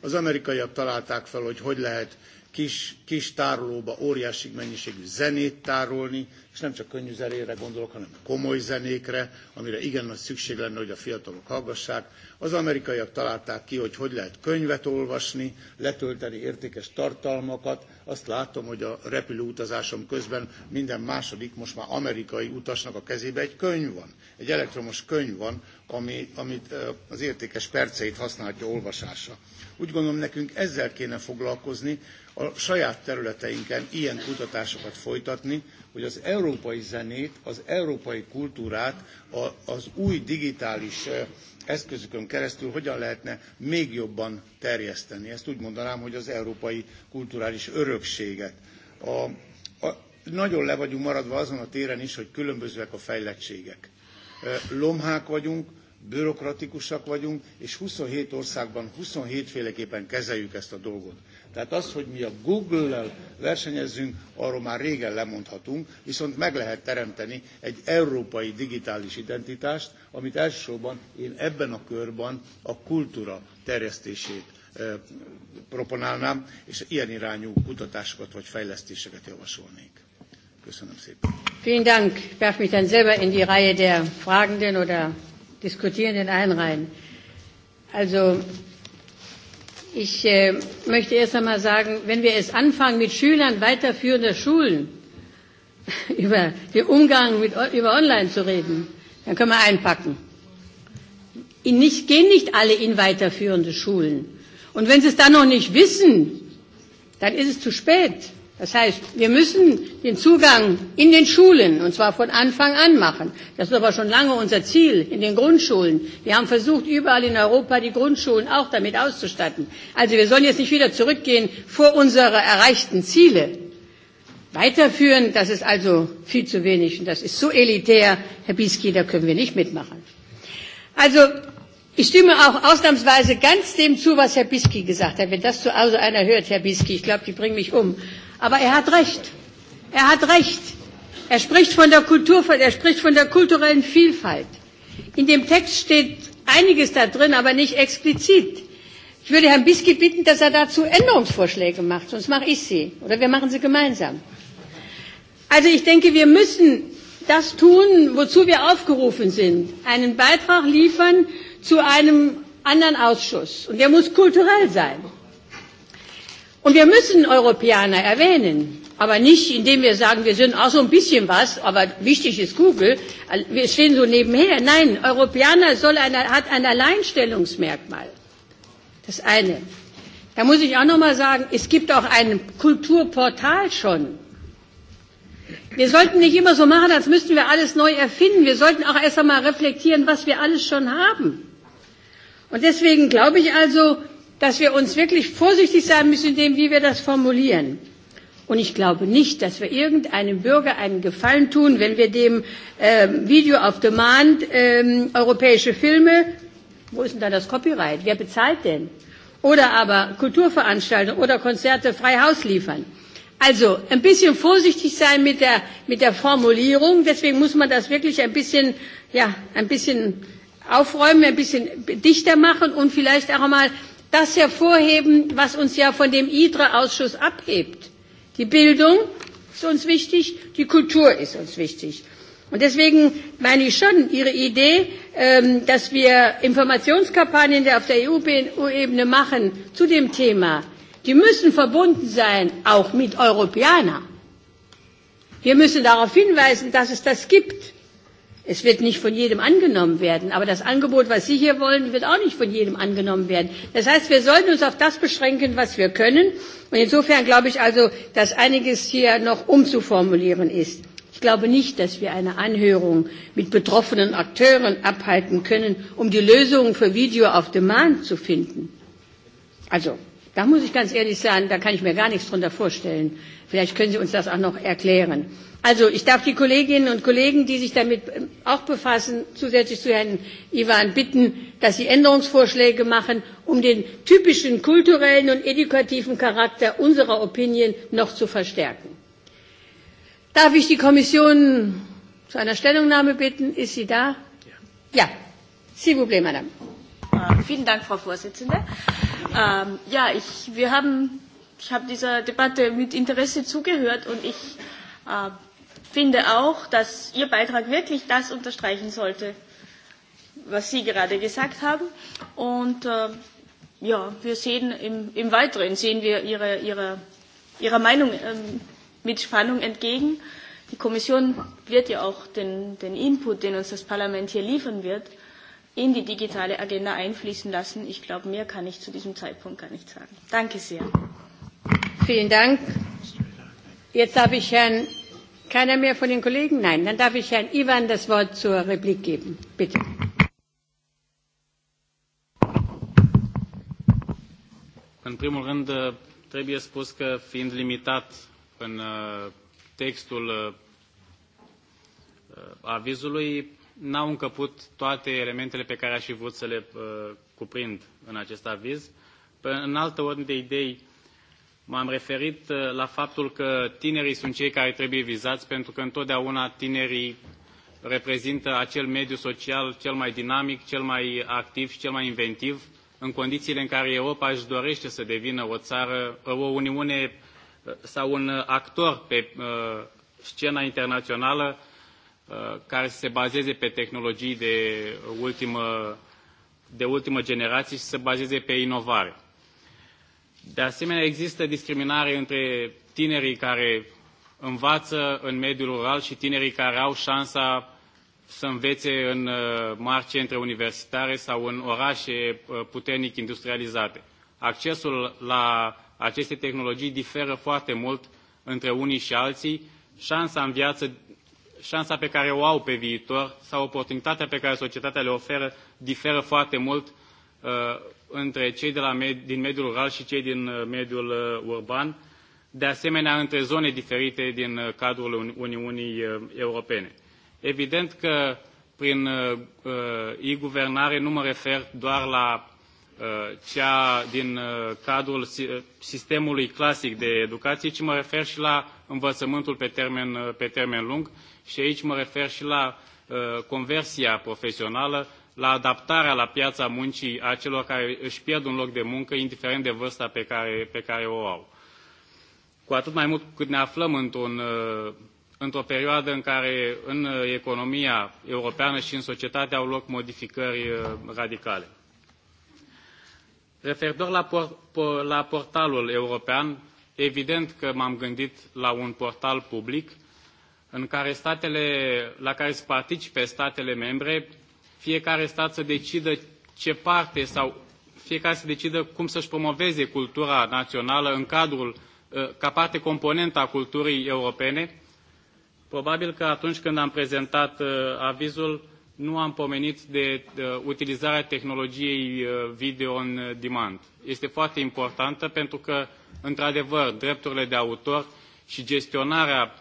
[SPEAKER 10] Az amerikaiak találták fel, hogy hogy lehet kis, kis tárolóba óriási mennyiségű zenét tárolni, és nem csak könnyű zenére gondolok, hanem komoly zenékre, amire igen nagy szükség lenne, hogy a fiatalok hallgassák. Az amerikaiak találták ki, hogy hogy lehet könyvet olvasni, letölteni értékes tartalmakat. Azt látom, hogy a repülőutazásom közben minden második, most már amerikai utasnak a kezébe egy könyv van. Egy elektromos könyv van, ami, amit az értékes perceit használja olvasásra. Úgy gondolom, nekünk ezzel kéne foglalkozni, a saját területeinken ilyen kutatásokat folytatni, hogy az európai zenét, az európai kultúrát a, az új digitális eszközökön keresztül hogyan lehetne még jobban terjeszteni. Ezt úgy mondanám, hogy az európai kulturális örökséget. A, a, nagyon le vagyunk maradva azon a téren is, hogy különbözőek a fejlettségek. Lomhák vagyunk, bürokratikusak vagyunk, és 27 országban 27 féleképpen kezeljük ezt a dolgot. Tehát az, hogy mi a Google-lel versenyezünk, arról már régen lemondhatunk, viszont meg lehet teremteni egy európai digitális identitást, amit elsősorban én ebben a körben a kultúra terjesztését proponálnám, és ilyen irányú kutatásokat vagy fejlesztéseket javasolnék. Köszönöm szépen.
[SPEAKER 2] Vielen Dank. Ich werfe mich dann selber in die Reihe der Fragenden oder Diskutierenden einreihen. Also Ich äh, möchte erst einmal sagen, wenn wir es anfangen mit Schülern weiterführender Schulen, über den Umgang mit, über Online zu reden, dann können wir einpacken. In nicht, gehen nicht alle in weiterführende Schulen. Und wenn sie es dann noch nicht wissen, dann ist es zu spät. Das heißt, wir müssen den Zugang in den Schulen, und zwar von Anfang an machen. Das ist aber schon lange unser Ziel in den Grundschulen. Wir haben versucht, überall in Europa die Grundschulen auch damit auszustatten. Also wir sollen jetzt nicht wieder zurückgehen vor unsere erreichten Ziele. Weiterführen, das ist also viel zu wenig. Und das ist so elitär, Herr Bieski, da können wir nicht mitmachen. Also Ich stimme auch ausnahmsweise ganz dem zu, was Herr Biski gesagt hat. Wenn das zu also einer hört, Herr Biski, ich glaube, die bringen mich um. Aber er hat recht. Er hat recht. Er spricht von der Kultur, er spricht von der kulturellen Vielfalt. In dem Text steht einiges da drin, aber nicht explizit. Ich würde Herrn Biski bitten, dass er dazu Änderungsvorschläge macht, sonst mache ich sie oder wir machen sie gemeinsam. Also ich denke, wir müssen das tun, wozu wir aufgerufen sind, einen Beitrag liefern zu einem anderen Ausschuss. Und der muss kulturell sein. Und wir müssen Europäer erwähnen, aber nicht indem wir sagen, wir sind auch so ein bisschen was, aber wichtig ist Google, wir stehen so nebenher. Nein, Europäer soll eine, hat ein Alleinstellungsmerkmal. Das eine. Da muss ich auch noch mal sagen, es gibt auch ein Kulturportal schon. Wir sollten nicht immer so machen, als müssten wir alles neu erfinden. Wir sollten auch erst einmal reflektieren, was wir alles schon haben. Und deswegen glaube ich also, dass wir uns wirklich vorsichtig sein müssen, in dem, wie wir das formulieren. Und ich glaube nicht, dass wir irgendeinem Bürger einen Gefallen tun, wenn wir dem ähm, Video auf Demand ähm, europäische Filme, wo ist denn da das Copyright? Wer bezahlt denn? Oder aber Kulturveranstaltungen oder Konzerte frei Haus liefern. Also ein bisschen vorsichtig sein mit der, mit der Formulierung. Deswegen muss man das wirklich ein bisschen, ja, ein bisschen aufräumen, ein bisschen dichter machen und vielleicht auch einmal das hervorheben, was uns ja von dem ITRE-Ausschuss abhebt. Die Bildung ist uns wichtig, die Kultur ist uns wichtig. Und deswegen meine ich schon Ihre Idee, ähm, dass wir Informationskampagnen auf der EU-Ebene machen zu dem Thema, die müssen verbunden sein, auch mit Europäern. Wir müssen darauf hinweisen, dass es das gibt Es wird nicht von jedem angenommen werden, aber das Angebot, was Sie hier wollen, wird auch nicht von jedem angenommen werden. Das heißt, wir sollten uns auf das beschränken, was wir können. Und insofern glaube ich also, dass einiges hier noch umzuformulieren ist. Ich glaube nicht, dass wir eine Anhörung mit betroffenen Akteuren abhalten können, um die Lösung für Video auf Demand zu finden. Also, da muss ich ganz ehrlich sagen, da kann ich mir gar nichts drunter vorstellen. Vielleicht können Sie uns das auch noch erklären. Also ich darf die Kolleginnen und Kollegen, die sich damit ähm, auch befassen, zusätzlich zu Herrn Iwan bitten, dass sie Änderungsvorschläge machen, um den typischen kulturellen und edukativen Charakter unserer Opinion noch zu verstärken. Darf ich die Kommission zu einer Stellungnahme bitten? Ist sie da? Ja. S'il vous plaît,
[SPEAKER 9] Madame. Äh, vielen Dank, Frau Vorsitzende. Uh, ja, ich, wir haben, ich habe dieser Debatte mit Interesse zugehört und ich Uh, finde auch, dass Ihr Beitrag wirklich das unterstreichen sollte, was Sie gerade gesagt haben. Und äh, ja, wir sehen im, im Weiteren, sehen wir Ihre, Ihre, Ihrer Meinung ähm, mit Spannung entgegen. Die Kommission wird ja auch den, den Input, den uns das Parlament hier liefern wird, in die digitale Agenda einfließen lassen. Ich glaube, mehr kann ich zu diesem Zeitpunkt gar nicht sagen. Danke sehr.
[SPEAKER 2] Vielen Dank. Jetzt habe ich Herrn Keiner mehr von den Kollegen? Nein. Dann darf ich Herrn Ivan das Wort zur Replik geben. Bitte.
[SPEAKER 14] În primul rând, uh, trebuie spus că fiind limitat în uh, textul uh, avizului, n-au încăput toate elementele pe care aș fi vrut să le cuprind în acest aviz. În altă ordine de idei, M-am referit uh, la faptul că tinerii sunt cei care trebuie vizați, pentru că întotdeauna tinerii reprezintă acel mediu social cel mai dinamic, cel mai activ și cel mai inventiv, în condițiile în care Europa își dorește să devină o țară, uh, o Uniune uh, sau un actor pe scena internațională care să se bazeze pe tehnologii de ultimă, de ultimă generație și să se bazeze pe inovare. De asemenea, există discriminare între tinerii care învață în mediul rural și tinerii care au șansa să învețe în uh, mari centre universitare sau în orașe uh, puternic industrializate. Accesul la aceste tehnologii diferă foarte mult între unii și alții. Șansa în viață, șansa pe care o au pe viitor sau oportunitatea pe care societatea le oferă diferă foarte mult uh, între cei de la med- din mediul rural și cei din uh, mediul uh, urban, de asemenea între zone diferite din uh, cadrul Uniunii Europene. Evident că prin e-guvernare nu mă refer doar la cea din cadrul sistemului clasic de educație, ci mă refer și la învățământul pe termen, pe termen lung și aici mă refer și la conversia profesională, la adaptarea la piața muncii a celor care își pierd un loc de muncă, indiferent de vârsta pe care, pe care o au. Cu atât mai mult cât ne aflăm într-un, uh, într-o perioadă în care în uh, economia europeană și în societate au loc modificări uh, radicale. Referitor la, por, la portalul european, evident că m-am gândit la un portal public în care statele, la care să participe statele membre fiecare stat să decidă ce parte sau fiecare să decidă cum să-și promoveze cultura națională în cadrul, ă, ca parte componentă a culturii europene. Probabil că atunci când am prezentat ă, avizul, nu am pomenit de utilizarea tehnologiei ă, video on demand. Este foarte importantă pentru că, într-adevăr, drepturile de autor și gestionarea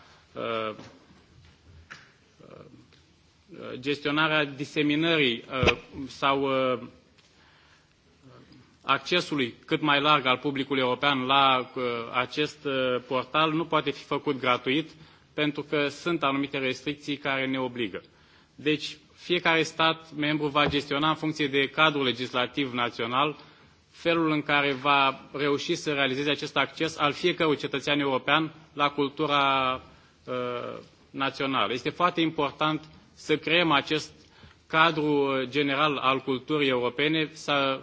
[SPEAKER 14] gestionarea diseminării uh, sau uh, accesului cât mai larg al publicului european la uh, acest portal nu poate fi făcut gratuit, pentru că sunt anumite restricții care ne obligă. Deci, fiecare stat membru va gestiona în funcție de cadrul legislativ național felul în care va reuși să realizeze acest acces al fiecărui cetățean european la cultura uh, națională. Este foarte important să creăm acest cadru uh, general al culturii europene, să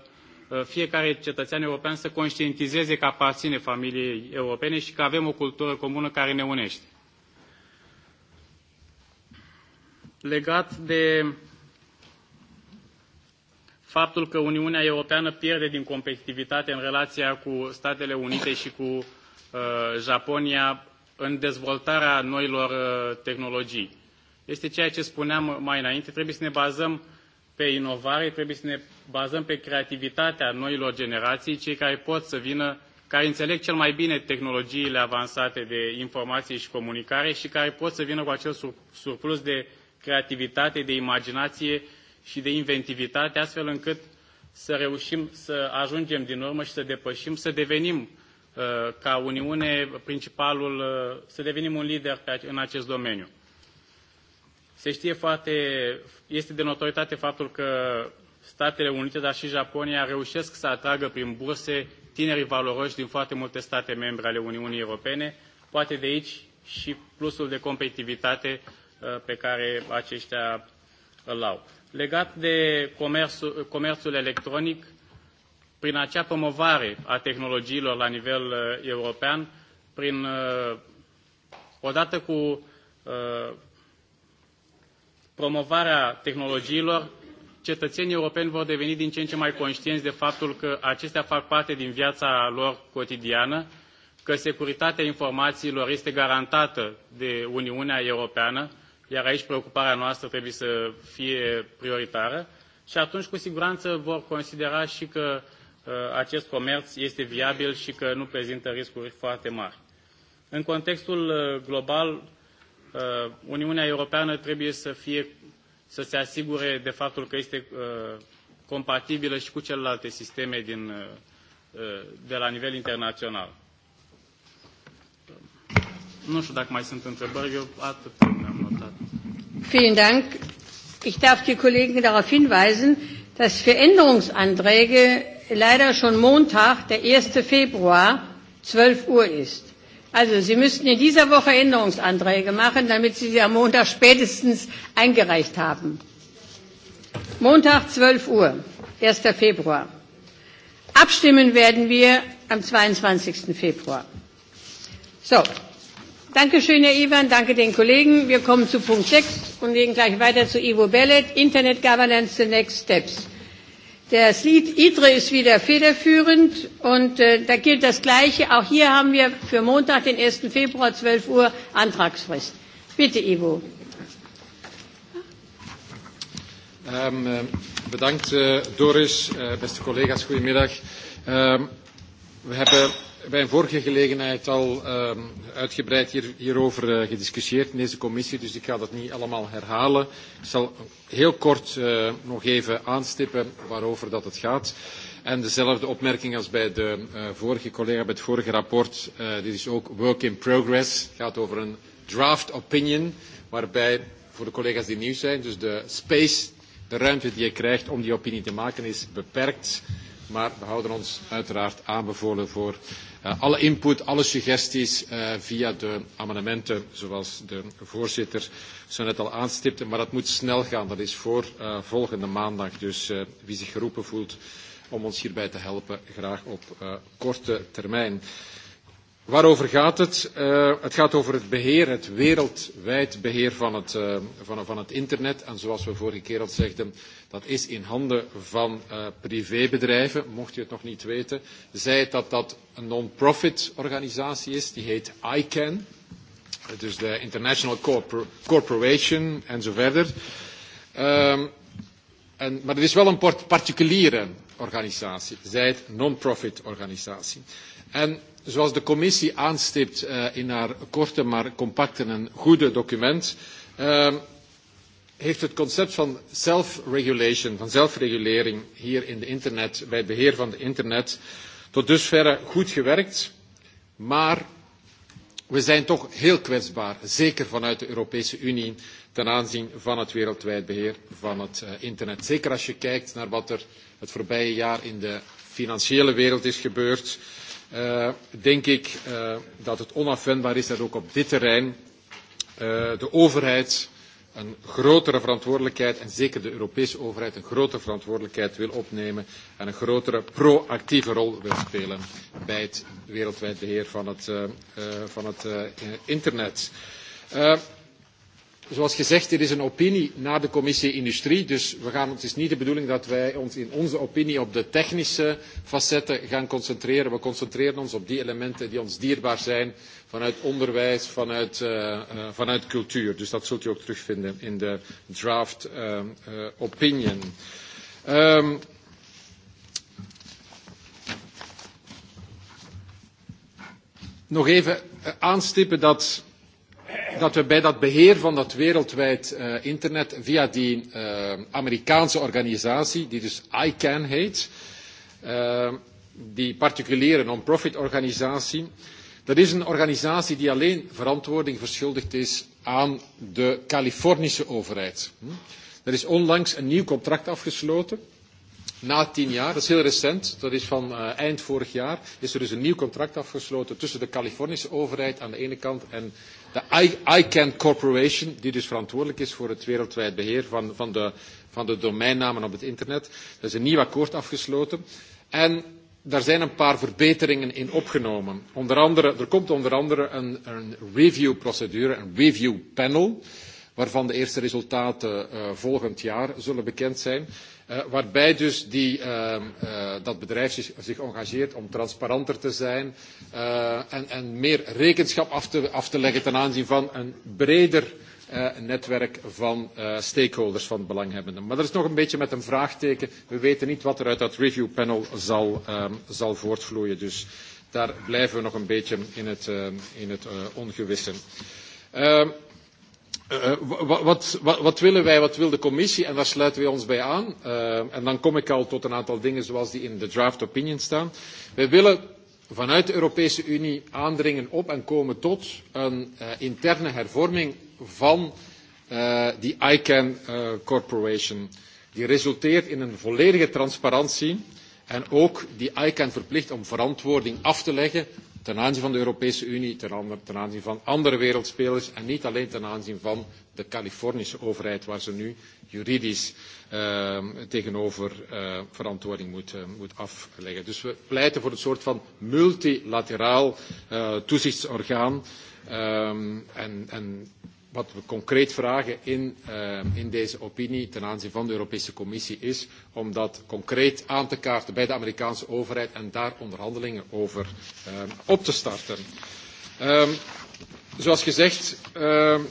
[SPEAKER 14] uh, fiecare cetățean european să conștientizeze că aparține familiei europene și că avem o cultură comună care ne unește. Legat de faptul că Uniunea Europeană pierde din competitivitate în relația cu Statele Unite și cu uh, Japonia în dezvoltarea noilor uh, tehnologii este ceea ce spuneam mai înainte, trebuie să ne bazăm pe inovare, trebuie să ne bazăm pe creativitatea noilor generații, cei care pot să vină, care înțeleg cel mai bine tehnologiile avansate de informație și comunicare și care pot să vină cu acel surplus de creativitate, de imaginație și de inventivitate, astfel încât să reușim să ajungem din urmă și să depășim, să devenim uh, ca Uniune principalul, uh, să devenim un lider în acest domeniu. Se știe foarte, este de notoritate faptul că Statele Unite, dar și Japonia, reușesc să atragă prin burse tineri valoroși din foarte multe state membre ale Uniunii Europene, poate de aici și plusul de competitivitate uh, pe care aceștia îl au. Legat de comerțul, comerțul electronic, prin acea promovare a tehnologiilor la nivel uh, european, prin, uh, odată cu promovarea tehnologiilor, cetățenii europeni vor deveni din ce în ce mai conștienți de faptul că acestea fac parte din viața lor cotidiană, că securitatea informațiilor este garantată de Uniunea Europeană, iar aici preocuparea noastră trebuie să fie prioritară și atunci cu siguranță vor considera și că uh, acest comerț este viabil și că nu prezintă riscuri foarte mari. În contextul uh, global, Uh, Uniunea Europeană trebuie să, fie, să se asigure de faptul că este uh, compatibilă și cu celelalte sisteme din, uh, de la nivel internațional. Nu știu dacă mai sunt întrebări, eu atât mi-am notat.
[SPEAKER 2] Vielen Dank. Ich darf die Kollegen darauf hinweisen, dass für Änderungsanträge leider schon Montag, der 1. Februar, 12 Uhr ist. Also Sie müssten in dieser Woche Änderungsanträge machen, damit Sie sie am Montag spätestens eingereicht haben. Montag 12 Uhr, 1. Februar. Abstimmen werden wir am 22. Februar. So, danke schön, Herr Ivan, danke den Kollegen. Wir kommen zu Punkt 6 und gehen gleich weiter zu Ivo Bellet, Internet Governance, the next steps. Das Lied Idre ist wieder federführend und äh, da gilt das Gleiche. Auch hier haben wir für Montag, den 1. Februar, 12 Uhr Antragsfrist. Bitte, Ivo.
[SPEAKER 19] Ähm, äh, bedankt, äh, Doris. Äh, beste guten Mittag. Ähm, wir haben bij een vorige gelegenheid al ehm, uitgebreid hier, hierover uh, gediscussieerd in deze commissie, dus ik ga dat niet allemaal herhalen. Ik zal heel kort uh, nog even aanstippen waarover dat het gaat. En dezelfde opmerking als bij de uh, vorige collega bij het vorige rapport. Uh, dit is ook work in progress. Het gaat over een draft opinion, waarbij voor de collega's die nieuw zijn, dus de space, de ruimte die je krijgt om die opinie te maken, is beperkt. Uh, Maar we houden ons uiteraard aanbevolen voor uh, alle input, alle suggesties uh, via de amendementen, zoals de voorzitter zo net al aanstipte. Maar dat moet snel gaan, dat is voor uh, volgende maandag. Dus uh, wie zich geroepen voelt om ons hierbij te helpen, graag op uh, korte termijn. Waarover gaat het? Uh, het gaat over het beheer, het wereldwijd beheer van het, uh, van, van het internet. En zoals we vorige keer al zeiden, Dat is in handen van uh, privébedrijven, mocht u het nog niet weten. Zij dat dat een non-profit organisatie is, die heet ICANN. Dus de International Corpor Corporation en zo verder. Um, en, maar het is wel een particuliere organisatie, zij het non-profit organisatie. En zoals de commissie aanstipt uh, in haar korte maar compacte en goede document, uh, heeft het concept van self-regulation, van zelfregulering hier in de internet, bij het beheer van de internet, tot dusverre goed gewerkt. Maar we zijn toch heel kwetsbaar, zeker vanuit de Europese Unie, ten aanzien van het wereldwijd beheer van het eh, internet. Zeker als je kijkt naar wat er het voorbije jaar in de financiële wereld is gebeurd, uh, denk ik uh, dat het onafwendbaar is dat ook op dit terrein de overheid een grotere verantwoordelijkheid en zeker de Europese overheid een grotere verantwoordelijkheid wil opnemen en een grotere proactieve rol wil spelen bij het wereldwijd beheer van het, uh, uh, van het uh, internet. Uh, Zoals gezegd, dit is een opinie na de commissie Industrie, dus we gaan, het is niet de bedoeling dat wij ons in onze opinie op de technische facetten gaan concentreren. We concentreren ons op die elementen die ons dierbaar zijn vanuit onderwijs, vanuit, uh, uh, vanuit cultuur. Dus dat zult u ook terugvinden in de draft uh, uh, opinion. Um, nog even aanstippen dat dat we bij dat beheer van dat wereldwijd uh, internet via die uh, Amerikaanse organisatie, die dus ICANN heet, uh, die particuliere non-profit organisatie, dat is een organisatie die alleen verantwoording verschuldigd is aan de Californische overheid. Hm? Er is onlangs een nieuw contract afgesloten Na tien jaar, dat is heel recent, dat is van uh, eind vorig jaar, is er dus een nieuw contract afgesloten tussen de Californische overheid aan de ene kant en de ICANN Corporation, die dus verantwoordelijk is voor het wereldwijd beheer van, van, de, van de domeinnamen op het internet. Er is een nieuw akkoord afgesloten en daar zijn een paar verbeteringen in opgenomen. Onder andere, er komt onder andere een, een procedure, een review panel, waarvan de eerste resultaten uh, volgend jaar zullen bekend zijn. Uh, waarbij dus die, uh, uh, dat bedrijf zich, zich engageert om transparanter te zijn uh, en, en meer rekenschap af te, af te leggen ten aanzien van een breder uh, netwerk van uh, stakeholders, van belanghebbenden. Maar dat is nog een beetje met een vraagteken. We weten niet wat er uit dat review panel zal, um, zal voortvloeien. Dus daar blijven we nog een beetje in het, uh, in het uh, ongewisse. Uh, Eh, wat, wat, wat willen wij, wat wil de commissie? En daar sluiten wij ons bij aan. Uh, en dan kom ik al tot een aantal dingen zoals die in de draft opinion staan. Wij willen vanuit de Europese Unie aandringen op en komen tot een uh, interne hervorming van uh, die ICANN uh, Corporation. Die resulteert in een volledige transparantie en ook die ICANN verplicht om verantwoording af te leggen ten aanzien van de Europese Unie, ten, aanzien van andere wereldspelers en niet alleen ten aanzien van de Californische overheid waar ze nu juridisch uh, tegenover uh, verantwoording moet, uh, moet afleggen. Dus we pleiten voor een soort van multilateraal uh, toezichtsorgaan um, en, en wat we concreet vragen in, uh, in deze opinie ten aanzien van de Europese Commissie is om dat concreet aan te kaarten bij de Amerikaanse overheid en daar onderhandelingen over uh, op te starten. Um, zoals gezegd, um,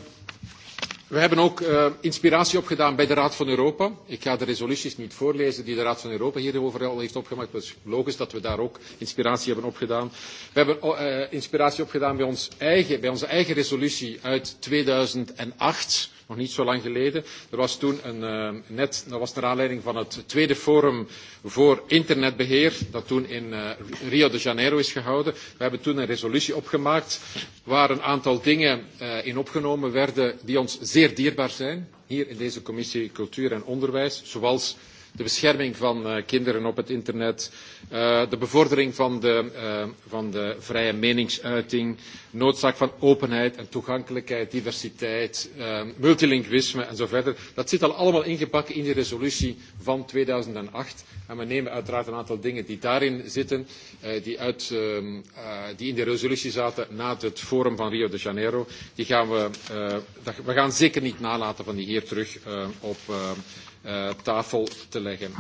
[SPEAKER 19] We hebben ook uh, inspiratie opgedaan bij de Raad van Europa. Ik ga de resoluties niet voorlezen die de Raad van Europa hierover al heeft opgemaakt. Het is logisch dat we daar ook inspiratie hebben opgedaan. We hebben uh, inspiratie opgedaan bij, ons eigen, bij onze eigen resolutie uit 2008 nog niet zo lang geleden. Er was toen een, uh, net, dat was naar aanleiding van het tweede forum voor internetbeheer, dat toen in uh, Rio de Janeiro is gehouden. We hebben toen een resolutie opgemaakt waar een aantal dingen uh, in opgenomen werden die ons zeer dierbaar zijn, hier in deze commissie Cultuur en Onderwijs, zoals de bescherming van eh, kinderen op het internet, eh, de bevordering van de, eh, van de vrije meningsuiting, noodzaak van openheid en toegankelijkheid, diversiteit, multilinguïsme en zo verder. Dat zit al allemaal ingebakken in die resolutie van 2008. En we nemen uiteraard een aantal dingen die daarin zitten, die, uit, ehm, die in de resolutie zaten na het forum van Rio de Janeiro. Die gaan we, we gaan zeker niet nalaten van die hier terug op Eh, tafel te leggen.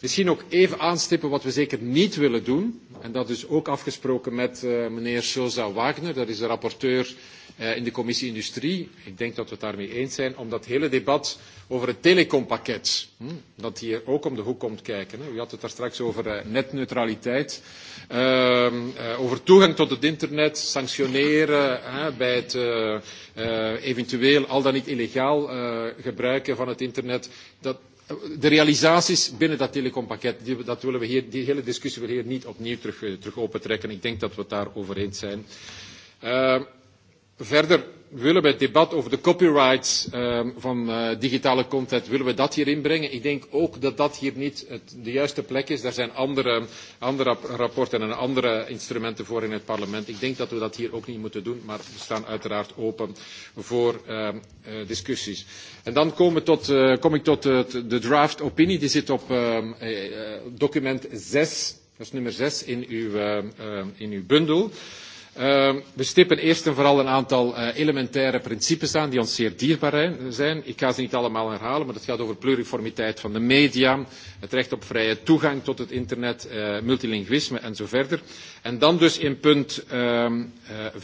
[SPEAKER 19] Misschien ook even aanstippen wat we zeker niet willen doen. En dat is ook afgesproken met uh, meneer Sosa Wagner, dat is de rapporteur Eh, in de commissie Industrie. Ik denk dat we het daarmee eens zijn om dat hele debat over het telecompakket, hm, dat hier ook om de hoek komt kijken. U had het daar straks over eh, netneutraliteit, ehm, eh, over toegang tot het internet, sanctioneren bij het eventueel al dan niet illegaal gebruiken van het internet. Dat, de realisaties binnen dat telecompakket, dat willen we hier, die hele discussie willen we hier niet opnieuw terug, terug opentrekken. Ik denk dat we het daarover eens zijn. Uh, Verder willen we het debat over de copyrights ehm, van uh, digitale content, willen we dat hierin brengen? Ik denk ook dat dat hier niet het, de juiste plek is. Daar zijn andere, andere rapporten en andere instrumenten voor in het parlement. Ik denk dat we dat hier ook niet moeten doen, maar we staan uiteraard open voor uh, discussies. En dan tot, uh, kom ik tot uh, de draft opinie. Die zit op uh, document 6, dat is nummer 6 in uw, uh, uh, in uw bundel. Uh, we stippen eerst en vooral een aantal uh, elementaire principes aan die ons zeer dierbaar zijn. Ik ga ze niet allemaal herhalen, maar het gaat over pluriformiteit van de media, het recht op vrije toegang tot het internet, uh, multilinguïsme en zo verder. En dan dus in punt uh,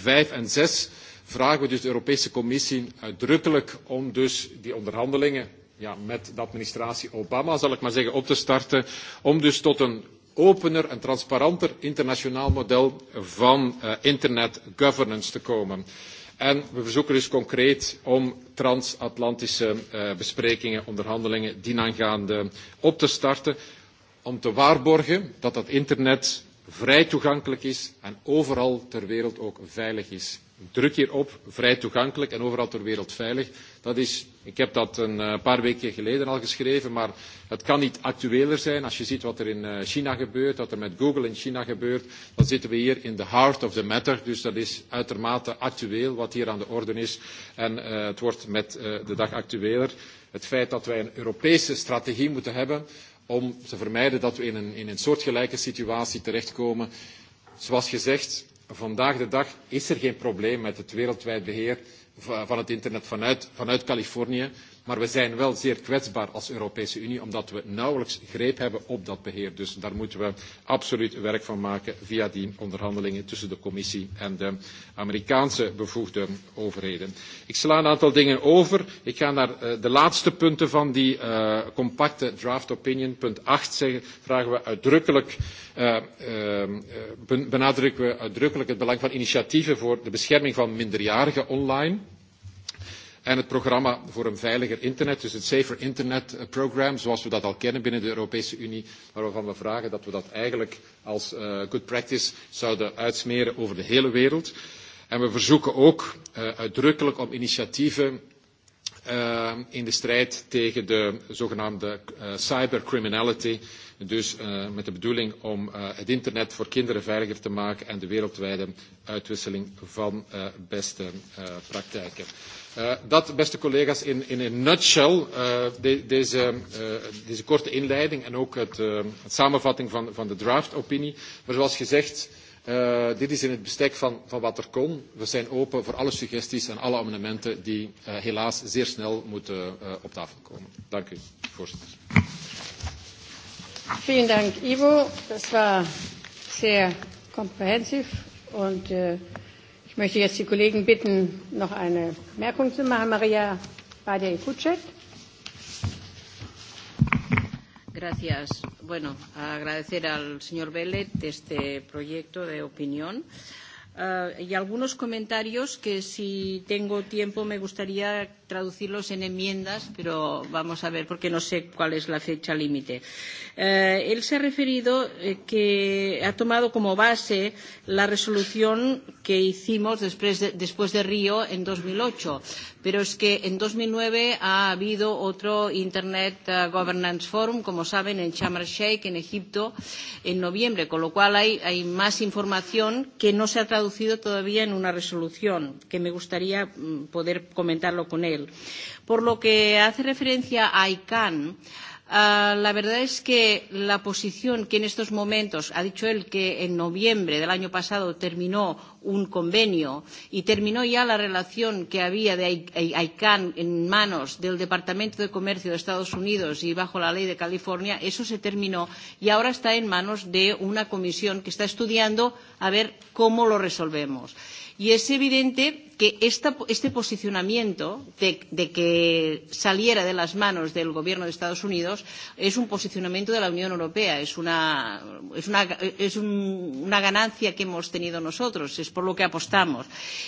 [SPEAKER 19] uh, en zes vragen we dus de Europese Commissie uitdrukkelijk om dus die onderhandelingen ja, met de administratie Obama, zal ik maar zeggen, op te starten, om dus tot een opener en transparanter internationaal model van uh, internet governance te komen. En we verzoeken dus concreet om transatlantische uh, besprekingen, onderhandelingen dienaangaande op te starten om te waarborgen dat het internet vrij toegankelijk is en overal ter wereld ook veilig is druk hierop, vrij toegankelijk en overal ter wereld veilig. Dat is, ik heb dat een eh, paar weken geleden al geschreven, maar het kan niet actueler zijn. Als je ziet wat er in eh, China gebeurt, wat er met Google in China gebeurt, dan zitten we hier in the heart of the matter. Dus dat is uitermate actueel wat hier aan de orde is. En uh, het wordt met uh, de dag actueler. Het feit dat wij een Europese strategie moeten hebben om te vermijden dat we in een, in een soortgelijke situatie terechtkomen. Zoals gezegd, vandaag de dag is er geen probleem met het wereldwijd beheer van het internet vanuit, vanuit Californië. Maar we zijn wel zeer kwetsbaar als Europese Unie, omdat we nauwelijks greep hebben op dat beheer. Dus daar moeten we absoluut werk van maken via die onderhandelingen tussen de Commissie en de Amerikaanse bevoegde overheden. Ik sla een aantal dingen over. Ik ga naar uh, de laatste punten van die uh, compacte draft opinion. Punt 8 zeggen, vragen we uitdrukkelijk, uh, benadrukken we uitdrukkelijk het belang van initiatieven voor de bescherming van minderjarigen online. En het programma voor een veiliger internet, dus het Safer Internet eh, Program, zoals we dat al kennen binnen de Europese Unie, maar waarvan we vragen dat we dat eigenlijk als uh, good practice zouden uitsmeren over de hele wereld. En we verzoeken ook uh, uitdrukkelijk om initiatieven uh, in de strijd tegen de zogenaamde uh, cybercriminality, dus uh, met de bedoeling om uh, het internet voor kinderen veiliger te maken en de wereldwijde uitwisseling van uh, beste uh, praktijken. Eh, dat, beste collega's, in, in een nutshell uh, de, deze, uh, deze korte inleiding en ook het, uh, het samenvatting van, van de draft-opinie. Maar zoals gezegd, uh, dit is in het bestek van, van wat er kon. We zijn open voor alle suggesties en alle amendementen die uh, helaas zeer snel moeten uh, op tafel komen. Dank u, voorzitter.
[SPEAKER 2] Vielen Dank, Ivo. Das war sehr comprehensive und uh Ich möchte jetzt die Kollegen bitten, noch eine Bemerkung zu machen. Maria
[SPEAKER 5] Badia-Ikucek.
[SPEAKER 7] Gracias. Bueno, agradecer al señor Bellet este proyecto de opinión uh, y algunos comentarios que, si tengo tiempo, me gustaría traducirlos en enmiendas, pero vamos a ver porque no sé cuál es la fecha límite. Eh, él se ha referido eh, que ha tomado como base la resolución que hicimos después de, después de Río en 2008, pero es que en 2009 ha habido otro Internet eh, Governance Forum, como saben, en Sharm el Sheikh, en Egipto, en noviembre, con lo cual hay, hay más información que no se ha traducido todavía en una resolución, que me gustaría mm, poder comentarlo con él. Israel. Por lo que hace referencia a ICANN, Uh, ah, la verdad es que la posición que en estos momentos ha dicho él que en noviembre del año pasado terminó un convenio y terminó ya la relación que había de ICANN en manos del Departamento de Comercio de Estados Unidos y bajo la ley de California, eso se terminó y ahora está en manos de una comisión que está estudiando a ver cómo lo resolvemos. Y es evidente que esta, este posicionamiento de, de que saliera de las manos del gobierno de Estados Unidos es un posicionamiento de la Unión Europea, es una, es una, es un, una ganancia que hemos tenido nosotros, es por lo que apostamos.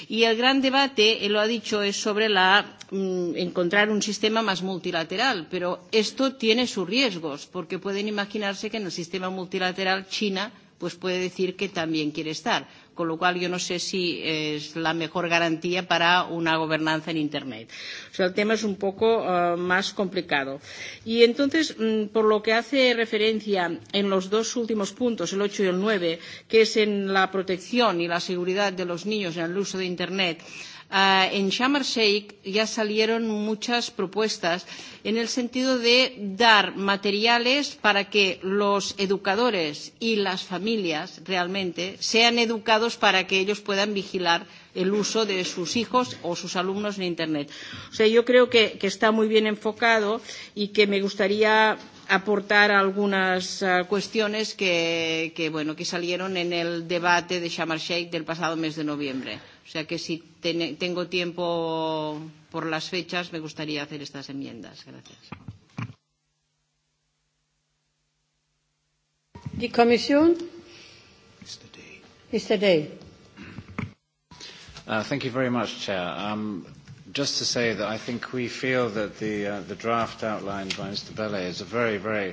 [SPEAKER 7] Y el gran debate, él lo ha dicho, es sobre la, mm, encontrar un sistema más multilateral, pero esto tiene sus riesgos, porque pueden imaginarse que en el sistema multilateral China pues puede decir que también quiere estar. Con lo cual, yo no sé si es la mejor garantía para una gobernanza en Internet. O sea, el tema es un poco uh, más complicado. Y entonces, mm, por lo que hace referencia en los dos últimos puntos, el 8 y el 9, que es en la protección y la seguridad de los niños en el uso de Internet, Uh, en Sharm el Sheikh ya salieron muchas propuestas en el sentido de dar materiales para que los educadores y las familias realmente sean educados para que ellos puedan vigilar el uso de sus hijos o sus alumnos en Internet. O sea, yo creo que, que está muy bien enfocado y que me gustaría aportar algunas uh, cuestiones que, que, bueno, que salieron en el debate de Shamar el Sheikh del pasado mes de noviembre. O sea que si ten, tengo tiempo por las fechas, me gustaría hacer estas enmiendas. Gracias.
[SPEAKER 2] Die Kommission? Mr. Day. Mr. Day.
[SPEAKER 1] Uh, thank you very much, Chair. Um, just to say that I think we feel that the, uh, the draft outlined by Mr. Bellet is a very, very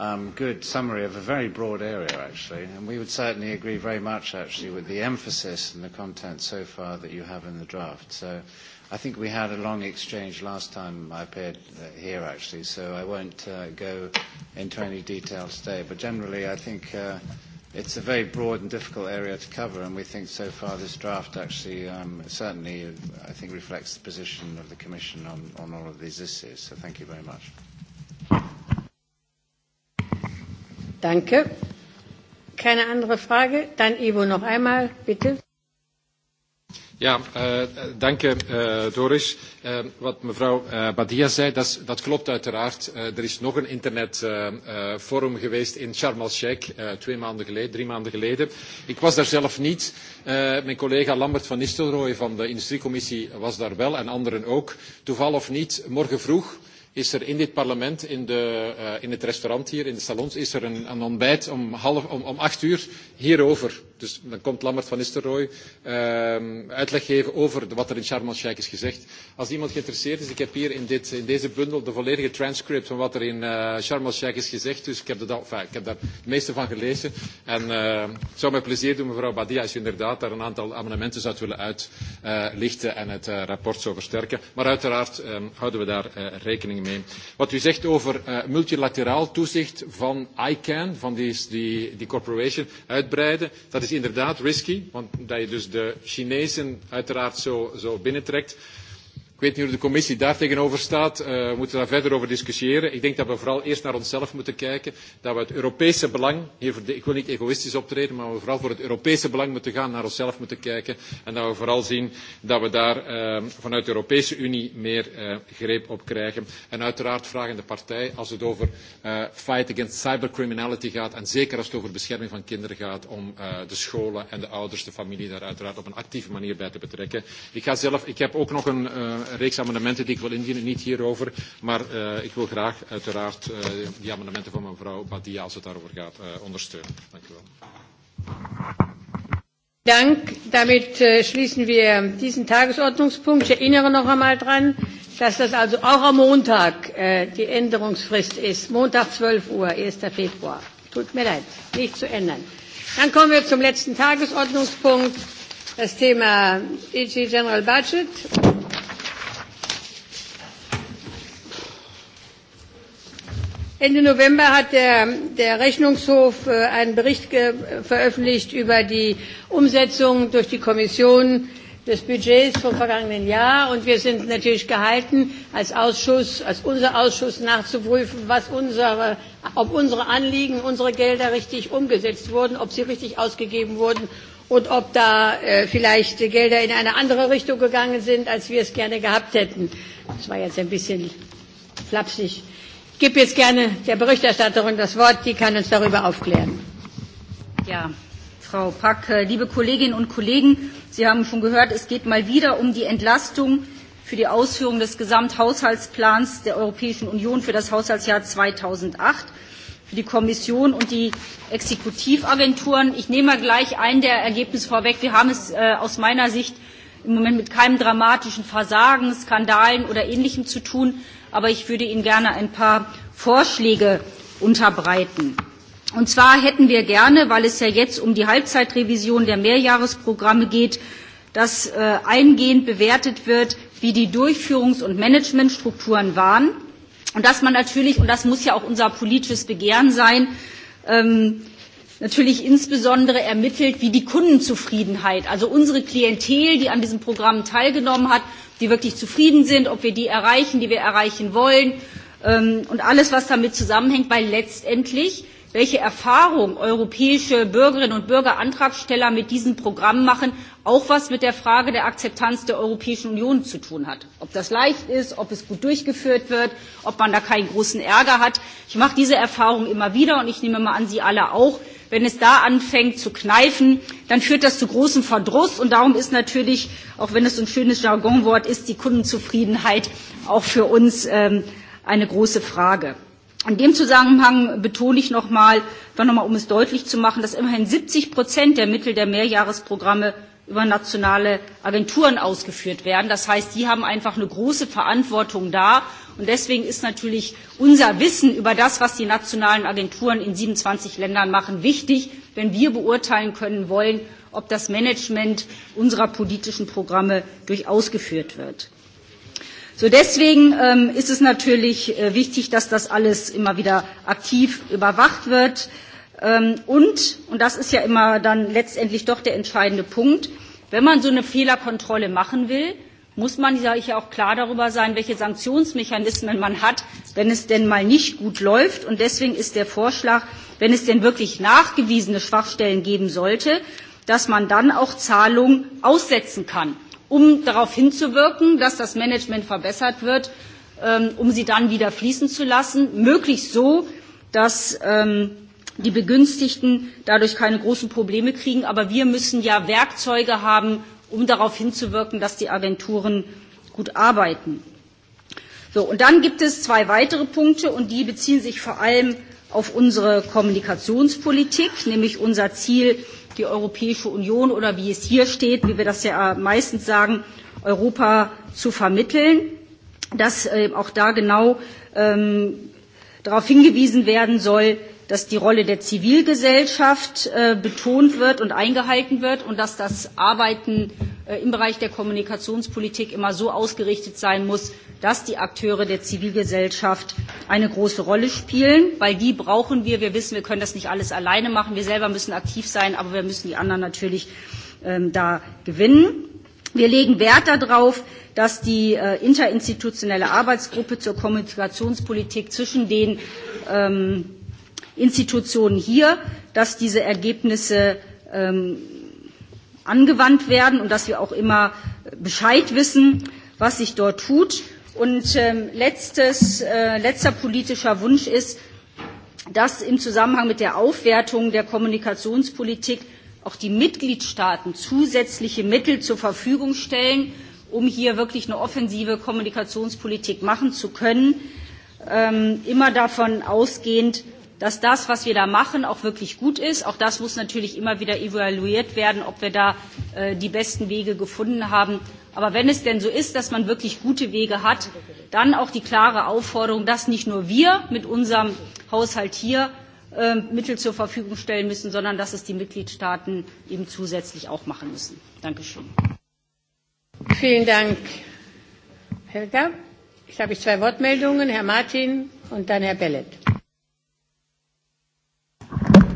[SPEAKER 1] um, good summary of a very broad area, actually. And we would certainly agree very much, actually, with the emphasis and the content so far that you have in the draft. So I think we had a long exchange last time I appeared uh, here, actually, so I won't uh, go into any detail today. But generally, I think uh, it's a very broad and difficult area to cover, and we think so far this draft actually um, certainly, I think, reflects the position of the Commission on, on all of these issues. So thank you very much.
[SPEAKER 2] Danke. Keine andere Frage? Dann Ivo noch einmal, bitte.
[SPEAKER 19] Ja, uh, äh, dank je, uh, äh, Doris. Uh, wat mevrouw uh, Badia zei, dat, dat klopt uiteraard. Uh, er is nog een internetforum uh, uh, geweest in Sharm el-Sheikh, uh, twee maanden geleden, drie maanden geleden. Ik was daar zelf niet. Uh, mijn collega Lambert van Nistelrooy van de Industriecommissie was daar wel en anderen ook. Toeval of niet, morgen vroeg is er in dit parlement, in, de, uh, in het restaurant hier, in de salons, is er een, een ontbijt om, half, om, om acht uur hierover. Dus dan komt Lambert van Nistelrooy uh, uitleg geven over de, wat er in Sharm el-Sheikh is gezegd. Als iemand geïnteresseerd is, ik heb hier in, dit, in deze bundel de volledige transcript van wat er in uh, Sharm el-Sheikh is gezegd. Dus ik heb, er de, enfin, ik heb daar het meeste van gelezen. En uh, het zou mij plezier doen, mevrouw Badia, als u inderdaad daar een aantal amendementen zou willen uitlichten uh, en het uh, rapport zou versterken. Maar uiteraard um, houden we daar uh, rekening rekening mee. Wat u zegt over uh, multilateraal toezicht van ICANN, van die, die, die corporation, uitbreiden, dat is inderdaad risky, want dat je dus de Chinezen uiteraard zo, zo binnentrekt. Ik weet niet hoe de commissie daar tegenover staat. Uh, we moeten daar verder over discussiëren. Ik denk dat we vooral eerst naar onszelf moeten kijken. Dat we het Europese belang, hier voor de, ik wil niet egoïstisch optreden, maar we vooral voor het Europese belang moeten gaan, naar onszelf moeten kijken. En dat we vooral zien dat we daar uh, vanuit de Europese Unie meer uh, greep op krijgen. En uiteraard vragen de partij, als het over uh, fight against cybercriminality gaat, en zeker als het over bescherming van kinderen gaat, om uh, de scholen en de ouders, de familie daar uiteraard op een actieve manier bij te betrekken. Ik, ga zelf, ik heb ook nog een... Uh, een reeks amendementen die ik wil indienen, niet hierover. Maar uh, ik wil graag uiteraard uh, die amendementen van mevrouw Badia, als het daarover gaat, uh, ondersteunen. Dank u wel.
[SPEAKER 2] Dank. Damit äh, schließen wir diesen Tagesordnungspunkt. Ich erinnere noch einmal daran, dass das also auch am Montag äh, die Änderungsfrist ist. Montag 12 Uhr, 1. Februar. Tut mir leid, nicht zu ändern. Dann kommen wir zum letzten Tagesordnungspunkt, das Thema EG General Budget. Ende November hat der, der Rechnungshof äh, einen Bericht veröffentlicht über die Umsetzung durch die Kommission des Budgets vom vergangenen Jahr. Und wir sind natürlich gehalten, als Ausschuss, als unser Ausschuss nachzuprüfen, was unsere, ob unsere Anliegen, unsere Gelder richtig umgesetzt wurden, ob sie richtig ausgegeben wurden und ob da äh, vielleicht Gelder in eine andere Richtung gegangen sind, als wir es gerne gehabt hätten. Das war jetzt ein bisschen flapsig gebe jetzt gerne der Berichterstatterin das Wort, die kann uns darüber aufklären.
[SPEAKER 9] Ja, Frau Pack, äh, liebe Kolleginnen und Kollegen, Sie haben schon gehört, es geht mal wieder um die Entlastung für die Ausführung des Gesamthaushaltsplans der Europäischen Union für das Haushaltsjahr 2008 für die Kommission und die Exekutivagenturen. Ich nehme mal gleich ein der Ergebnisse vorweg. Wir haben es äh, aus meiner Sicht im Moment mit keinem dramatischen Versagen, Skandalen oder Ähnlichem zu tun, aber ich würde Ihnen gerne ein paar Vorschläge unterbreiten. Und zwar hätten wir gerne, weil es ja jetzt um die Halbzeitrevision der Mehrjahresprogramme geht, dass äh, eingehend bewertet wird, wie die Durchführungs- und Managementstrukturen waren. Und dass man natürlich, und das muss ja auch unser politisches Begehren sein, ähm, natürlich insbesondere ermittelt, wie die Kundenzufriedenheit, also unsere Klientel, die an diesem Programm teilgenommen hat, die wirklich zufrieden sind, ob wir die erreichen, die wir erreichen wollen ähm, und alles, was damit zusammenhängt, weil letztendlich welche Erfahrung europäische Bürgerinnen und Bürger, Antragsteller mit diesem Programm machen, auch was mit der Frage der Akzeptanz der Europäischen Union zu tun hat. Ob das leicht ist, ob es gut durchgeführt wird, ob man da keinen großen Ärger hat. Ich mache diese Erfahrung immer wieder und ich nehme mal an, Sie alle auch. Wenn es da anfängt zu kneifen, dann führt das zu großem Verdruss. Und darum ist natürlich, auch wenn es ein schönes Jargonwort ist, die Kundenzufriedenheit auch für uns ähm, eine große Frage. In dem Zusammenhang betone ich nochmal, noch mal, um es deutlich zu machen, dass immerhin 70 Prozent der Mittel der Mehrjahresprogramme über nationale Agenturen ausgeführt werden. Das heißt, die haben einfach eine große Verantwortung da Und deswegen ist natürlich unser Wissen über das, was die nationalen Agenturen in 27 Ländern machen, wichtig, wenn wir beurteilen können wollen, ob das Management unserer politischen Programme durchaus geführt wird. So deswegen ähm, ist es natürlich äh, wichtig, dass das alles immer wieder aktiv überwacht wird. Ähm, und, und das ist ja immer dann letztendlich doch der entscheidende Punkt, wenn man so eine Fehlerkontrolle machen will, muss man ja auch klar darüber sein, welche Sanktionsmechanismen man hat, wenn es denn mal nicht gut läuft. Und deswegen ist der Vorschlag, wenn es denn wirklich nachgewiesene Schwachstellen geben sollte, dass man dann auch Zahlungen aussetzen kann, um darauf hinzuwirken, dass das Management verbessert wird, ähm, um sie dann wieder fließen zu lassen, möglichst so, dass ähm, die Begünstigten dadurch keine großen Probleme kriegen. Aber wir müssen ja Werkzeuge haben, um darauf hinzuwirken, dass die Agenturen gut arbeiten. So, und dann gibt es zwei weitere Punkte und die beziehen sich vor allem auf unsere Kommunikationspolitik, nämlich unser Ziel, die Europäische Union oder wie es hier steht, wie wir das ja meistens sagen, Europa zu vermitteln, dass äh, auch da genau ähm, darauf hingewiesen werden soll, dass die Rolle der Zivilgesellschaft äh, betont wird und eingehalten wird und dass das Arbeiten äh, im Bereich der Kommunikationspolitik immer so ausgerichtet sein muss, dass die Akteure der Zivilgesellschaft eine große Rolle spielen, weil die brauchen wir. Wir wissen, wir können das nicht alles alleine machen. Wir selber müssen aktiv sein, aber wir müssen die anderen natürlich ähm, da gewinnen. Wir legen Wert darauf, dass die äh, interinstitutionelle Arbeitsgruppe zur Kommunikationspolitik zwischen den ähm, Institutionen hier, dass diese Ergebnisse ähm, angewandt werden und dass wir auch immer Bescheid wissen, was sich dort tut. Und ähm, letztes, äh, letzter politischer Wunsch ist, dass im Zusammenhang mit der Aufwertung der Kommunikationspolitik auch die Mitgliedstaaten zusätzliche Mittel zur Verfügung stellen, um hier wirklich eine offensive Kommunikationspolitik machen zu können, ähm, immer davon ausgehend, dass das, was wir da machen, auch wirklich gut ist. Auch das muss natürlich immer wieder evaluiert werden, ob wir da äh, die besten Wege gefunden haben. Aber wenn es denn so ist, dass man wirklich gute Wege hat, dann auch die klare Aufforderung, dass nicht nur wir mit unserem Haushalt hier ähm, Mittel zur Verfügung stellen müssen, sondern dass es die Mitgliedstaaten eben zusätzlich auch machen müssen. Dankeschön.
[SPEAKER 2] Vielen Dank, Helga. Jetzt habe ich zwei Wortmeldungen, Herr Martin und dann Herr Bellet.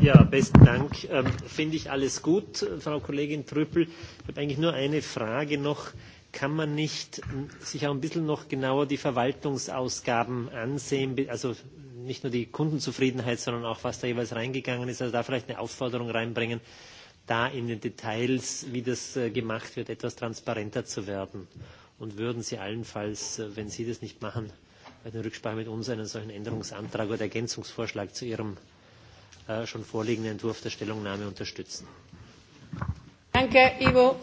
[SPEAKER 19] Ja, besten Dank. Ähm, Finde ich alles gut, Frau Kollegin Trüppel. Ich habe eigentlich nur eine Frage noch. Kann man nicht sich auch ein bisschen noch genauer die Verwaltungsausgaben ansehen? Also nicht nur die Kundenzufriedenheit, sondern auch was da jeweils reingegangen ist. Also da vielleicht eine Aufforderung reinbringen, da in den Details, wie das äh, gemacht wird, etwas transparenter zu werden. Und würden Sie allenfalls, äh, wenn Sie das nicht machen, bei der Rücksprache mit uns einen solchen Änderungsantrag oder Ergänzungsvorschlag zu Ihrem Äh, schon vorliegenden Entwurf der Stellungnahme unterstützen.
[SPEAKER 2] Danke, Ivo.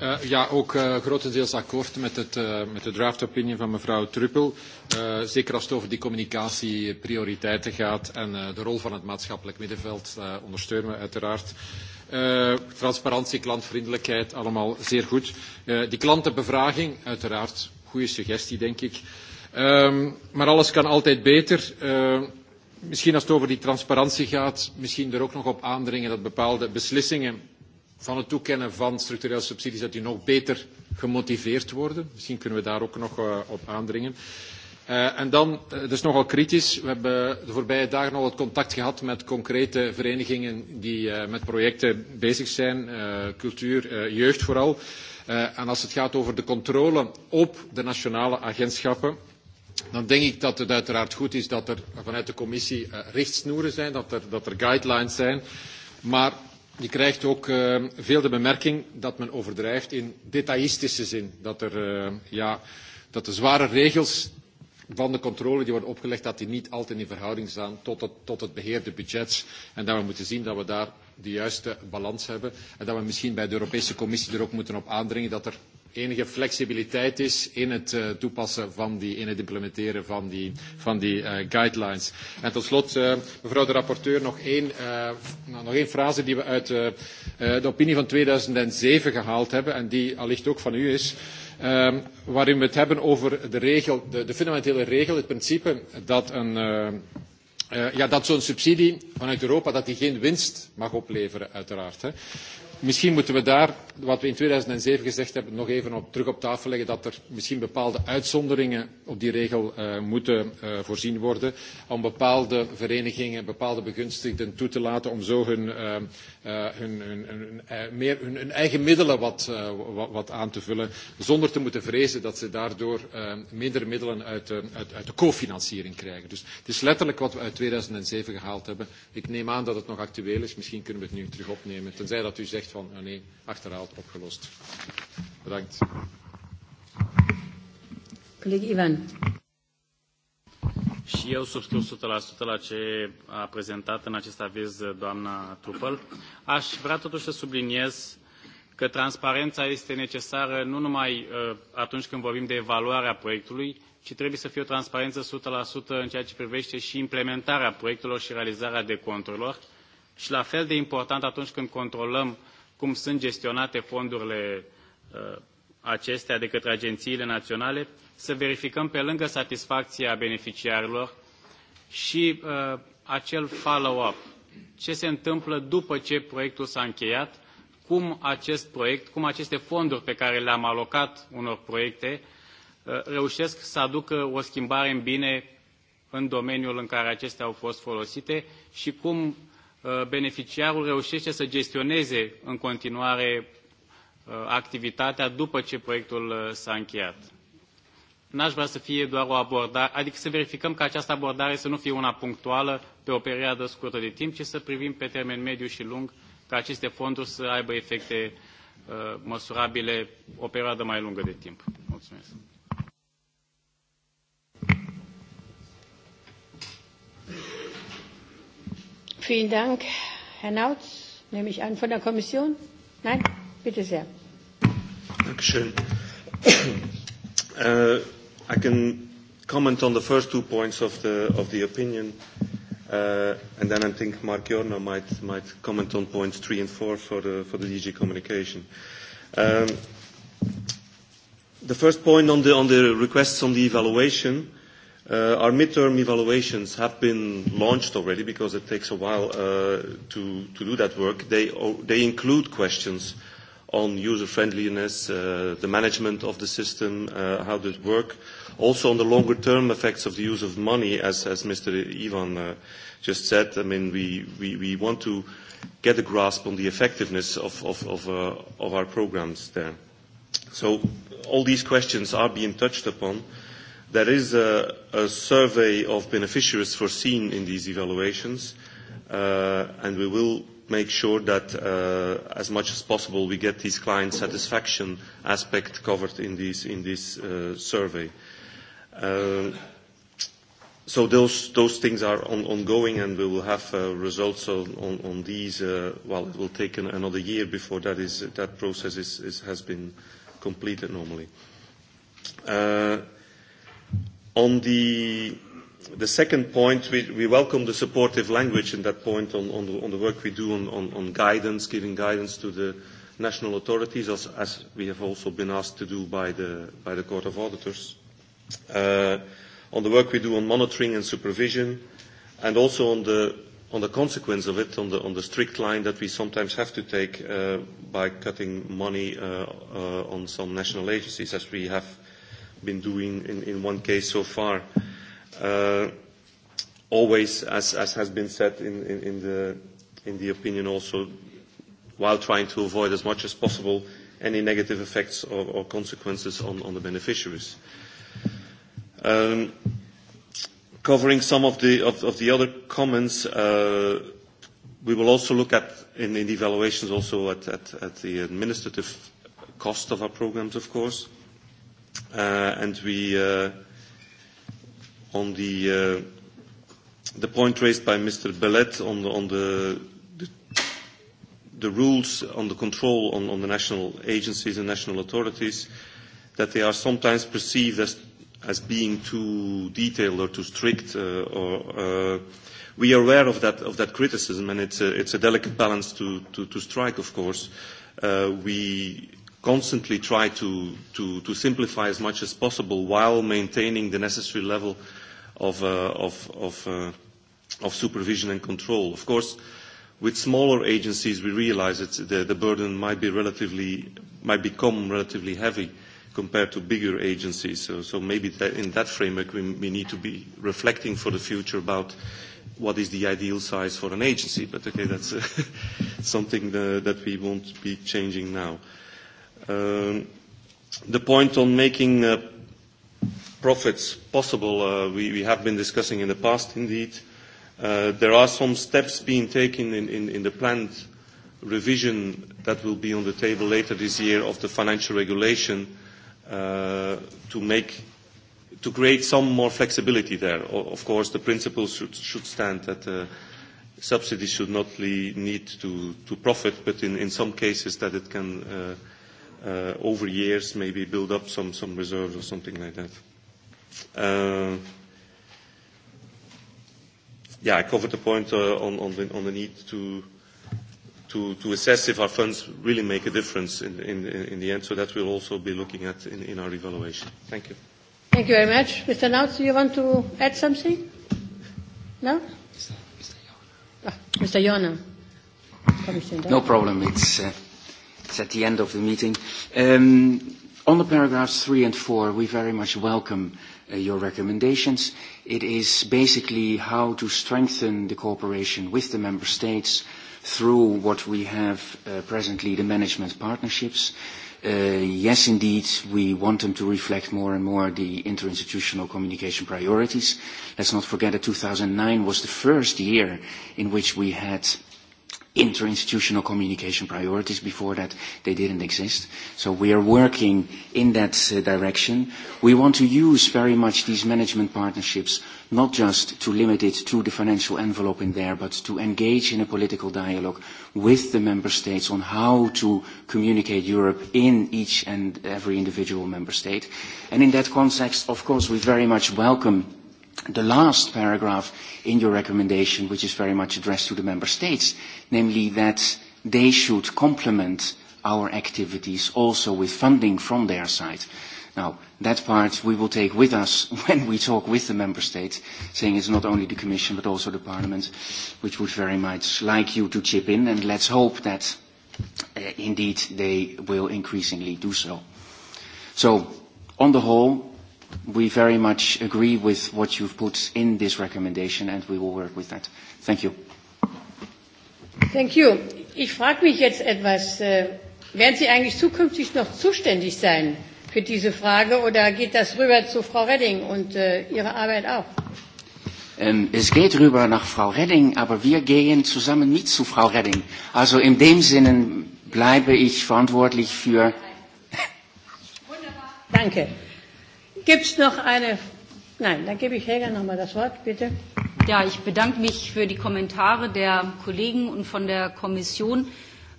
[SPEAKER 19] Uh, ja, ook uh, grotendeels akkoord met, het, uh, met de draft opinion van mevrouw Truppel. Uh, zeker als het over die communicatieprioriteiten gaat en uh, de rol van het maatschappelijk middenveld uh, ondersteunen we uiteraard. Uh, transparantie, klantvriendelijkheid, allemaal zeer goed. Uh, die klantenbevraging, uiteraard, goede suggestie denk ik. Um, maar alles kan altijd beter. Uh, Misschien als het over die transparantie gaat, misschien er ook nog op aandringen dat bepaalde beslissingen van het toekennen van structurele subsidies, dat die nog beter gemotiveerd worden. Misschien kunnen we daar ook nog uh, op aandringen. Uh, en dan, uh, dat is nogal kritisch, we hebben de voorbije dagen al wat contact gehad met concrete verenigingen die uh, met projecten bezig zijn, uh, cultuur, uh, jeugd vooral. Uh, en als het gaat over de controle op de nationale agentschappen, dan denk ik dat het uiteraard goed is dat er vanuit de commissie eh, richtsnoeren zijn, dat er, dat er guidelines zijn. Maar je krijgt ook eh, veel de bemerking dat men overdrijft in detailistische zin. Dat, er, eh, ja, dat de zware regels van de controle die worden opgelegd, dat die niet altijd in verhouding staan tot het, tot het beheerde budget. En dat we moeten zien dat we daar de juiste balans hebben. En dat we misschien bij de Europese Commissie er ook moeten op aandringen dat er enige flexibiliteit is in het eh, toepassen van die, in het implementeren van die, van die uh, guidelines. En tot slot, uh, mevrouw de rapporteur, nog één, uh, nou, nog één frase die we uit uh, de opinie van 2007 gehaald hebben en die allicht ook van u is. Um, waarin we het hebben over de, regel, de, de fundamentele regel, het principe dat een, uh, Uh, ja, dat zo'n subsidie vanuit Europa dat die geen winst mag opleveren, uiteraard. Hè. Misschien moeten we daar, wat we in 2007 gezegd hebben, nog even op, terug op tafel leggen dat er misschien bepaalde uitzonderingen op die regel uh, moeten uh, voorzien worden om bepaalde verenigingen, bepaalde begunstigden toe te laten om zo hun, uh, uh, hun, hun, hun, uh, meer, hun, hun eigen middelen wat, uh, wat, wat aan te vullen, zonder te moeten vrezen dat ze daardoor uh, minder middelen uit de, uit, uit de cofinanciering krijgen. Dus het is letterlijk wat we uit 2007 gehaald hebben. Ik neem aan dat het nog actueel is. Misschien kunnen we het nu terug opnemen, tenzij dat u zegt zegt van uh, nee, achterhaald, opgelost. Bedankt.
[SPEAKER 2] Coleg Ivan.
[SPEAKER 14] Și eu subscriu 100% la ce a prezentat în acest aviz doamna Trupăl. Aș vrea totuși să subliniez că transparența este necesară nu numai uh, atunci când vorbim de evaluarea proiectului, ci trebuie să fie o transparență 100% în ceea ce privește și implementarea proiectelor și realizarea de conturilor. Și la fel de important atunci când controlăm uh, cum sunt gestionate fondurile uh, acestea de către agențiile naționale, să verificăm pe lângă satisfacția beneficiarilor și uh, acel follow-up. Ce se întâmplă după ce proiectul s-a încheiat, cum acest proiect, cum aceste fonduri pe care le-am alocat unor proiecte uh, reușesc să aducă o schimbare în bine în domeniul în care acestea au fost folosite și cum Uh, beneficiarul reușește să gestioneze în continuare uh, activitatea după ce proiectul uh, s-a încheiat. N-aș vrea să fie doar o abordare, adică să verificăm că această abordare să nu fie una punctuală pe o perioadă scurtă de timp, ci să privim pe termen mediu și lung ca aceste fonduri să aibă efecte măsurabile o perioadă mai lungă de timp. Mulțumesc.
[SPEAKER 2] Vielen Dank, Herr Nautz. Nehme ich an von der Kommission? Nein? Bitte sehr.
[SPEAKER 15] Dankeschön. uh, I can comment on the first two points of the, of the opinion, uh, and then I think Mark Jorna might, might comment on points three and four for the, for the DG communication. Um, the first point on the, on the requests on the evaluation, Uh, our midterm evaluations have been launched already because it takes a while uh, to, to do that work. They, they include questions on user-friendliness, uh, the management of the system, uh, how does it work, also on the longer-term effects of the use of money, as, as Mr. Ivan uh, just said. I mean, we, we, we want to get a grasp on the effectiveness of, of, of, uh, of our programs there. So all these questions are being touched upon. There is a, a survey of beneficiaries foreseen in these evaluations, uh, and we will make sure that uh, as much as possible we get these client satisfaction aspect covered in, these, in this uh, survey. Uh, so those, those things are on, ongoing and we will have uh, results on, on, on these. Uh, well, it will take an, another year before that, is, that process is, is, has been completed normally. Uh, On the, the second point, we, we welcome the supportive language in that point on, on, the, on the work we do on, on, on guidance, giving guidance to the national authorities, as, as we have also been asked to do by the, by the Court of Auditors. Uh, on the work we do on monitoring and supervision, and also on the, on the consequence of it, on the, on the strict line that we sometimes have to take uh, by cutting money uh, uh, on some national agencies, as we have uh, been doing in, in one case so far. Uh, always, as, as has been said in, in, in, the, in the opinion also, while trying to avoid as much as possible any negative effects or, or consequences on, on the beneficiaries. Um, covering some of the, of, of the other comments, uh, we will also look at, in, in the evaluations also, at, at, at the administrative cost of our programs, of course. Uh, and we, uh, on the, uh, the point raised by Mr. Bellet on the, on the, the, the rules on the control on, on the national agencies and national authorities, that they are sometimes perceived as, as being too detailed or too strict uh, or uh, we are aware of that, of that criticism, and it's a, it's a delicate balance to, to, to strike, of course. Uh, we constantly try to, to, to simplify as much as possible while maintaining the necessary level of, uh, of, of, uh, of supervision and control. Of course, with smaller agencies, we realize that the, the burden might, be relatively, might become relatively heavy compared to bigger agencies. So, so maybe that in that framework, we, we need to be reflecting for the future about what is the ideal size for an agency. But okay, that's uh, something the, that we won't be changing now. Um, the point on making uh, profits possible, uh, we, we have been discussing in the past indeed. Uh, there are some steps being taken in, in, in the planned revision that will be on the table later this year of the financial regulation uh, to make to create some more flexibility there. of course, the principle should, should stand that uh, subsidies should not need to, to profit, but in, in some cases that it can uh, uh, over years maybe build up some, some reserves or something like that. Uh, yeah, I covered the point uh, on, on, the, on the need to, to, to assess if our funds really make a difference in, in, in the end, so that we'll also be looking at in, in our evaluation. Thank you.
[SPEAKER 2] Thank you very much. Mr. Nautz, do you want to add something? No? Mr. Mr. Ah, Mr. Johanna. No
[SPEAKER 1] problem. It's... Uh It's at the end of the meeting. Um, on the paragraphs three and four, we very much welcome uh, your recommendations. It is basically how to strengthen the cooperation with the member states through what we have uh, presently, the management partnerships. Uh, yes, indeed, we want them to reflect more and more the interinstitutional communication priorities. Let's not forget that 2009 was the first year in which we had interinstitutional communication priorities. Before that, they didn't exist. So we are working in that uh, direction. We want to use very much these management partnerships, not just to limit it to the financial envelope in there, but to engage in a political dialogue with the member states on how to communicate Europe in each and every individual member state. And in that context, of course, we very much welcome the last paragraph in your recommendation, which is very much addressed to the member states, namely that they should complement our activities also with funding from their side. Now, that part we will take with us when we talk with the member states, saying it's not only the Commission but also the Parliament, which would very much like you to chip in, and let's hope that uh, indeed they will increasingly do so. So, on the whole, we very much agree with what you've put in this recommendation and we will work with that. Thank you.
[SPEAKER 2] Thank you. Ich frage mich jetzt etwas, äh, werden Sie eigentlich zukünftig noch zuständig sein für diese Frage oder geht das rüber zu Frau Redding und äh, Ihre Arbeit auch?
[SPEAKER 1] Ähm, es geht rüber nach Frau Redding, aber wir gehen zusammen mit zu Frau Redding. Also in dem Sinne bleibe ich verantwortlich für.
[SPEAKER 2] Wunderbar. Danke. Gibt noch eine?
[SPEAKER 9] Nein, dann gebe ich Helga nochmal das Wort, bitte. Ja, ich bedanke mich für die Kommentare der Kollegen und von der Kommission.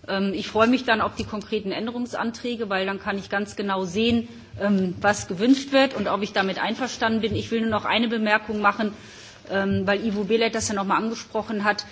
[SPEAKER 9] Ähm, ich freue mich dann auf die konkreten Änderungsanträge, weil dann kann ich ganz genau sehen, ähm, was gewünscht wird und ob ich damit einverstanden bin. Ich will nur noch eine Bemerkung machen, ähm, weil Ivo Belet das ja noch mal angesprochen hat.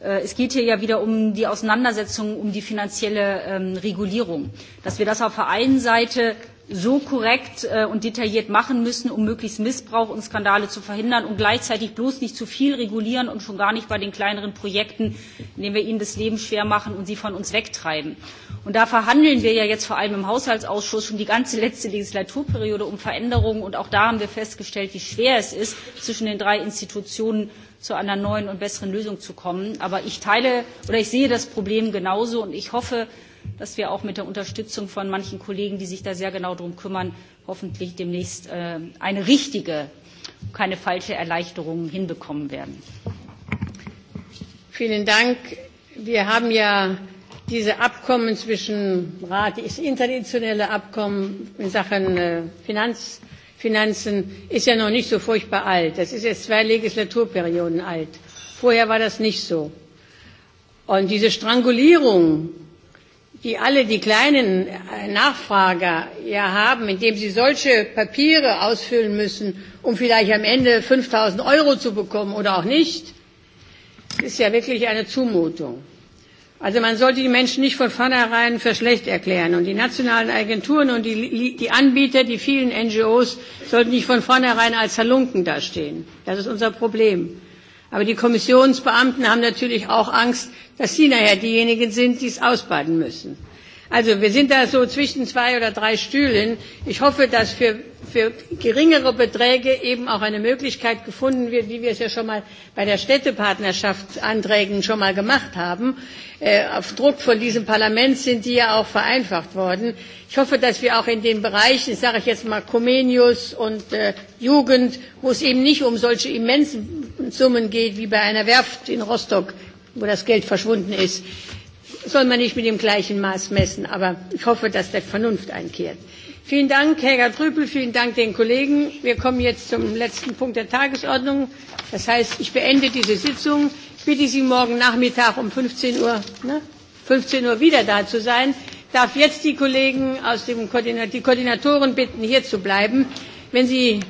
[SPEAKER 9] Äh, es geht hier ja wieder um die Auseinandersetzung um die finanzielle Regulierung. Dass wir das auf der einen Seite so korrekt äh, und detailliert machen müssen, um möglichst Missbrauch und Skandale zu verhindern und gleichzeitig bloß nicht zu viel regulieren und schon gar nicht bei den kleineren Projekten, indem wir ihnen das Leben schwer machen und sie von uns wegtreiben. Und da verhandeln wir ja jetzt vor allem im Haushaltsausschuss schon die ganze letzte Legislaturperiode um Veränderungen und auch da haben wir festgestellt, wie schwer es ist, zwischen den drei Institutionen zu einer neuen und besseren Lösung zu kommen. Aber ich teile oder ich sehe das Problem genauso und ich hoffe, dass wir auch mit der Unterstützung von manchen Kollegen, die sich da sehr genau darum kümmern, hoffentlich demnächst äh, eine richtige, keine falsche Erleichterung hinbekommen werden.
[SPEAKER 2] Vielen Dank. Wir haben ja diese Abkommen zwischen Rat, das interinstitutionelle Abkommen in Sachen äh, Finanz, Finanzen ist ja noch nicht so furchtbar alt. Das ist jetzt zwei Legislaturperioden alt. Vorher war das nicht so. Und diese Strangulierung die alle die kleinen äh, Nachfrager ja haben, indem sie solche Papiere ausfüllen müssen, um vielleicht am Ende 5000 Euro zu bekommen oder auch nicht, ist ja wirklich eine Zumutung. Also man sollte die Menschen nicht von vornherein für schlecht erklären. Und die nationalen Agenturen und die, die Anbieter, die vielen NGOs, sollten nicht von vornherein als Halunken dastehen. Das ist unser Problem. Aber die Kommissionsbeamten haben natürlich auch Angst, dass sie nachher diejenigen sind, die es ausbaden müssen. Also wir sind da so zwischen zwei oder drei Stühlen. Ich hoffe, dass für, für geringere Beträge eben auch eine Möglichkeit gefunden wird, wie wir es ja schon mal bei der Städtepartnerschaftsanträgen schon mal gemacht haben. Äh, auf Druck von diesem Parlament sind die ja auch vereinfacht worden. Ich hoffe, dass wir auch in den Bereichen, sage ich jetzt mal Comenius und äh, Jugend, wo es eben nicht um solche immensen Summen geht wie bei einer Werft in Rostock, wo das Geld verschwunden ist, soll man nicht mit dem gleichen Maß messen. Aber ich hoffe, dass der Vernunft einkehrt. Vielen Dank, Herr Trüpel, vielen Dank den Kollegen. Wir kommen jetzt zum letzten Punkt der Tagesordnung. Das heißt, ich beende diese Sitzung. Ich bitte Sie morgen Nachmittag um 15 Uhr, ne, 15 Uhr wieder da zu sein. Ich darf jetzt die Kollegen aus dem Koordinat die Koordinatoren bitten, hier zu bleiben. Wenn Sie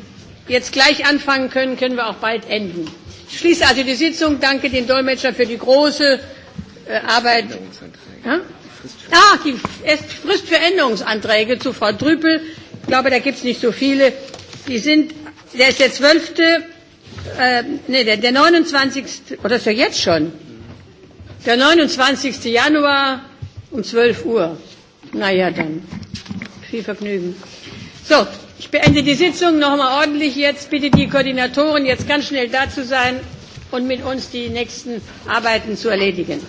[SPEAKER 2] jetzt gleich anfangen können, können wir auch bald enden. Ich schließe also die Sitzung. Danke den Dolmetschern für die große Äh, Arbeit. Ja? Ah, die Frist für Änderungsanträge zu Frau Drüppel. Ich glaube, da gibt es nicht so viele. Die sind, der ist der 12. Äh, nee, der, der 29. Oder ist er jetzt schon? Der 29. Januar um 12 Uhr. Naja, dann. Viel Vergnügen. So, ich beende die Sitzung noch einmal ordentlich jetzt. Bitte die Koordinatoren jetzt ganz schnell da zu sein und mit uns die nächsten Arbeiten zu erledigen.